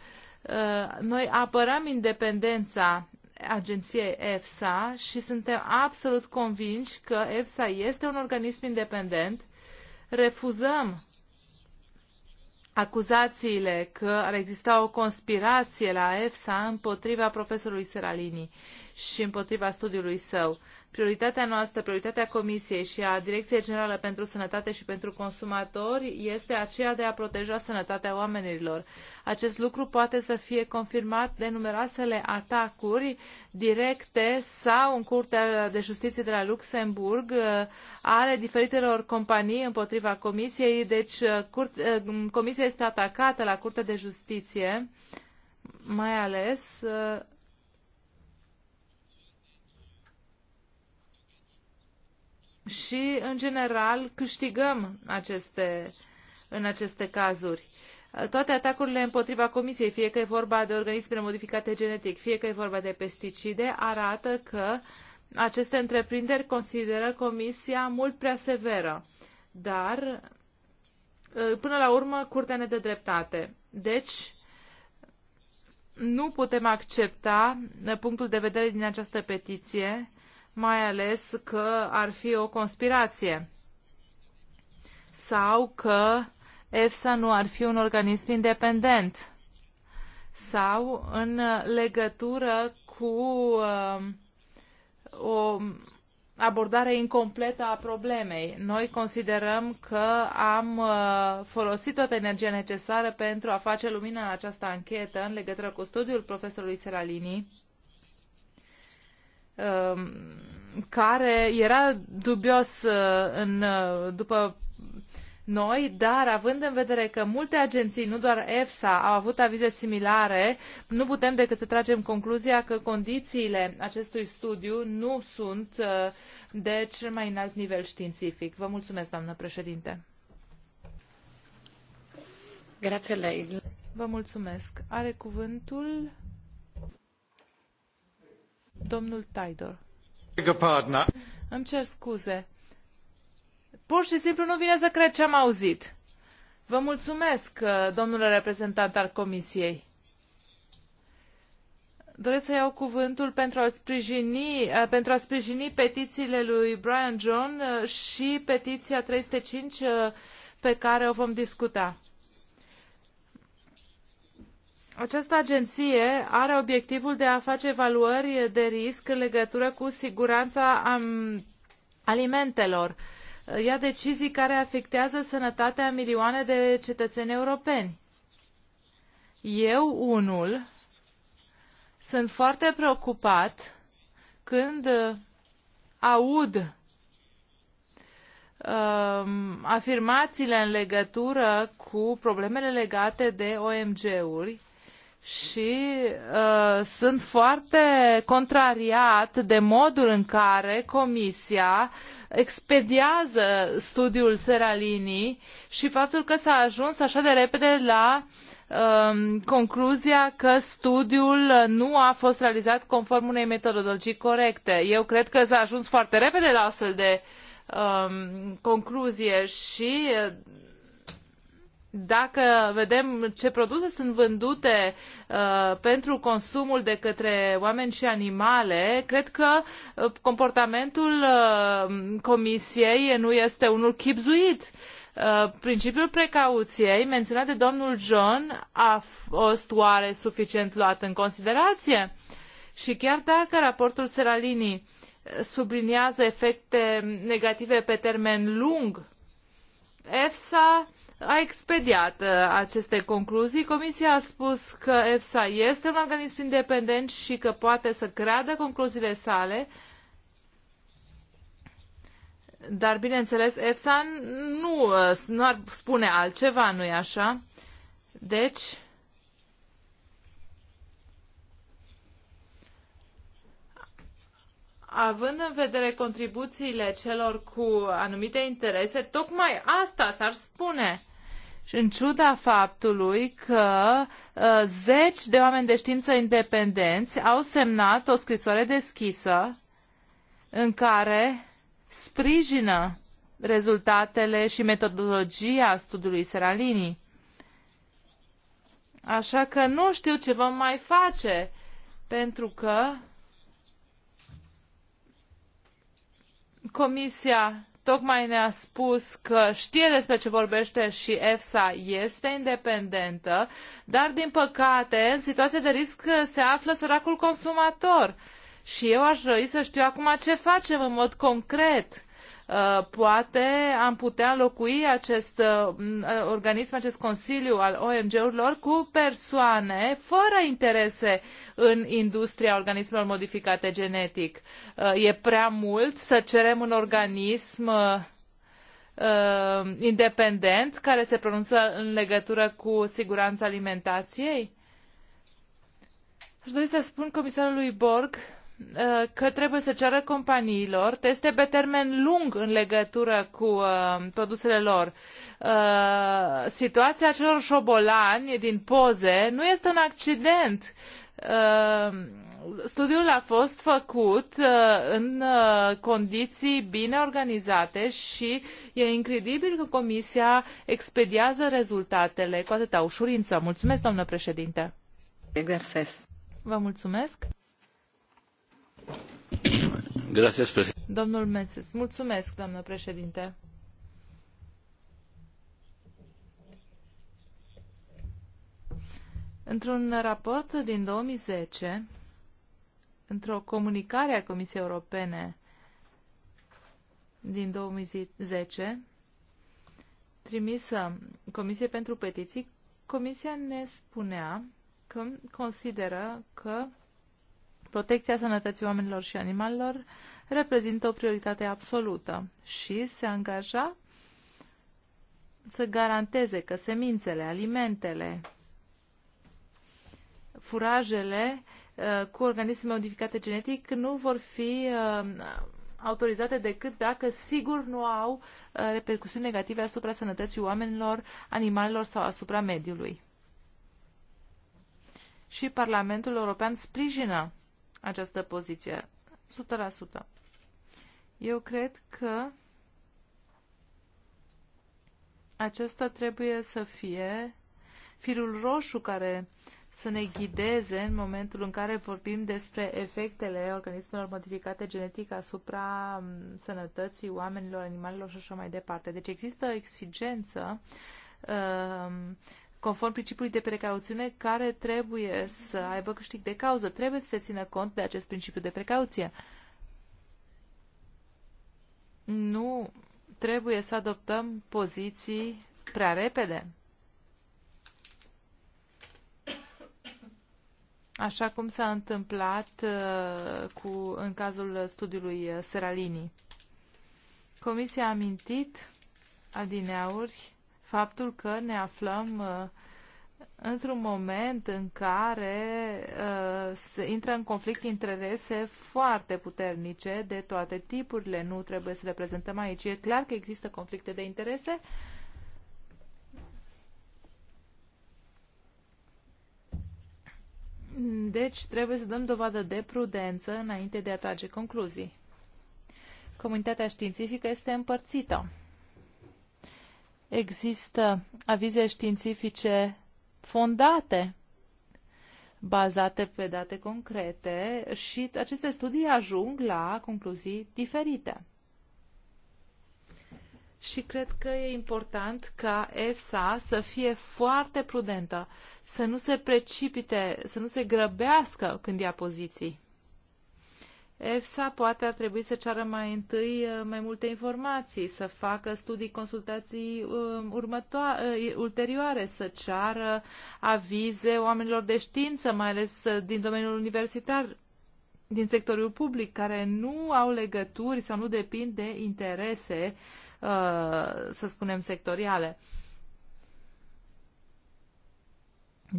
Uh, noi apărăm independența agenției EFSA și suntem absolut convinși că EFSA este un organism independent. Refuzăm acuzațiile că ar exista o conspirație la EFSA împotriva profesorului Seralini și împotriva studiului său. Prioritatea noastră, prioritatea Comisiei și a Direcției Generale pentru Sănătate și pentru Consumatori este aceea de a proteja sănătatea oamenilor. Acest lucru poate să fie confirmat de numeroasele atacuri directe sau în Curtea de Justiție de la Luxemburg uh, ale diferitelor companii împotriva Comisiei. Deci uh, uh, Comisia este atacată la Curtea de Justiție, mai ales și, în general, câștigăm aceste, în aceste cazuri. Toate atacurile împotriva Comisiei, fie că e vorba de organisme modificate genetic, fie că e vorba de pesticide, arată că aceste întreprinderi consideră Comisia mult prea severă. Dar, până la urmă, Curtea ne dă dreptate. Deci, nu putem accepta punctul de vedere din această petiție mai ales că ar fi o conspirație sau că EFSA nu ar fi un organism independent sau în legătură cu uh, o abordare incompletă a problemei. Noi considerăm că am uh, folosit toată energia necesară pentru a face lumină în această anchetă în legătură cu studiul profesorului Seralini Um, care era dubios uh, în, uh, după noi, dar având în vedere că multe agenții, nu doar EFSA, au avut avize similare, nu putem decât să tragem concluzia că condițiile acestui studiu nu sunt uh, de cel mai înalt nivel științific. Vă mulțumesc, doamnă președinte. Vă mulțumesc. Are cuvântul Domnul Taidor. Îmi cer scuze. Pur și simplu nu vine să cred ce am auzit. Vă mulțumesc, uh, domnule reprezentant al Comisiei. Doresc să iau cuvântul pentru a sprijini, uh, pentru a sprijini petițiile lui Brian John uh, și petiția 305 pe care o vom discuta. Această agenție are obiectivul de a face evaluări de risc în legătură cu siguranța alimentelor. Ia decizii care afectează sănătatea milioane de cetățeni europeni. Eu, unul, sunt foarte preocupat când uh, aud um, afirmațiile în legătură cu problemele legate de OMG-uri și uh, sunt foarte contrariat de modul în care Comisia expediază studiul Seralini și faptul că s-a ajuns așa de repede la uh, concluzia că studiul nu a fost realizat conform unei metodologii corecte. Eu cred că s-a ajuns foarte repede la astfel de uh, concluzie și uh, dacă vedem ce produse sunt vândute uh, pentru consumul de către oameni și animale, cred că uh, comportamentul uh, comisiei nu este unul chipzuit. Uh, principiul precauției menționat de domnul John a fost oare suficient luat în considerație? Și chiar dacă raportul Seralini uh, subliniază efecte negative pe termen lung, EFSA a expediat uh, aceste concluzii. Comisia a spus că EFSA este un organism independent și că poate să creadă concluziile sale, dar, bineînțeles, EFSA nu, uh, nu ar spune altceva, nu-i așa? Deci, având în vedere contribuțiile celor cu anumite interese, tocmai asta s-ar spune în ciuda faptului că uh, zeci de oameni de știință independenți au semnat o scrisoare deschisă în care sprijină rezultatele și metodologia studiului Seralini. Așa că nu știu ce vom mai face, pentru că Comisia tocmai ne-a spus că știe despre ce vorbește și EFSA este independentă, dar din păcate în situație de risc se află săracul consumator. Și eu aș răi să știu acum ce facem în mod concret Uh, poate am putea locui acest uh, uh, organism, acest consiliu al OMG-urilor cu persoane fără interese în industria organismelor modificate genetic. E prea mult să cerem un organism independent care se pronunță în legătură cu siguranța alimentației? Aș dori să spun comisarului Borg Uh, că trebuie să ceară companiilor teste pe termen lung în legătură cu uh, produsele lor. Uh, situația celor șobolani din poze nu este un accident. Uh, studiul a fost făcut uh, în uh, condiții bine organizate și e incredibil că Comisia expediază rezultatele cu atâta ușurință. Mulțumesc, doamnă președinte! Vă mulțumesc! Gracias, Domnul Mețes. Mulțumesc, doamnă președinte. Într-un raport din 2010, într-o comunicare a Comisiei Europene din 2010, trimisă Comisiei pentru Petiții, Comisia ne spunea că consideră că Protecția sănătății oamenilor și animalelor reprezintă o prioritate absolută și se angaja să garanteze că semințele, alimentele, furajele uh, cu organisme modificate genetic nu vor fi uh, autorizate decât dacă sigur nu au uh, repercusiuni negative asupra sănătății oamenilor, animalelor sau asupra mediului. Și Parlamentul European sprijină această poziție. 100%. Eu cred că acesta trebuie să fie firul roșu care să ne ghideze în momentul în care vorbim despre efectele organismelor modificate genetic asupra mm, sănătății oamenilor, animalelor și așa mai departe. Deci există exigență uh, conform principiului de precauțiune care trebuie să aibă câștig de cauză. Trebuie să se țină cont de acest principiu de precauție. Nu trebuie să adoptăm poziții prea repede. Așa cum s-a întâmplat uh, cu, în cazul studiului uh, Seralini. Comisia a amintit adineauri faptul că ne aflăm uh, într-un moment în care uh, se intră în conflict interese foarte puternice de toate tipurile. Nu trebuie să le prezentăm aici. E clar că există conflicte de interese. Deci trebuie să dăm dovadă de prudență înainte de a trage concluzii. Comunitatea științifică este împărțită există avize științifice fondate, bazate pe date concrete și aceste studii ajung la concluzii diferite. Și cred că e important ca EFSA să fie foarte prudentă, să nu se precipite, să nu se grăbească când ia poziții. EFSA poate ar trebui să ceară mai întâi uh, mai multe informații, să facă studii, consultații um, următoare, uh, ulterioare, să ceară avize oamenilor de știință, mai ales uh, din domeniul universitar, din sectorul public, care nu au legături sau nu depind de interese, să spunem, sectoriale.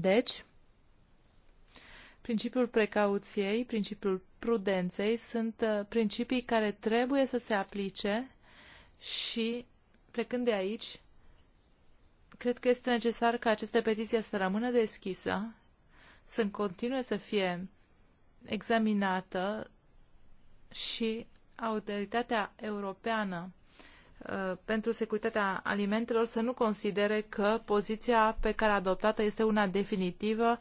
Deci, principiul precauției, principiul prudenței sunt uh, principii care trebuie să se aplice și, plecând de aici, cred că este necesar ca aceste petiții să rămână deschisă, să continue să fie examinată și autoritatea europeană uh, pentru securitatea alimentelor să nu considere că poziția pe care a adoptată este una definitivă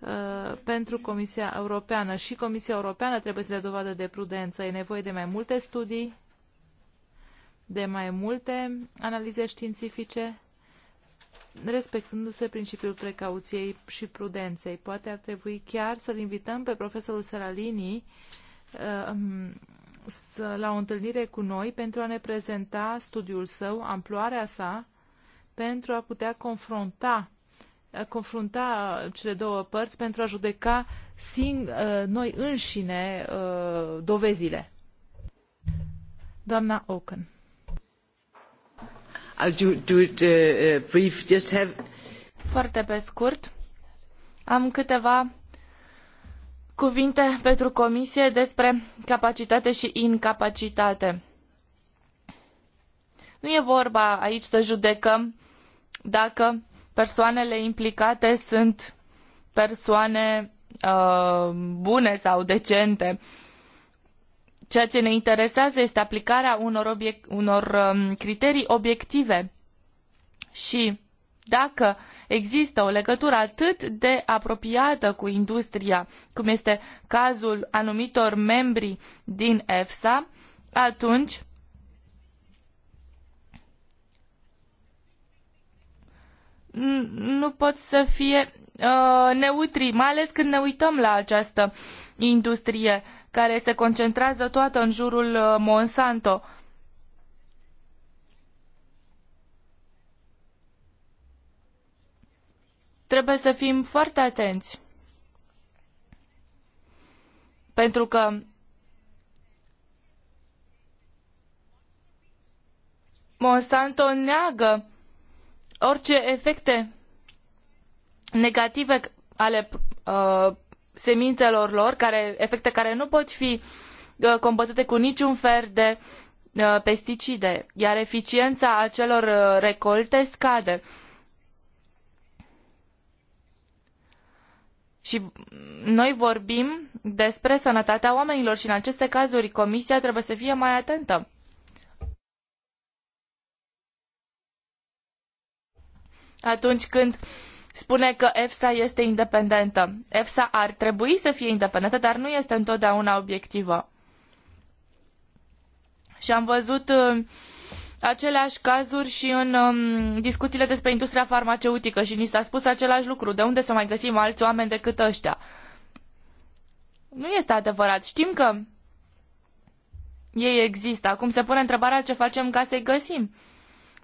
Uh, pentru Comisia Europeană și Comisia Europeană trebuie să dea dovadă de prudență. E nevoie de mai multe studii, de mai multe analize științifice, respectându-se principiul precauției și prudenței. Poate ar trebui chiar să-l invităm pe profesorul Seralini uh, um, la o întâlnire cu noi pentru a ne prezenta studiul său, amploarea sa, pentru a putea confronta confrunta cele două părți pentru a judeca sing- uh, noi înșine uh, dovezile. Doamna Oaken. I'll do, do it uh, uh, brief. Just have... Foarte pe scurt. Am câteva cuvinte pentru comisie despre capacitate și incapacitate. Nu e vorba aici să judecăm dacă persoanele implicate sunt persoane uh, bune sau decente. Ceea ce ne interesează este aplicarea unor, obiect, unor um, criterii obiective și dacă există o legătură atât de apropiată cu industria, cum este cazul anumitor membri din EFSA, atunci nu pot să fie uh, neutri, mai ales când ne uităm la această industrie care se concentrează toată în jurul uh, Monsanto. Trebuie să fim foarte atenți. Pentru că Monsanto neagă orice efecte negative ale uh, semințelor lor, care, efecte care nu pot fi uh, combătute cu niciun fel de uh, pesticide, iar eficiența acelor uh, recolte scade. Și noi vorbim despre sănătatea oamenilor și în aceste cazuri comisia trebuie să fie mai atentă. atunci când spune că EFSA este independentă. EFSA ar trebui să fie independentă, dar nu este întotdeauna obiectivă. Și am văzut uh, aceleași cazuri și în um, discuțiile despre industria farmaceutică și ni s-a spus același lucru. De unde să mai găsim alți oameni decât ăștia? Nu este adevărat. Știm că ei există. Acum se pune întrebarea ce facem ca să-i găsim.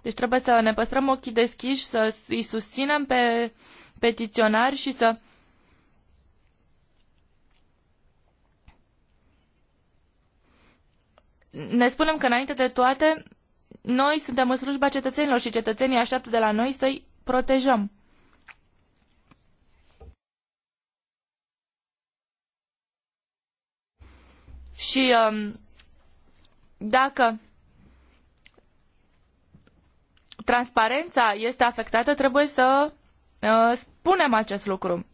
Deci trebuie să ne păstrăm ochii deschiși, să îi susținem pe petiționari și să ne spunem că înainte de toate noi suntem în slujba cetățenilor și cetățenii așteaptă de la noi să-i protejăm. Și um, dacă transparența este afectată, trebuie să uh, spunem acest lucru.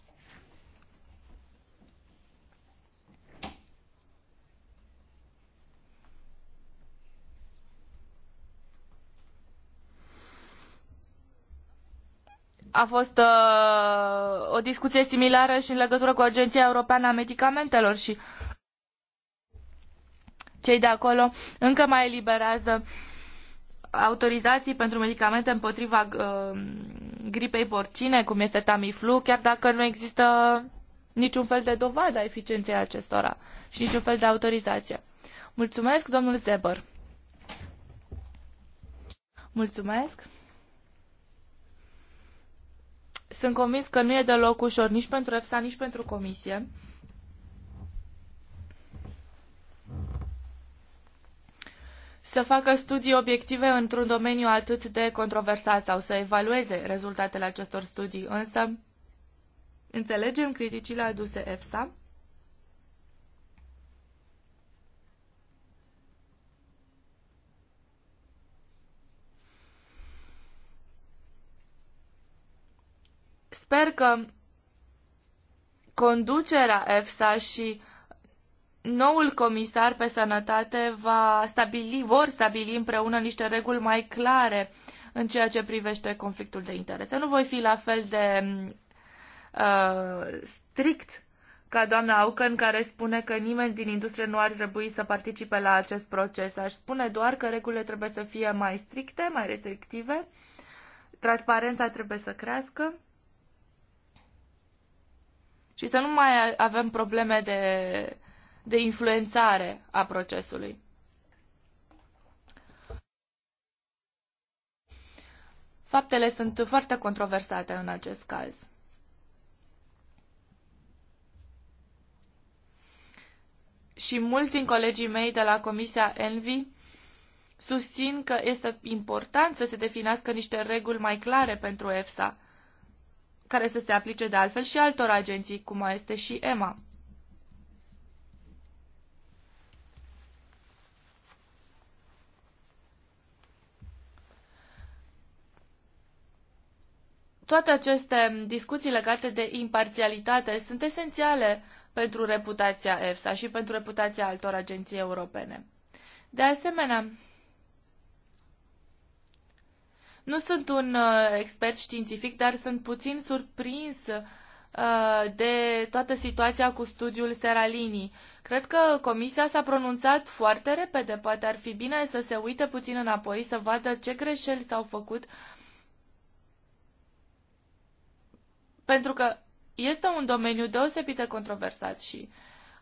A fost uh, o discuție similară și în legătură cu Agenția Europeană a Medicamentelor și cei de acolo încă mai eliberează uh, autorizații pentru medicamente împotriva uh, gripei porcine, cum este Tamiflu, chiar dacă nu există niciun fel de dovadă a eficienței acestora și niciun fel de autorizație. Mulțumesc, domnul Zeber. Mulțumesc. Sunt convins că nu e deloc ușor nici pentru EFSA, nici pentru Comisie să facă studii obiective într-un domeniu atât de controversat sau să evalueze rezultatele acestor studii, însă înțelegem criticile aduse EFSA Sper că conducerea EFSA și noul comisar pe sănătate va stabili, vor stabili împreună niște reguli mai clare în ceea ce privește conflictul de interese. Nu voi fi la fel de uh, strict ca doamna Aucăn, care spune că nimeni din industrie nu ar trebui să participe la acest proces. Aș spune doar că regulile trebuie să fie mai stricte, mai restrictive, transparența trebuie să crească și să nu mai avem probleme de de influențare a procesului. Faptele sunt foarte controversate în acest caz. Și mulți din colegii mei de la Comisia Envi susțin că este important să se definească niște reguli mai clare pentru EFSA, care să se aplice de altfel și altor agenții, cum este și EMA. Toate aceste discuții legate de imparțialitate sunt esențiale pentru reputația EFSA și pentru reputația altor agenții europene. De asemenea, nu sunt un uh, expert științific, dar sunt puțin surprins uh, de toată situația cu studiul Seralini. Cred că comisia s-a pronunțat foarte repede, poate ar fi bine să se uite puțin înapoi, să vadă ce greșeli s-au făcut uh, Pentru că este un domeniu deosebit de controversat și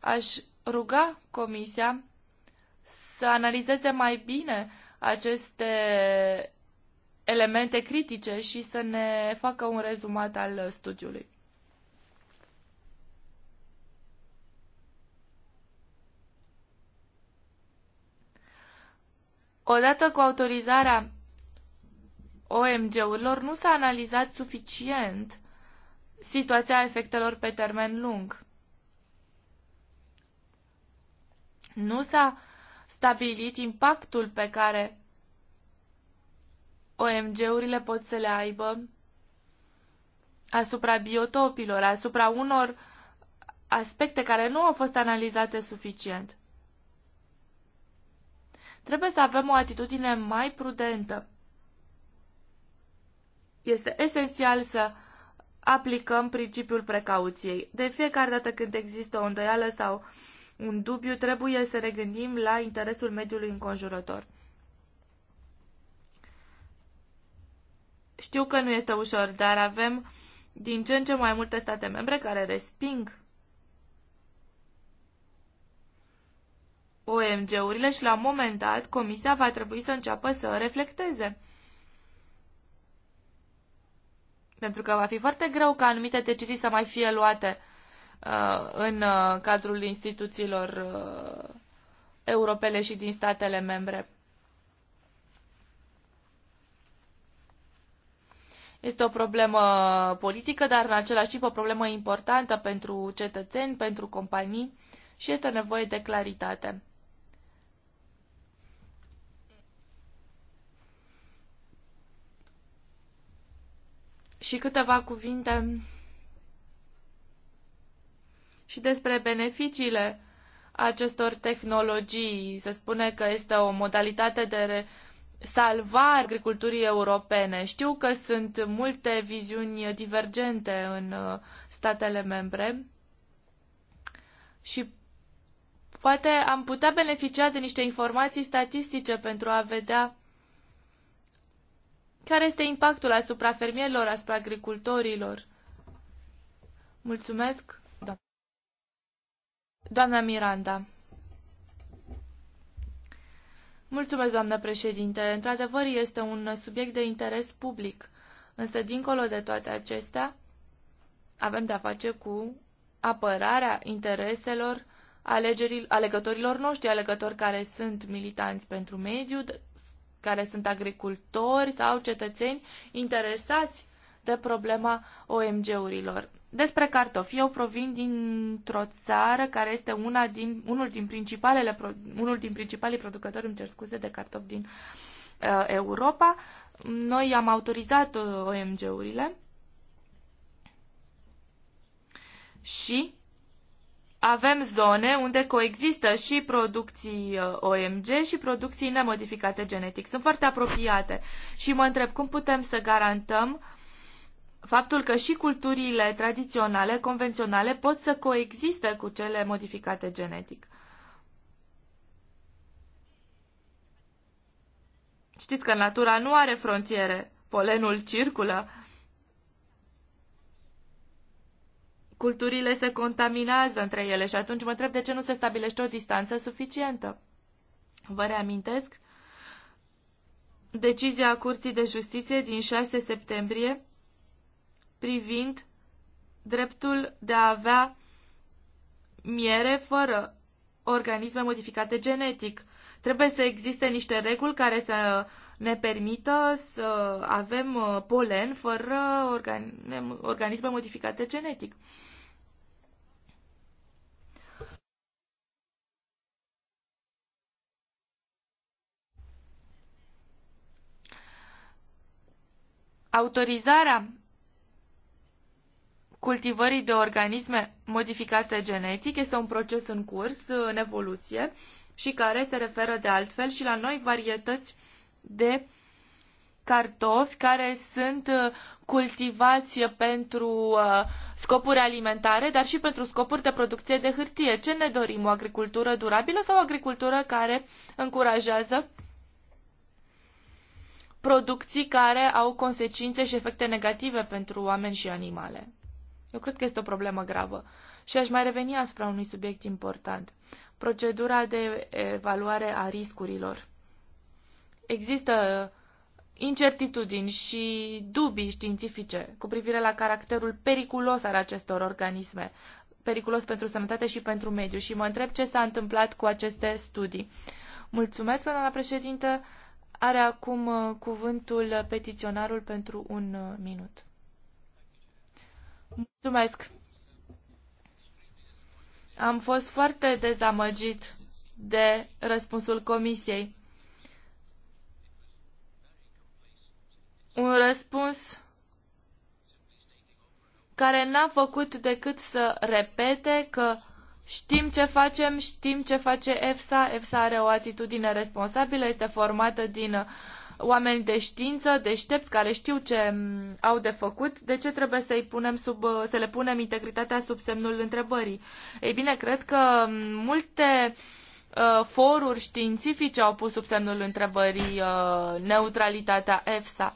aș ruga Comisia să analizeze mai bine aceste elemente critice și să ne facă un rezumat al studiului. Odată cu autorizarea OMG-urilor, nu s-a analizat suficient situația efectelor pe termen lung. Nu s-a stabilit impactul pe care OMG-urile pot să le aibă asupra biotopilor, asupra unor aspecte care nu au fost analizate suficient. Trebuie să avem o atitudine mai prudentă. Este esențial să aplicăm principiul precauției. De fiecare dată când există o îndoială sau un dubiu, trebuie să ne gândim la interesul mediului înconjurător. Știu că nu este ușor, dar avem din ce în ce mai multe state membre care resping OMG-urile și la un moment dat Comisia va trebui să înceapă să reflecteze Pentru că va fi foarte greu ca anumite decizii să mai fie luate uh, în uh, cadrul instituțiilor uh, europene și din statele membre. Este o problemă politică, dar în același timp o problemă importantă pentru cetățeni, pentru companii și este nevoie de claritate. Și câteva cuvinte și despre beneficiile acestor tehnologii. Se spune că este o modalitate de salvare agriculturii europene. Știu că sunt multe viziuni divergente în uh, statele membre și poate am putea beneficia de niște informații statistice pentru a vedea care este impactul asupra fermierilor, asupra agricultorilor? Mulțumesc, doamna, doamna Miranda. Mulțumesc, doamnă președinte. Într-adevăr, este un subiect de interes public. Însă, dincolo de toate acestea, avem de-a face cu apărarea intereselor alegătorilor noștri, alegători care sunt militanți pentru mediu, care sunt agricultori sau cetățeni interesați de problema OMG-urilor. Despre cartofi, eu provin dintr-o țară care este una din, unul, din principalele, unul din principalii producători, îmi cer scuze, de cartofi din uh, Europa. Noi am autorizat uh, OMG-urile și avem zone unde coexistă și producții uh, OMG și producții nemodificate genetic. Sunt foarte apropiate și mă întreb cum putem să garantăm faptul că și culturile tradiționale, convenționale, pot să coexiste cu cele modificate genetic. Știți că natura nu are frontiere, polenul circulă culturile se contaminează între ele și atunci mă întreb de ce nu se stabilește o distanță suficientă. Vă reamintesc decizia Curții de Justiție din 6 septembrie privind dreptul de a avea miere fără organisme modificate genetic. Trebuie să existe niște reguli care să ne permită să avem uh, polen fără organ- organisme modificate genetic. Autorizarea cultivării de organisme modificate genetic este un proces în curs, uh, în evoluție, și care se referă de altfel și la noi varietăți de cartofi care sunt uh, cultivați pentru uh, scopuri alimentare, dar și pentru scopuri de producție de hârtie. Ce ne dorim? O agricultură durabilă sau o agricultură care încurajează producții care au consecințe și efecte negative pentru oameni și animale? Eu cred că este o problemă gravă. Și aș mai reveni asupra unui subiect important. Procedura de evaluare a riscurilor există incertitudini și dubii științifice cu privire la caracterul periculos al acestor organisme, periculos pentru sănătate și pentru mediu. Și mă întreb ce s-a întâmplat cu aceste studii. Mulțumesc, doamna președintă. Are acum uh, cuvântul petiționarul pentru un uh, minut. Mulțumesc. Am fost foarte dezamăgit de răspunsul comisiei un răspuns care n-a făcut decât să repete că știm ce facem, știm ce face EFSA, EFSA are o atitudine responsabilă, este formată din uh, oameni de știință, deștepți, care știu ce mm, au de făcut, de ce trebuie să-i punem sub, uh, să le punem integritatea sub semnul întrebării? Ei bine, cred că mm, multe uh, foruri științifice au pus sub semnul întrebării uh, neutralitatea EFSA.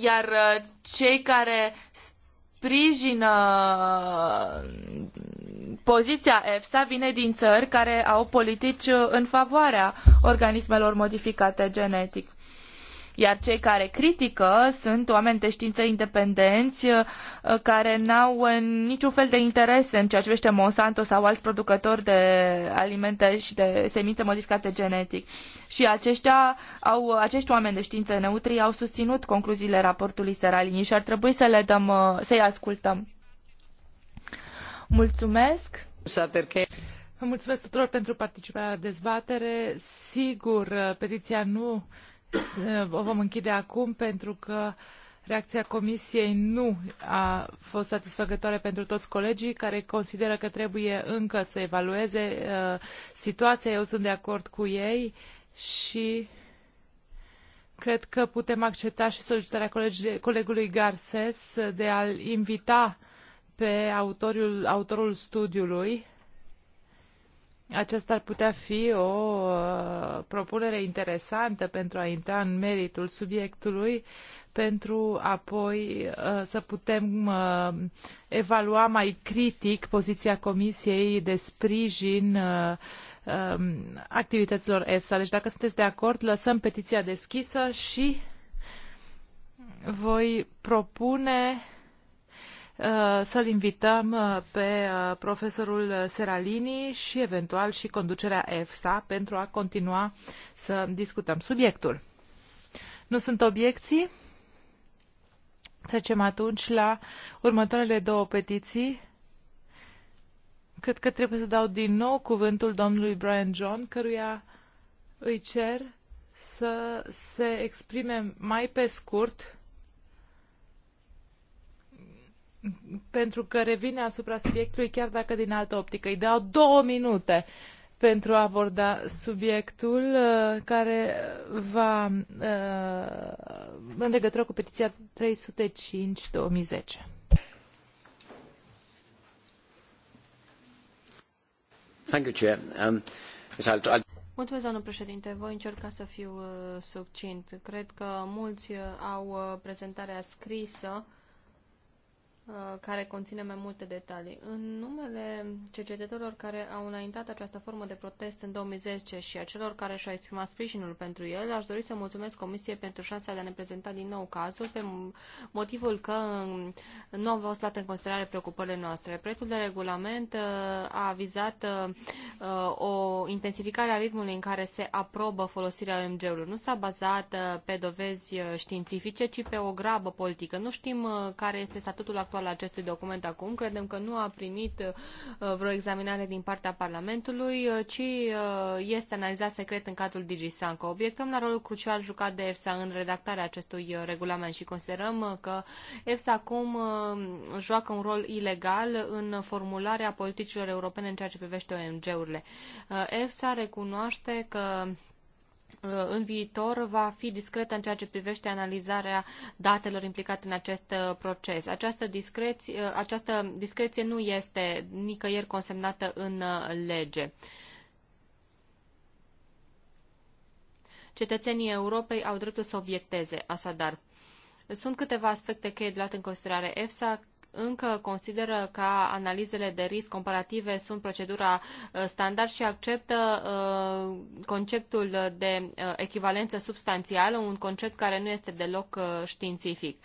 Iar uh, cei care sprijină uh, poziția EFSA vine din țări care au politici uh, în favoarea organismelor modificate genetic. Iar cei care critică sunt oameni de știință independenți uh, care n-au uh, niciun fel de interes în ceea ce vește Monsanto sau alți producători de alimente și de semințe modificate genetic. Și aceștia au, uh, acești oameni de știință neutri au susținut concluziile raportului Seralini și ar trebui să le dăm, să-i ascultăm. Mulțumesc! Mulțumesc tuturor pentru participarea la dezbatere. Sigur, petiția nu o vom închide acum pentru că reacția comisiei nu a fost satisfăcătoare pentru toți colegii care consideră că trebuie încă să evalueze uh, situația. Eu sunt de acord cu ei și cred că putem accepta și solicitarea colegului Garces de a-l invita pe autorul, autorul studiului aceasta ar putea fi o uh, propunere interesantă pentru a intra în meritul subiectului, pentru apoi uh, să putem uh, evalua mai critic poziția Comisiei de sprijin um, activităților EFSA. Deci dacă sunteți de acord, lăsăm petiția deschisă și voi propune Uh, să-l invităm uh, pe uh, profesorul Seralini și eventual și conducerea EFSA pentru a continua să discutăm subiectul. Nu sunt obiecții? Trecem atunci la următoarele două petiții. Cred că trebuie să dau din nou cuvântul domnului Brian John, căruia îi cer să se exprime mai pe scurt pentru că revine asupra subiectului chiar dacă din altă optică. Îi dau două minute pentru a aborda subiectul uh, care va uh, în legătură cu petiția 305-2010. Thank you, Chair. Um, Mulțumesc, doamnă președinte. Voi încerca să fiu uh, succint. Cred că mulți uh, au uh, prezentarea scrisă uh, Uh, care conține mai multe detalii. În numele cercetătorilor care au înaintat această formă de protest în 2010 și a celor care și-au exprimat sprijinul pentru el, aș dori să mulțumesc Comisiei pentru șansa de a ne prezenta din nou cazul, pe motivul că um, nu au fost luate în considerare preocupările noastre. Proiectul de regulament uh, a avizat uh, o intensificare a ritmului în care se aprobă folosirea OMG-ului. Nu s-a bazat pe dovezi științifice, ci pe o grabă politică. Nu știm care este statutul actual al acestui document acum. Credem că nu a primit uh, vreo examinare din partea Parlamentului, uh, ci uh, este analizat secret în cadrul DigiSanco. Obiectăm la rolul crucial jucat de EFSA în redactarea acestui regulament și considerăm că EFSA acum joacă un rol ilegal în formularea politicilor europene în ceea ce privește OMG-urile. EFSA recunoaște că Uh, în viitor va fi discretă în ceea ce privește analizarea datelor implicate în acest uh, proces. Această discreție, uh, această discreție nu este nicăieri consemnată în lege. Cetățenii Europei au dreptul să obiecteze, așadar. Sunt câteva aspecte cheie de luat în considerare EFSA încă consideră că analizele de risc comparative sunt procedura uh, standard și acceptă uh, conceptul de uh, echivalență substanțială, un concept care nu este deloc științific.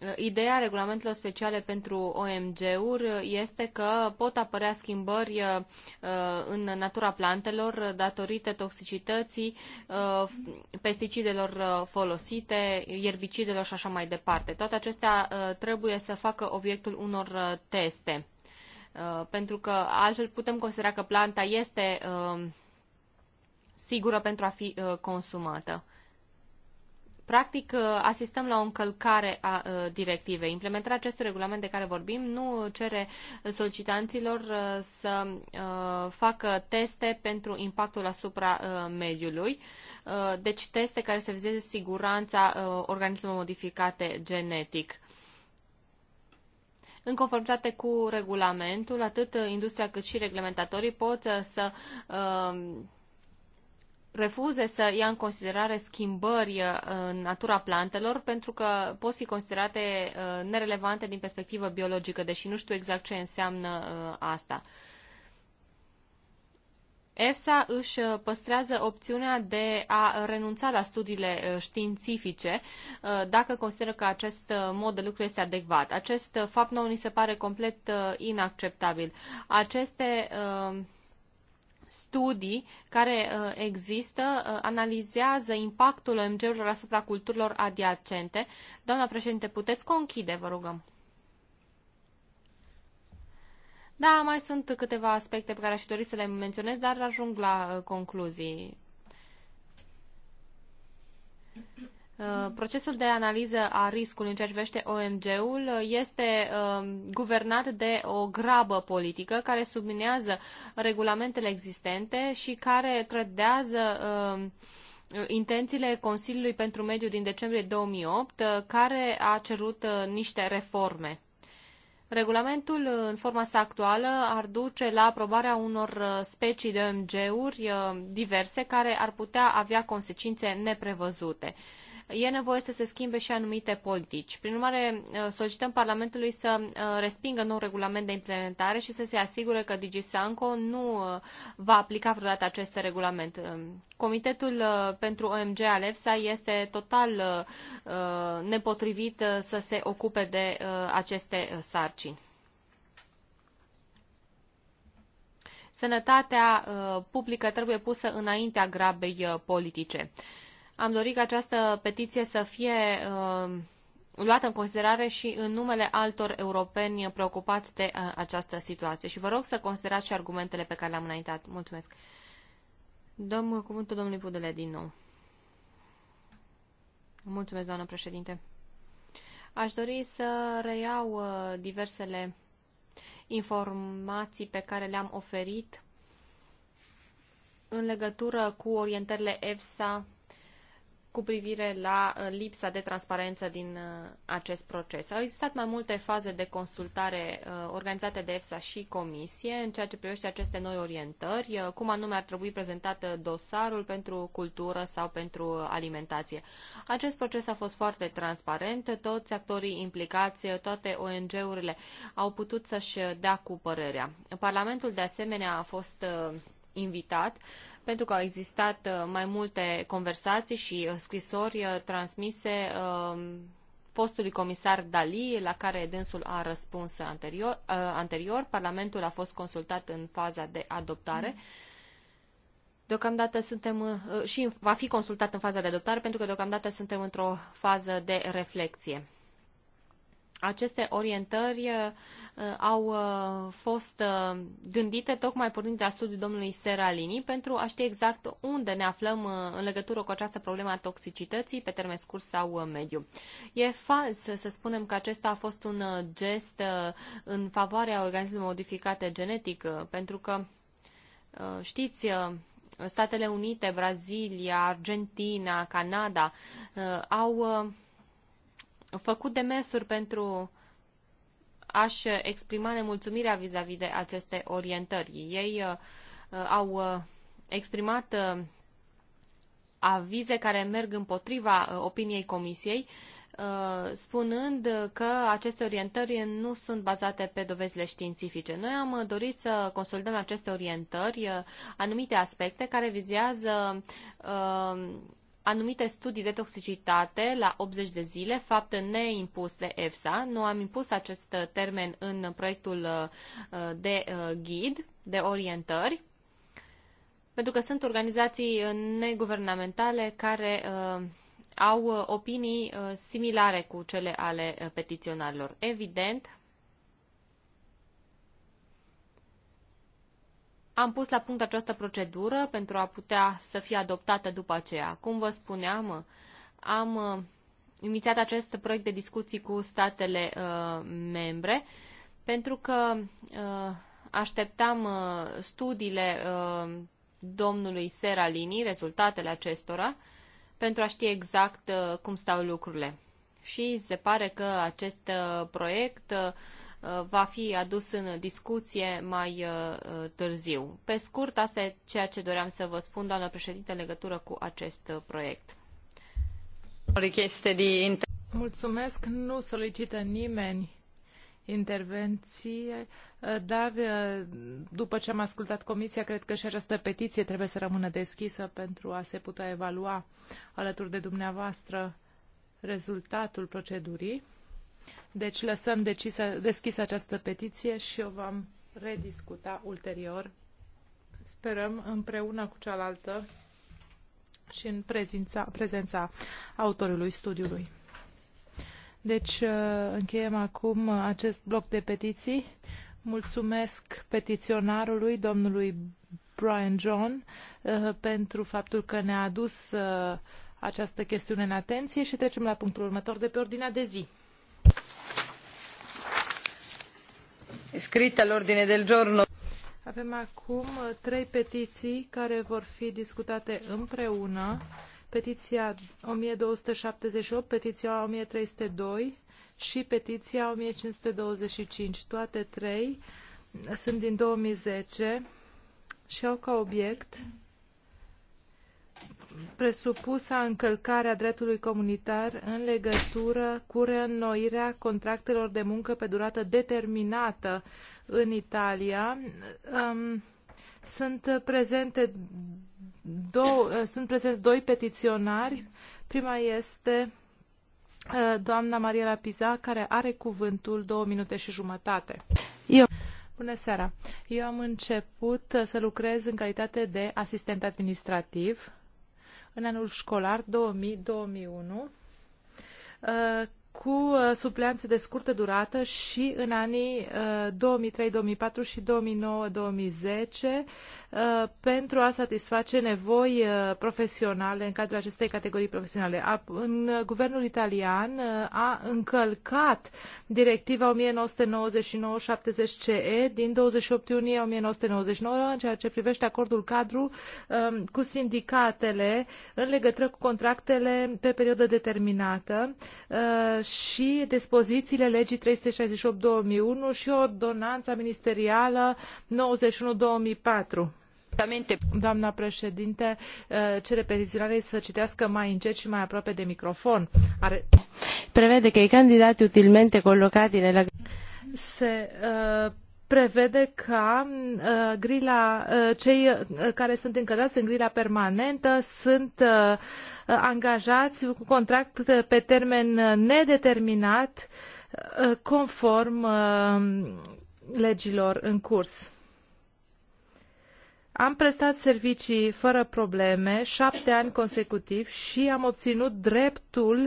Uh, ideea regulamentelor speciale pentru OMG-uri uh, este că pot apărea schimbări uh, în natura plantelor datorită toxicității pesticidelor folosite, ierbicidelor și așa mai departe. Toate acestea trebuie să facă obiectul unor teste, pentru că altfel putem considera că planta este sigură pentru a fi consumată. Practic, uh, asistăm la o încălcare a uh, directivei. Implementarea acestui regulament de care vorbim nu cere solicitanților uh, să facă teste pentru impactul asupra mediului, deci teste care să vizeze siguranța organismelor modificate genetic. În conformitate cu regulamentul, atât industria cât și reglementatorii pot să uh, refuze să ia în considerare schimbări uh, în natura plantelor pentru că pot fi considerate uh, nerelevante din perspectivă biologică, deși nu știu exact ce înseamnă uh, asta. EFSA își păstrează opțiunea de a renunța la studiile științifice dacă consideră că acest mod de lucru este adecvat. Acest fapt nou ni se pare complet inacceptabil. Aceste uh, studii care uh, există uh, analizează impactul OMG-urilor asupra culturilor adiacente. Doamna președinte, puteți conchide, vă rugăm. Da, mai sunt câteva aspecte pe care aș dori să le menționez, dar ajung la uh, concluzii. Uh, procesul de analiză a riscului în ceea ce privește OMG-ul uh, este uh, guvernat de o grabă politică care subminează regulamentele existente și care trădează intențiile Consiliului pentru Mediu din decembrie 2008, care a cerut niște reforme. Regulamentul, în forma sa actuală, ar duce la aprobarea unor specii de OMG-uri diverse care ar putea avea consecințe neprevăzute e nevoie să se schimbe și anumite politici. Prin urmare, uh, solicităm Parlamentului să uh, respingă nou regulament de implementare și să se asigure că DigiSanco nu uh, va aplica vreodată acest regulament. Comitetul pentru OMG Alefsa este total nepotrivit să se ocupe de aceste sarcini. Sănătatea publică trebuie pusă înaintea grabei politice. Am dorit ca această petiție să fie uh, luată în considerare și în numele altor europeni preocupați de uh, această situație. Și vă rog să considerați și argumentele pe care le-am înaintat. Mulțumesc. Dăm cuvântul domnului Budele din nou. Mulțumesc, doamnă președinte. Aș dori să reiau uh, diversele informații pe care le-am oferit în legătură cu orientările EFSA cu privire la uh, lipsa de transparență din uh, acest proces. Au existat mai multe faze de consultare uh, organizate de EFSA și Comisie în ceea ce privește aceste noi orientări, cum anume ar trebui prezentat dosarul pentru cultură sau pentru alimentație. Acest proces a fost foarte transparent, toți actorii implicați, toate ONG-urile au putut să-și dea cu părerea. Parlamentul de asemenea a fost invitat, pentru că au existat uh, mai multe conversații și uh, scrisori uh, transmise fostului comisar Dali, la care dânsul a răspuns anterior. anterior. Parlamentul a fost consultat în faza de adoptare. Deocamdată suntem și va fi consultat în faza de adoptare pentru că deocamdată suntem într-o fază de reflexie aceste orientări uh, au uh, fost uh, gândite tocmai pornind de la studiul domnului Seralini pentru a ști exact unde ne aflăm în legătură cu această problemă a toxicității pe termen scurt sau mediu. E fals să spunem că acesta a fost un gest în favoarea organismelor modificate genetic, pentru că știți, Statele Unite, Brazilia, Argentina, Canada au făcut demersuri pentru a-și exprima nemulțumirea vis-a-vis -vis de aceste orientări. Ei uh, uh, au uh, exprimat uh, avize care merg împotriva uh, opiniei Comisiei, uh, spunând că aceste orientări nu sunt bazate pe dovezile științifice. Noi am uh, dorit să consolidăm aceste orientări, uh, anumite aspecte care vizează uh, anumite studii de toxicitate la 80 de zile, fapt neimpus de EFSA. Nu am impus acest termen în proiectul uh, de uh, ghid, de orientări, pentru că sunt organizații uh, neguvernamentale care au opinii similare cu cele ale petiționarilor. Evident, Am pus la punct această procedură pentru a putea să fie adoptată după aceea. Cum vă spuneam, am uh, inițiat acest proiect de discuții cu statele uh, membre pentru că uh, așteptam uh, studiile uh, domnului Seralini, rezultatele acestora, pentru a ști exact uh, cum stau lucrurile. Și se pare că acest uh, proiect uh, Uh, va fi adus în discuție mai uh, uh, târziu. Pe scurt, asta e ceea ce doream să vă spun, doamnă președinte, în legătură cu acest proiect. Mulțumesc, nu solicită nimeni intervenție, dar după ce am ascultat comisia, cred că și această petiție trebuie să rămână deschisă pentru a se putea evalua alături de dumneavoastră rezultatul procedurii. Deci lăsăm decisă, deschisă această petiție și o vom rediscuta ulterior. Sperăm împreună cu cealaltă și în prezența, prezența autorului studiului. Deci uh, încheiem acum acest bloc de petiții. Mulțumesc petiționarului, domnului Brian John, uh, pentru faptul că ne-a adus uh, această chestiune în atenție și trecem la punctul următor de pe ordinea de zi. Avem acum uh, trei petiții care vor fi discutate împreună. Petiția 1278, petiția 1302 și petiția 1525. Toate trei uh, sunt din 2010 și au ca obiect presupusa încălcarea dreptului comunitar în legătură cu reînnoirea contractelor de muncă pe durată determinată în Italia. Um, sunt, prezente două, uh, sunt prezenți doi petiționari. Prima este uh, doamna Maria Piza, care are cuvântul două minute și jumătate. Eu. Bună seara! Eu am început să lucrez în calitate de asistent administrativ în anul școlar 2000-2001 cu uh, supleanțe de scurtă durată și în anii 2003-2004 uh, și 2009-2010 uh, pentru a satisface nevoi profesionale în cadrul acestei categorii profesionale. În guvernul italian a încălcat directiva 1999-70CE din 28 iunie 1999 în ceea ce privește acordul cadru um, cu sindicatele în legătură cu contractele pe perioadă determinată și dispozițiile legii 368-2001 și ordonanța ministerială 91-2004. Doamna președinte, eh, cere petiționarei să citească mai încet și mai aproape de microfon. Are... Prevede că i candidati utilmente colocati nella... Se uh, prevede ca uh, grila, uh, cei uh, care sunt încădrați în grila permanentă sunt uh, uh, angajați cu contract pe termen uh, nedeterminat uh, conform uh, legilor în curs. Am prestat servicii fără probleme șapte ani consecutiv și am obținut dreptul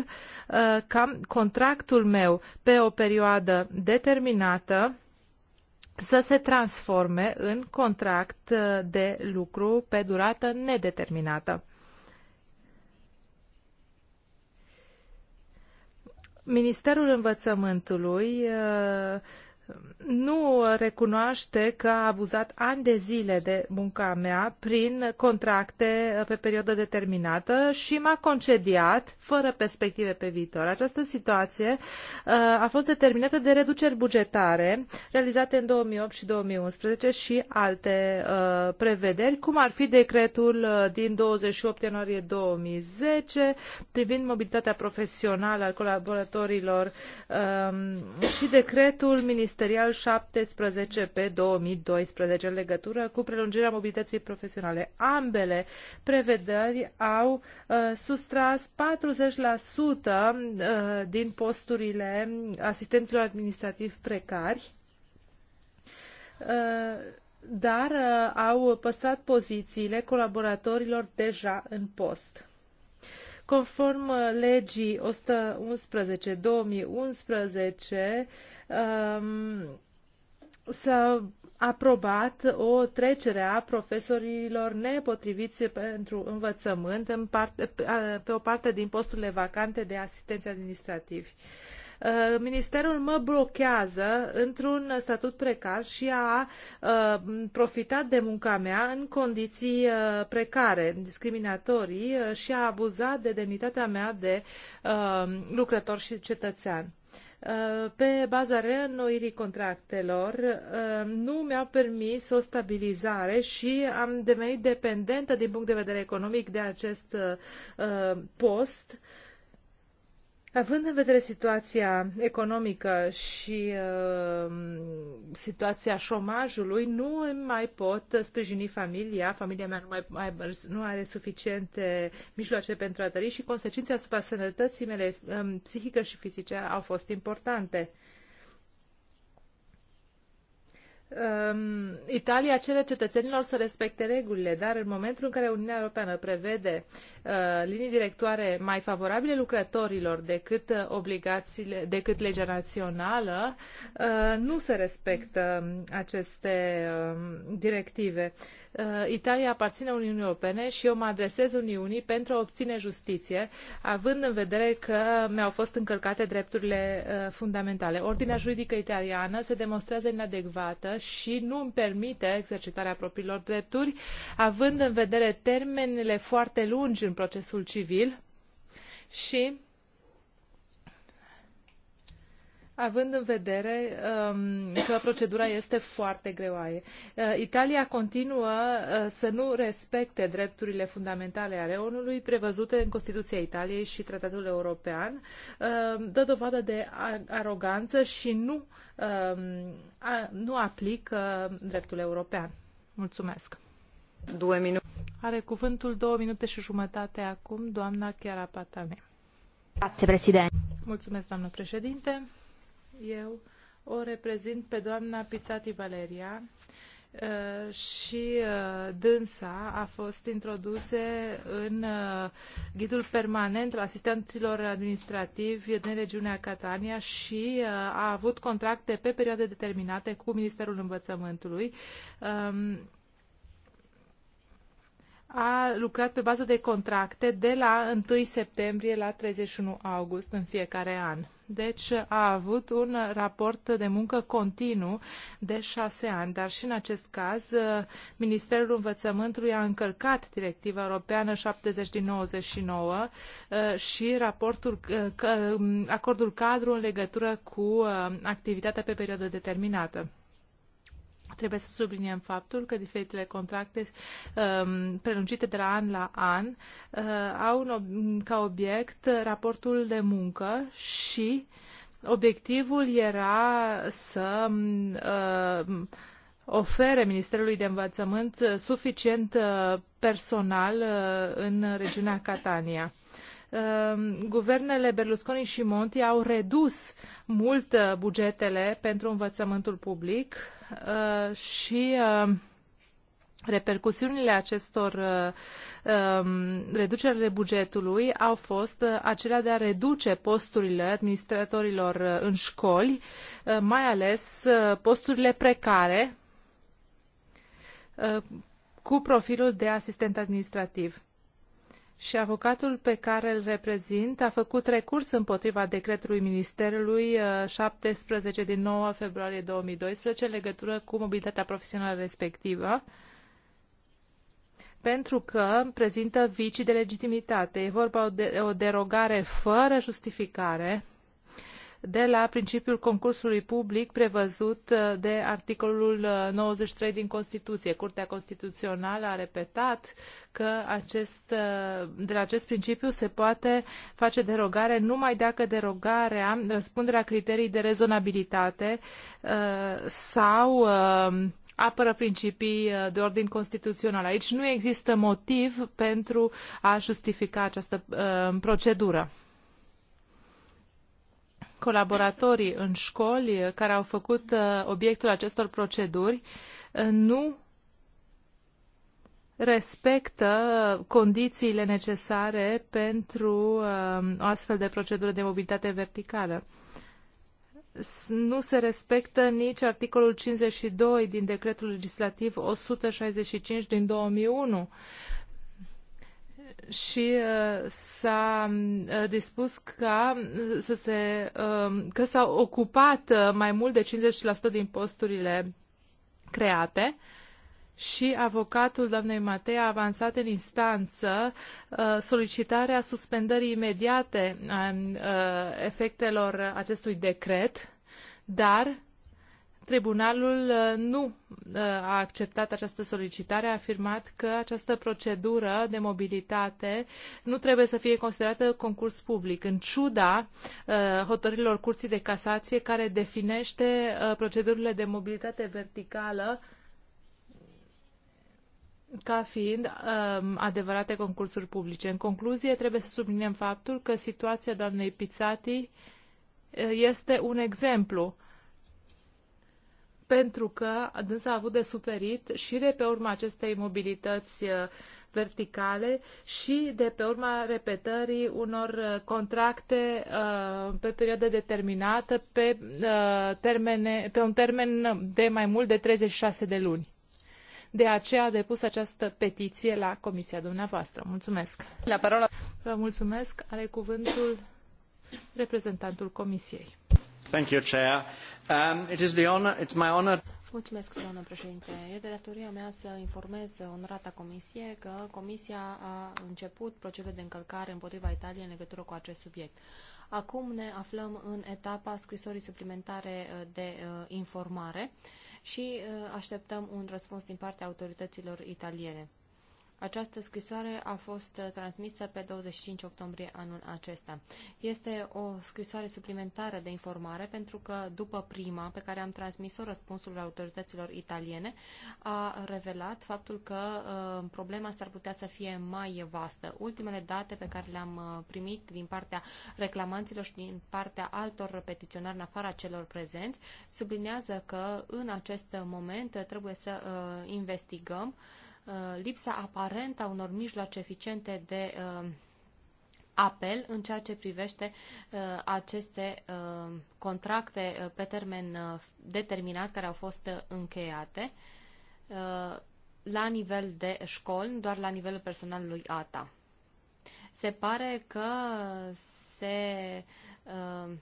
uh, ca contractul meu pe o perioadă determinată să se transforme în contract uh, de lucru pe durată nedeterminată. Ministerul Învățământului uh, nu recunoaște că a abuzat ani de zile de munca mea prin contracte pe perioadă determinată și m-a concediat fără perspective pe viitor. Această situație uh, a fost determinată de reduceri bugetare realizate în 2008 și 2011 și alte uh, prevederi, cum ar fi decretul uh, din 28 ianuarie 2010 privind mobilitatea profesională al colaboratorilor um, și decretul ministerial al 17 pe 2012 în legătură cu prelungirea mobilității profesionale. Ambele prevederi au uh, sustras 40% uh, din posturile asistenților administrativi precari uh, dar uh, au păstrat pozițiile colaboratorilor deja în post. Conform legii 111-2011, Um, s-a aprobat o trecere a profesorilor nepotriviți pentru învățământ în parte, pe o parte din posturile vacante de asistenți administrativi. Uh, Ministerul mă blochează într-un statut precar și a uh, profitat de munca mea în condiții uh, precare, discriminatorii și a abuzat de demnitatea mea de lucrător și cetățean. Uh, pe baza reînnoirii contractelor uh, nu mi-a permis o stabilizare și am devenit dependentă din punct de vedere economic de acest uh, post Având în vedere situația economică și uh, situația șomajului, nu îmi mai pot sprijini familia, familia mea nu, mai, mai, nu are suficiente mijloace pentru a tări și consecințele asupra sănătății mele um, psihică și fizice au fost importante. um, Italia cere cetățenilor să respecte regulile, dar în momentul în care Uniunea Europeană prevede uh, linii directoare mai favorabile lucrătorilor decât eh, obligațiile, decât legea națională, uh, nu se respectă ehm, aceste uh, directive. Uh, Uh, Italia aparține Uniunii Europene și eu mă adresez Uniunii pentru a obține justiție, având în vedere că mi-au fost încălcate drepturile uh, fundamentale. Ordinea juridică italiană se demonstrează inadecvată și nu îmi permite exercitarea propriilor drepturi, având în vedere termenele foarte lungi în procesul civil și având în vedere um, că procedura este foarte greoaie. Uh, Italia continuă uh, să nu respecte drepturile fundamentale ale ONU-ului prevăzute în Constituția Italiei și Tratatul European, uh, dă dovadă de aroganță și nu, um, a, nu aplică dreptul european. Mulțumesc. Două minute. Are cuvântul două minute și jumătate acum doamna Chiara Patane. Grazie, Presidente. Mulțumesc, doamnă președinte. Eu o reprezint pe doamna Pizzati Valeria uh, și uh, dânsa a fost introduse în uh, ghidul permanent al asistenților administrativi din regiunea Catania și a avut contracte pe perioade determinate cu Ministerul Învățământului um, a lucrat pe bază de contracte de la 1 septembrie la 31 august în fiecare an deci a avut un raport de muncă continuu de șase ani, dar și în acest caz Ministerul Învățământului a încălcat Directiva Europeană 70 din 99 eh, și raportul, eh, mm, acordul cadru în legătură cu eh, activitatea pe perioadă determinată. Trebuie să subliniem faptul că diferitele contracte um, prelungite de la an la an uh, au un, ca obiect raportul de muncă și obiectivul era să um, uh, ofere Ministerului de Învățământ suficient uh, personal uh, în regiunea Catania. Um, guvernele Berlusconi și Monti au redus mult uh, bugetele pentru învățământul public, Uh, și uh, repercusiunile acestor uh, um, reducerile bugetului au fost acelea de a reduce posturile administratorilor în școli, mai ales posturile precare cu profilul de asistent administrativ și avocatul pe care îl reprezint a făcut recurs împotriva decretului Ministerului 17 uh, din 9 februarie 2012 în legătură cu mobilitatea profesională respectivă pentru că prezintă vicii de legitimitate. E vorba de o derogare fără justificare de la principiul concursului public prevăzut uh, de articolul 93 uh, din Constituție. Curtea Constituțională a repetat că acest, uh, de la acest principiu se poate face derogare numai dacă derogarea răspunde la criterii de rezonabilitate sau apără principii de ordin constituțional. Aici nu există motiv pentru a justifica această procedură colaboratorii în școli care au făcut uh, obiectul acestor proceduri uh, nu respectă condițiile necesare pentru uh, o astfel de procedură de mobilitate verticală nu se respectă nici articolul 52 din decretul legislativ 165 din 2001, și uh, s-a uh, dispus ca uh, să se, um, că s-au ocupat mai mult de 50% din posturile create și avocatul doamnei Matei a avansat în instanță solicitarea suspendării imediate a efectelor acestui decret, dar Tribunalul uh, nu uh, a acceptat această solicitare, a afirmat că această procedură de mobilitate nu trebuie să fie considerată concurs public, în ciuda uh, hotărârilor Curții de Casație care definește procedurile de mobilitate verticală ca fiind um, adevărate concursuri publice. În concluzie, trebuie să subliniem faptul că situația doamnei Pizzati este un exemplu uh, pentru că dânsa a avut de suferit și de pe urma acestei mobilități uh, verticale și de pe urma repetării unor uh, contracte uh, pe perioadă determinată pe, termene, pe un termen de mai mult de 36 de luni. De aceea a depus această petiție la comisia dumneavoastră. Mulțumesc. La parola. Vă mulțumesc. Are cuvântul reprezentantul comisiei. Um, Mulțumesc, doamnă președinte. E de datoria mea să informez onorata comisie că comisia a început proceduri de încălcare împotriva Italiei în legătură cu acest subiect. Acum ne aflăm în etapa scrisorii suplimentare uh, de uh, informare și uh, așteptăm un răspuns din partea autorităților italiene. Această scrisoare a fost transmisă pe 25 octombrie anul acesta. Este o scrisoare suplimentară de informare pentru că după prima pe care am transmis-o, răspunsul autorităților italiene a revelat faptul că uh, problema s-ar putea să fie mai vastă. Ultimele date pe care le-am uh, primit din partea reclamanților și din partea altor petiționari în afara celor prezenți sublinează că în acest moment trebuie să uh, investigăm uh, Uh, lipsa aparentă a unor mijloace eficiente de uh, apel în ceea ce privește uh, aceste contracte pe termen determinat care au fost încheiate la nivel de școli, doar la nivelul personalului ATA. Se pare că se uh,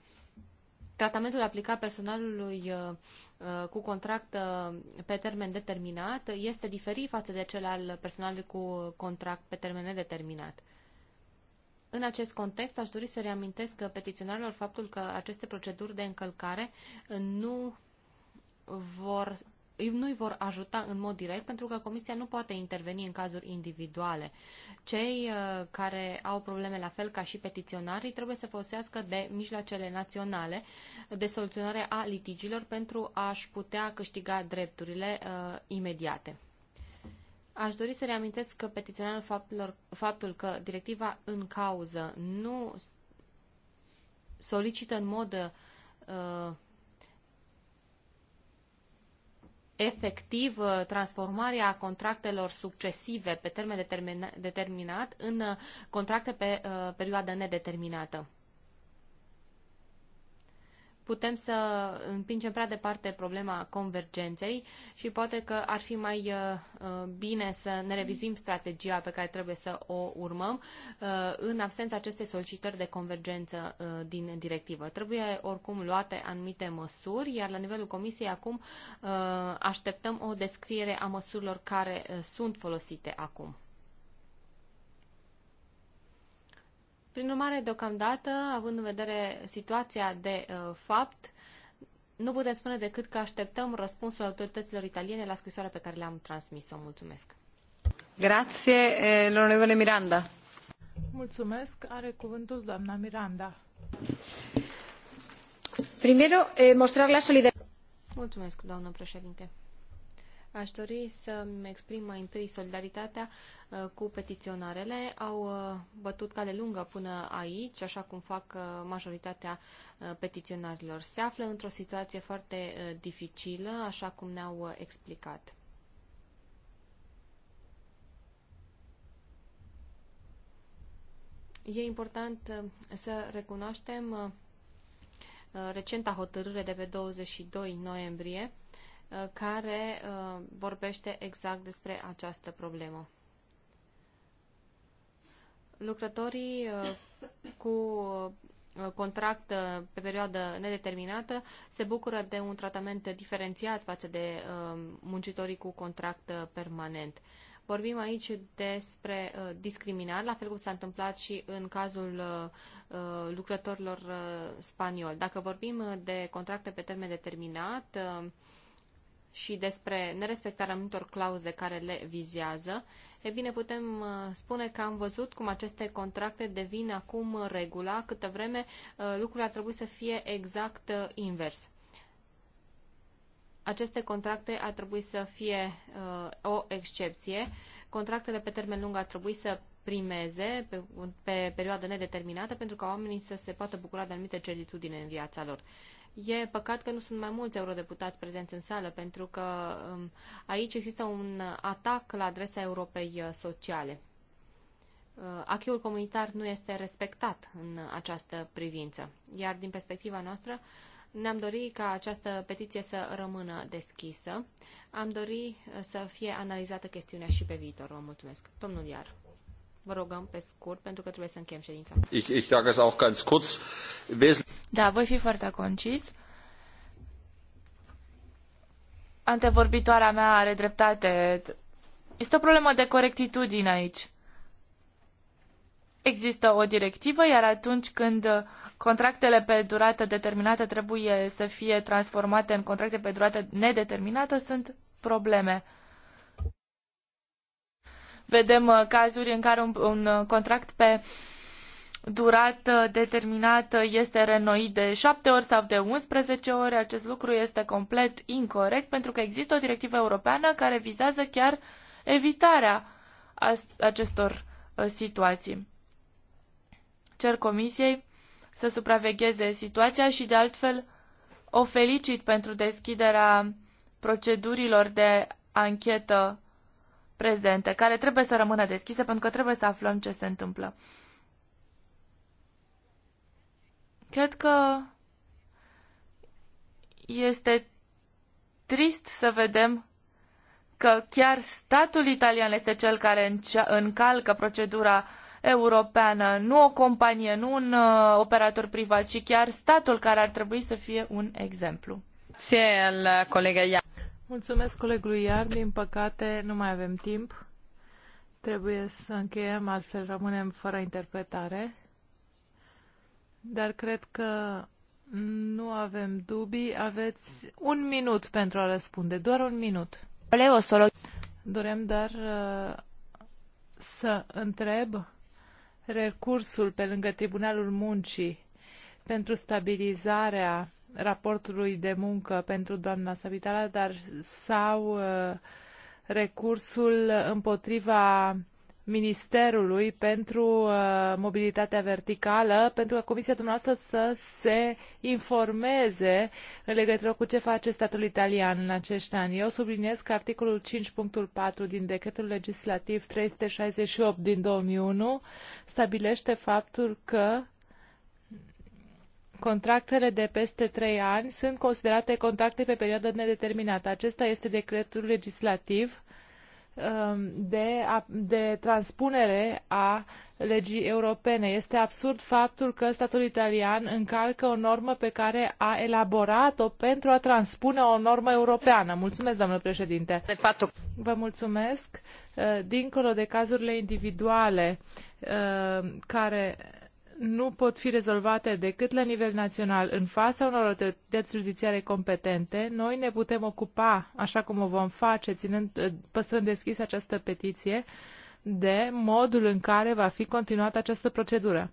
tratamentul aplicat personalului uh, uh, cu contract uh, pe termen determinat este diferit față de cel al personalului cu contract pe termen nedeterminat. În acest context, aș dori să reamintesc petiționarilor faptul că aceste proceduri de încălcare nu vor nu-i vor ajuta în mod direct pentru că Comisia nu poate interveni în cazuri individuale. Cei uh, care au probleme la fel ca și petiționarii trebuie să folosească de mijloacele naționale de soluționare a litigilor pentru a-și putea câștiga drepturile uh, imediate. Aș dori să reamintesc că petiționarul faptelor, faptul că directiva în cauză nu solicită în mod uh, efectiv uh, transformarea contractelor succesive pe termen determinat în uh, contracte pe uh, perioadă nedeterminată putem să împingem prea departe problema convergenței și poate că ar fi mai uh, uh, bine să ne revizuim strategia pe care trebuie să o urmăm uh, în absența acestei solicitări de convergență din directivă. Trebuie oricum luate anumite măsuri, iar la nivelul Comisiei acum așteptăm o descriere a măsurilor care sunt folosite acum. Prin urmare, deocamdată, având în vedere situația de uh, fapt, nu putem spune decât că așteptăm răspunsul autorităților italiene la scrisoarea pe care le-am transmis-o. Mulțumesc. Grazie, eh, l'onorevole Miranda. Mulțumesc. Are cuvântul doamna Miranda. Primero, eh, mostrar la solidaritate. Mulțumesc, doamnă președinte. Aș dori să-mi exprim mai întâi solidaritatea uh, cu petiționarele. Au uh, bătut cale lungă până aici, așa cum fac uh, majoritatea petiționarilor. Se află într-o situație foarte dificilă, așa cum ne-au explicat. E important să recunoaștem recenta hotărâre de pe 22 noiembrie Uh, care uh, vorbește exact despre această problemă. Lucrătorii uh, cu contract pe perioadă nedeterminată se bucură de un tratament diferențiat față de muncitorii cu contract permanent. Vorbim aici despre discriminare, la fel cum s-a întâmplat și în cazul lucrătorilor spanioli. Dacă vorbim de contracte pe termen determinat, și despre nerespectarea anumitor clauze care le vizează, e bine, putem uh, spune că am văzut cum aceste contracte devin acum regula, câtă vreme uh, lucrurile ar trebui să fie exact uh, invers. Aceste contracte ar trebui să fie o excepție. Contractele pe termen lung ar trebui să primeze pe, pe perioadă nedeterminată pentru ca oamenii să se poată bucura de anumite certitudine în viața lor. E păcat că nu sunt mai mulți eurodeputați prezenți în sală, pentru că um, aici există un atac la adresa Europei uh, sociale. Uh, Achiul comunitar nu este respectat în această privință, iar din perspectiva noastră ne-am dorit ca această petiție să rămână deschisă. Am dorit uh, să fie analizată chestiunea și pe viitor. Vă mulțumesc. Domnul Iar. Vă rugăm pe scurt, pentru că trebuie să încheiem ședința. Ich, ich sage es auch ganz kurz. Da, voi fi foarte concis. Antevorbitoarea mea are dreptate. Este o problemă de corectitudine aici. Există o directivă, iar atunci când contractele pe durată determinată trebuie să fie transformate în contracte pe durată nedeterminată, sunt probleme vedem uh, cazuri în care un, un uh, contract pe durată uh, determinată este renoit de 7 ori sau de 11 ori. Acest lucru este complet incorrect pentru că există o directivă europeană care vizează chiar evitarea acestor situații. Cer comisiei să supravegheze situația și de altfel o felicit pentru deschiderea procedurilor de anchetă prezente, care trebuie să rămână deschise pentru că trebuie să aflăm ce se întâmplă. Cred că este trist să vedem că chiar statul italian este cel care încalcă procedura europeană, nu o companie, nu un uh, operator privat, ci chiar statul care ar trebui să fie un exemplu. Mulțumesc colegului Iar. Din păcate, nu mai avem timp. Trebuie să încheiem, altfel rămânem fără interpretare. Dar cred că nu avem dubii. Aveți un minut pentru a răspunde. Doar un minut. Dorem dar uh, să întreb recursul pe lângă Tribunalul Muncii pentru stabilizarea raportului de muncă pentru doamna Savitala, dar sau uh, recursul împotriva Ministerului pentru uh, mobilitatea verticală, pentru ca Comisia dumneavoastră să se informeze în legătură cu ce face statul italian în acești ani. Eu subliniez că articolul 5.4 din decretul legislativ 368 din 2001 stabilește faptul că Contractele de peste trei ani sunt considerate contracte pe perioadă nedeterminată. Acesta este decretul legislativ um, de, a, de transpunere a legii europene. Este absurd faptul că statul italian încalcă o normă pe care a elaborat-o pentru a transpune o normă europeană. Mulțumesc, doamnă președinte. De fapt, vă mulțumesc. Uh, dincolo de cazurile individuale uh, care nu pot fi rezolvate decât la nivel național în fața unor autorități judiciare competente, noi ne putem ocupa, așa cum o vom face, ținând, păstrând deschis această petiție, de modul în care va fi continuată această procedură.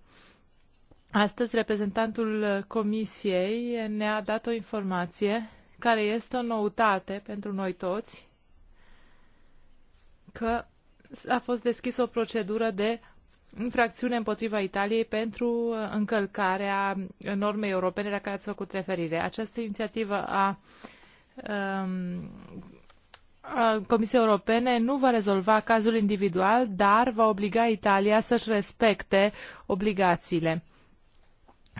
Astăzi, reprezentantul Comisiei ne-a dat o informație care este o noutate pentru noi toți, că a fost deschisă o procedură de infracțiune împotriva Italiei pentru uh, încălcarea normei europene la care ați făcut referire. Această inițiativă a, um, a Comisiei Europene nu va rezolva cazul individual, dar va obliga Italia să-și respecte obligațiile.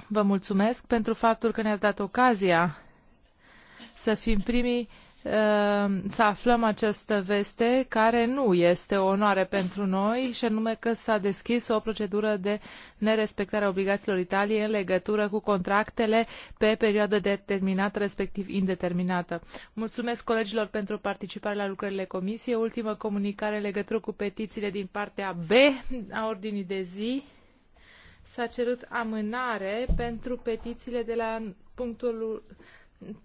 Vă mulțumesc pentru faptul că ne-ați dat ocazia să fim primii Ehm, să aflăm această veste care nu este o onoare pentru noi și anume că s-a deschis o procedură de nerespectare a obligațiilor Italiei în legătură cu contractele pe perioadă determinată, respectiv indeterminată. Mulțumesc colegilor pentru participare la lucrările comisiei. Ultimă comunicare în legătură cu petițiile din partea B a ordinii de zi. S-a cerut amânare pentru petițiile de la punctul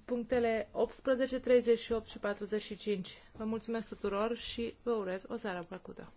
punctele 18, 38 și 45. Vă mulțumesc tuturor și vă urez o seară plăcută!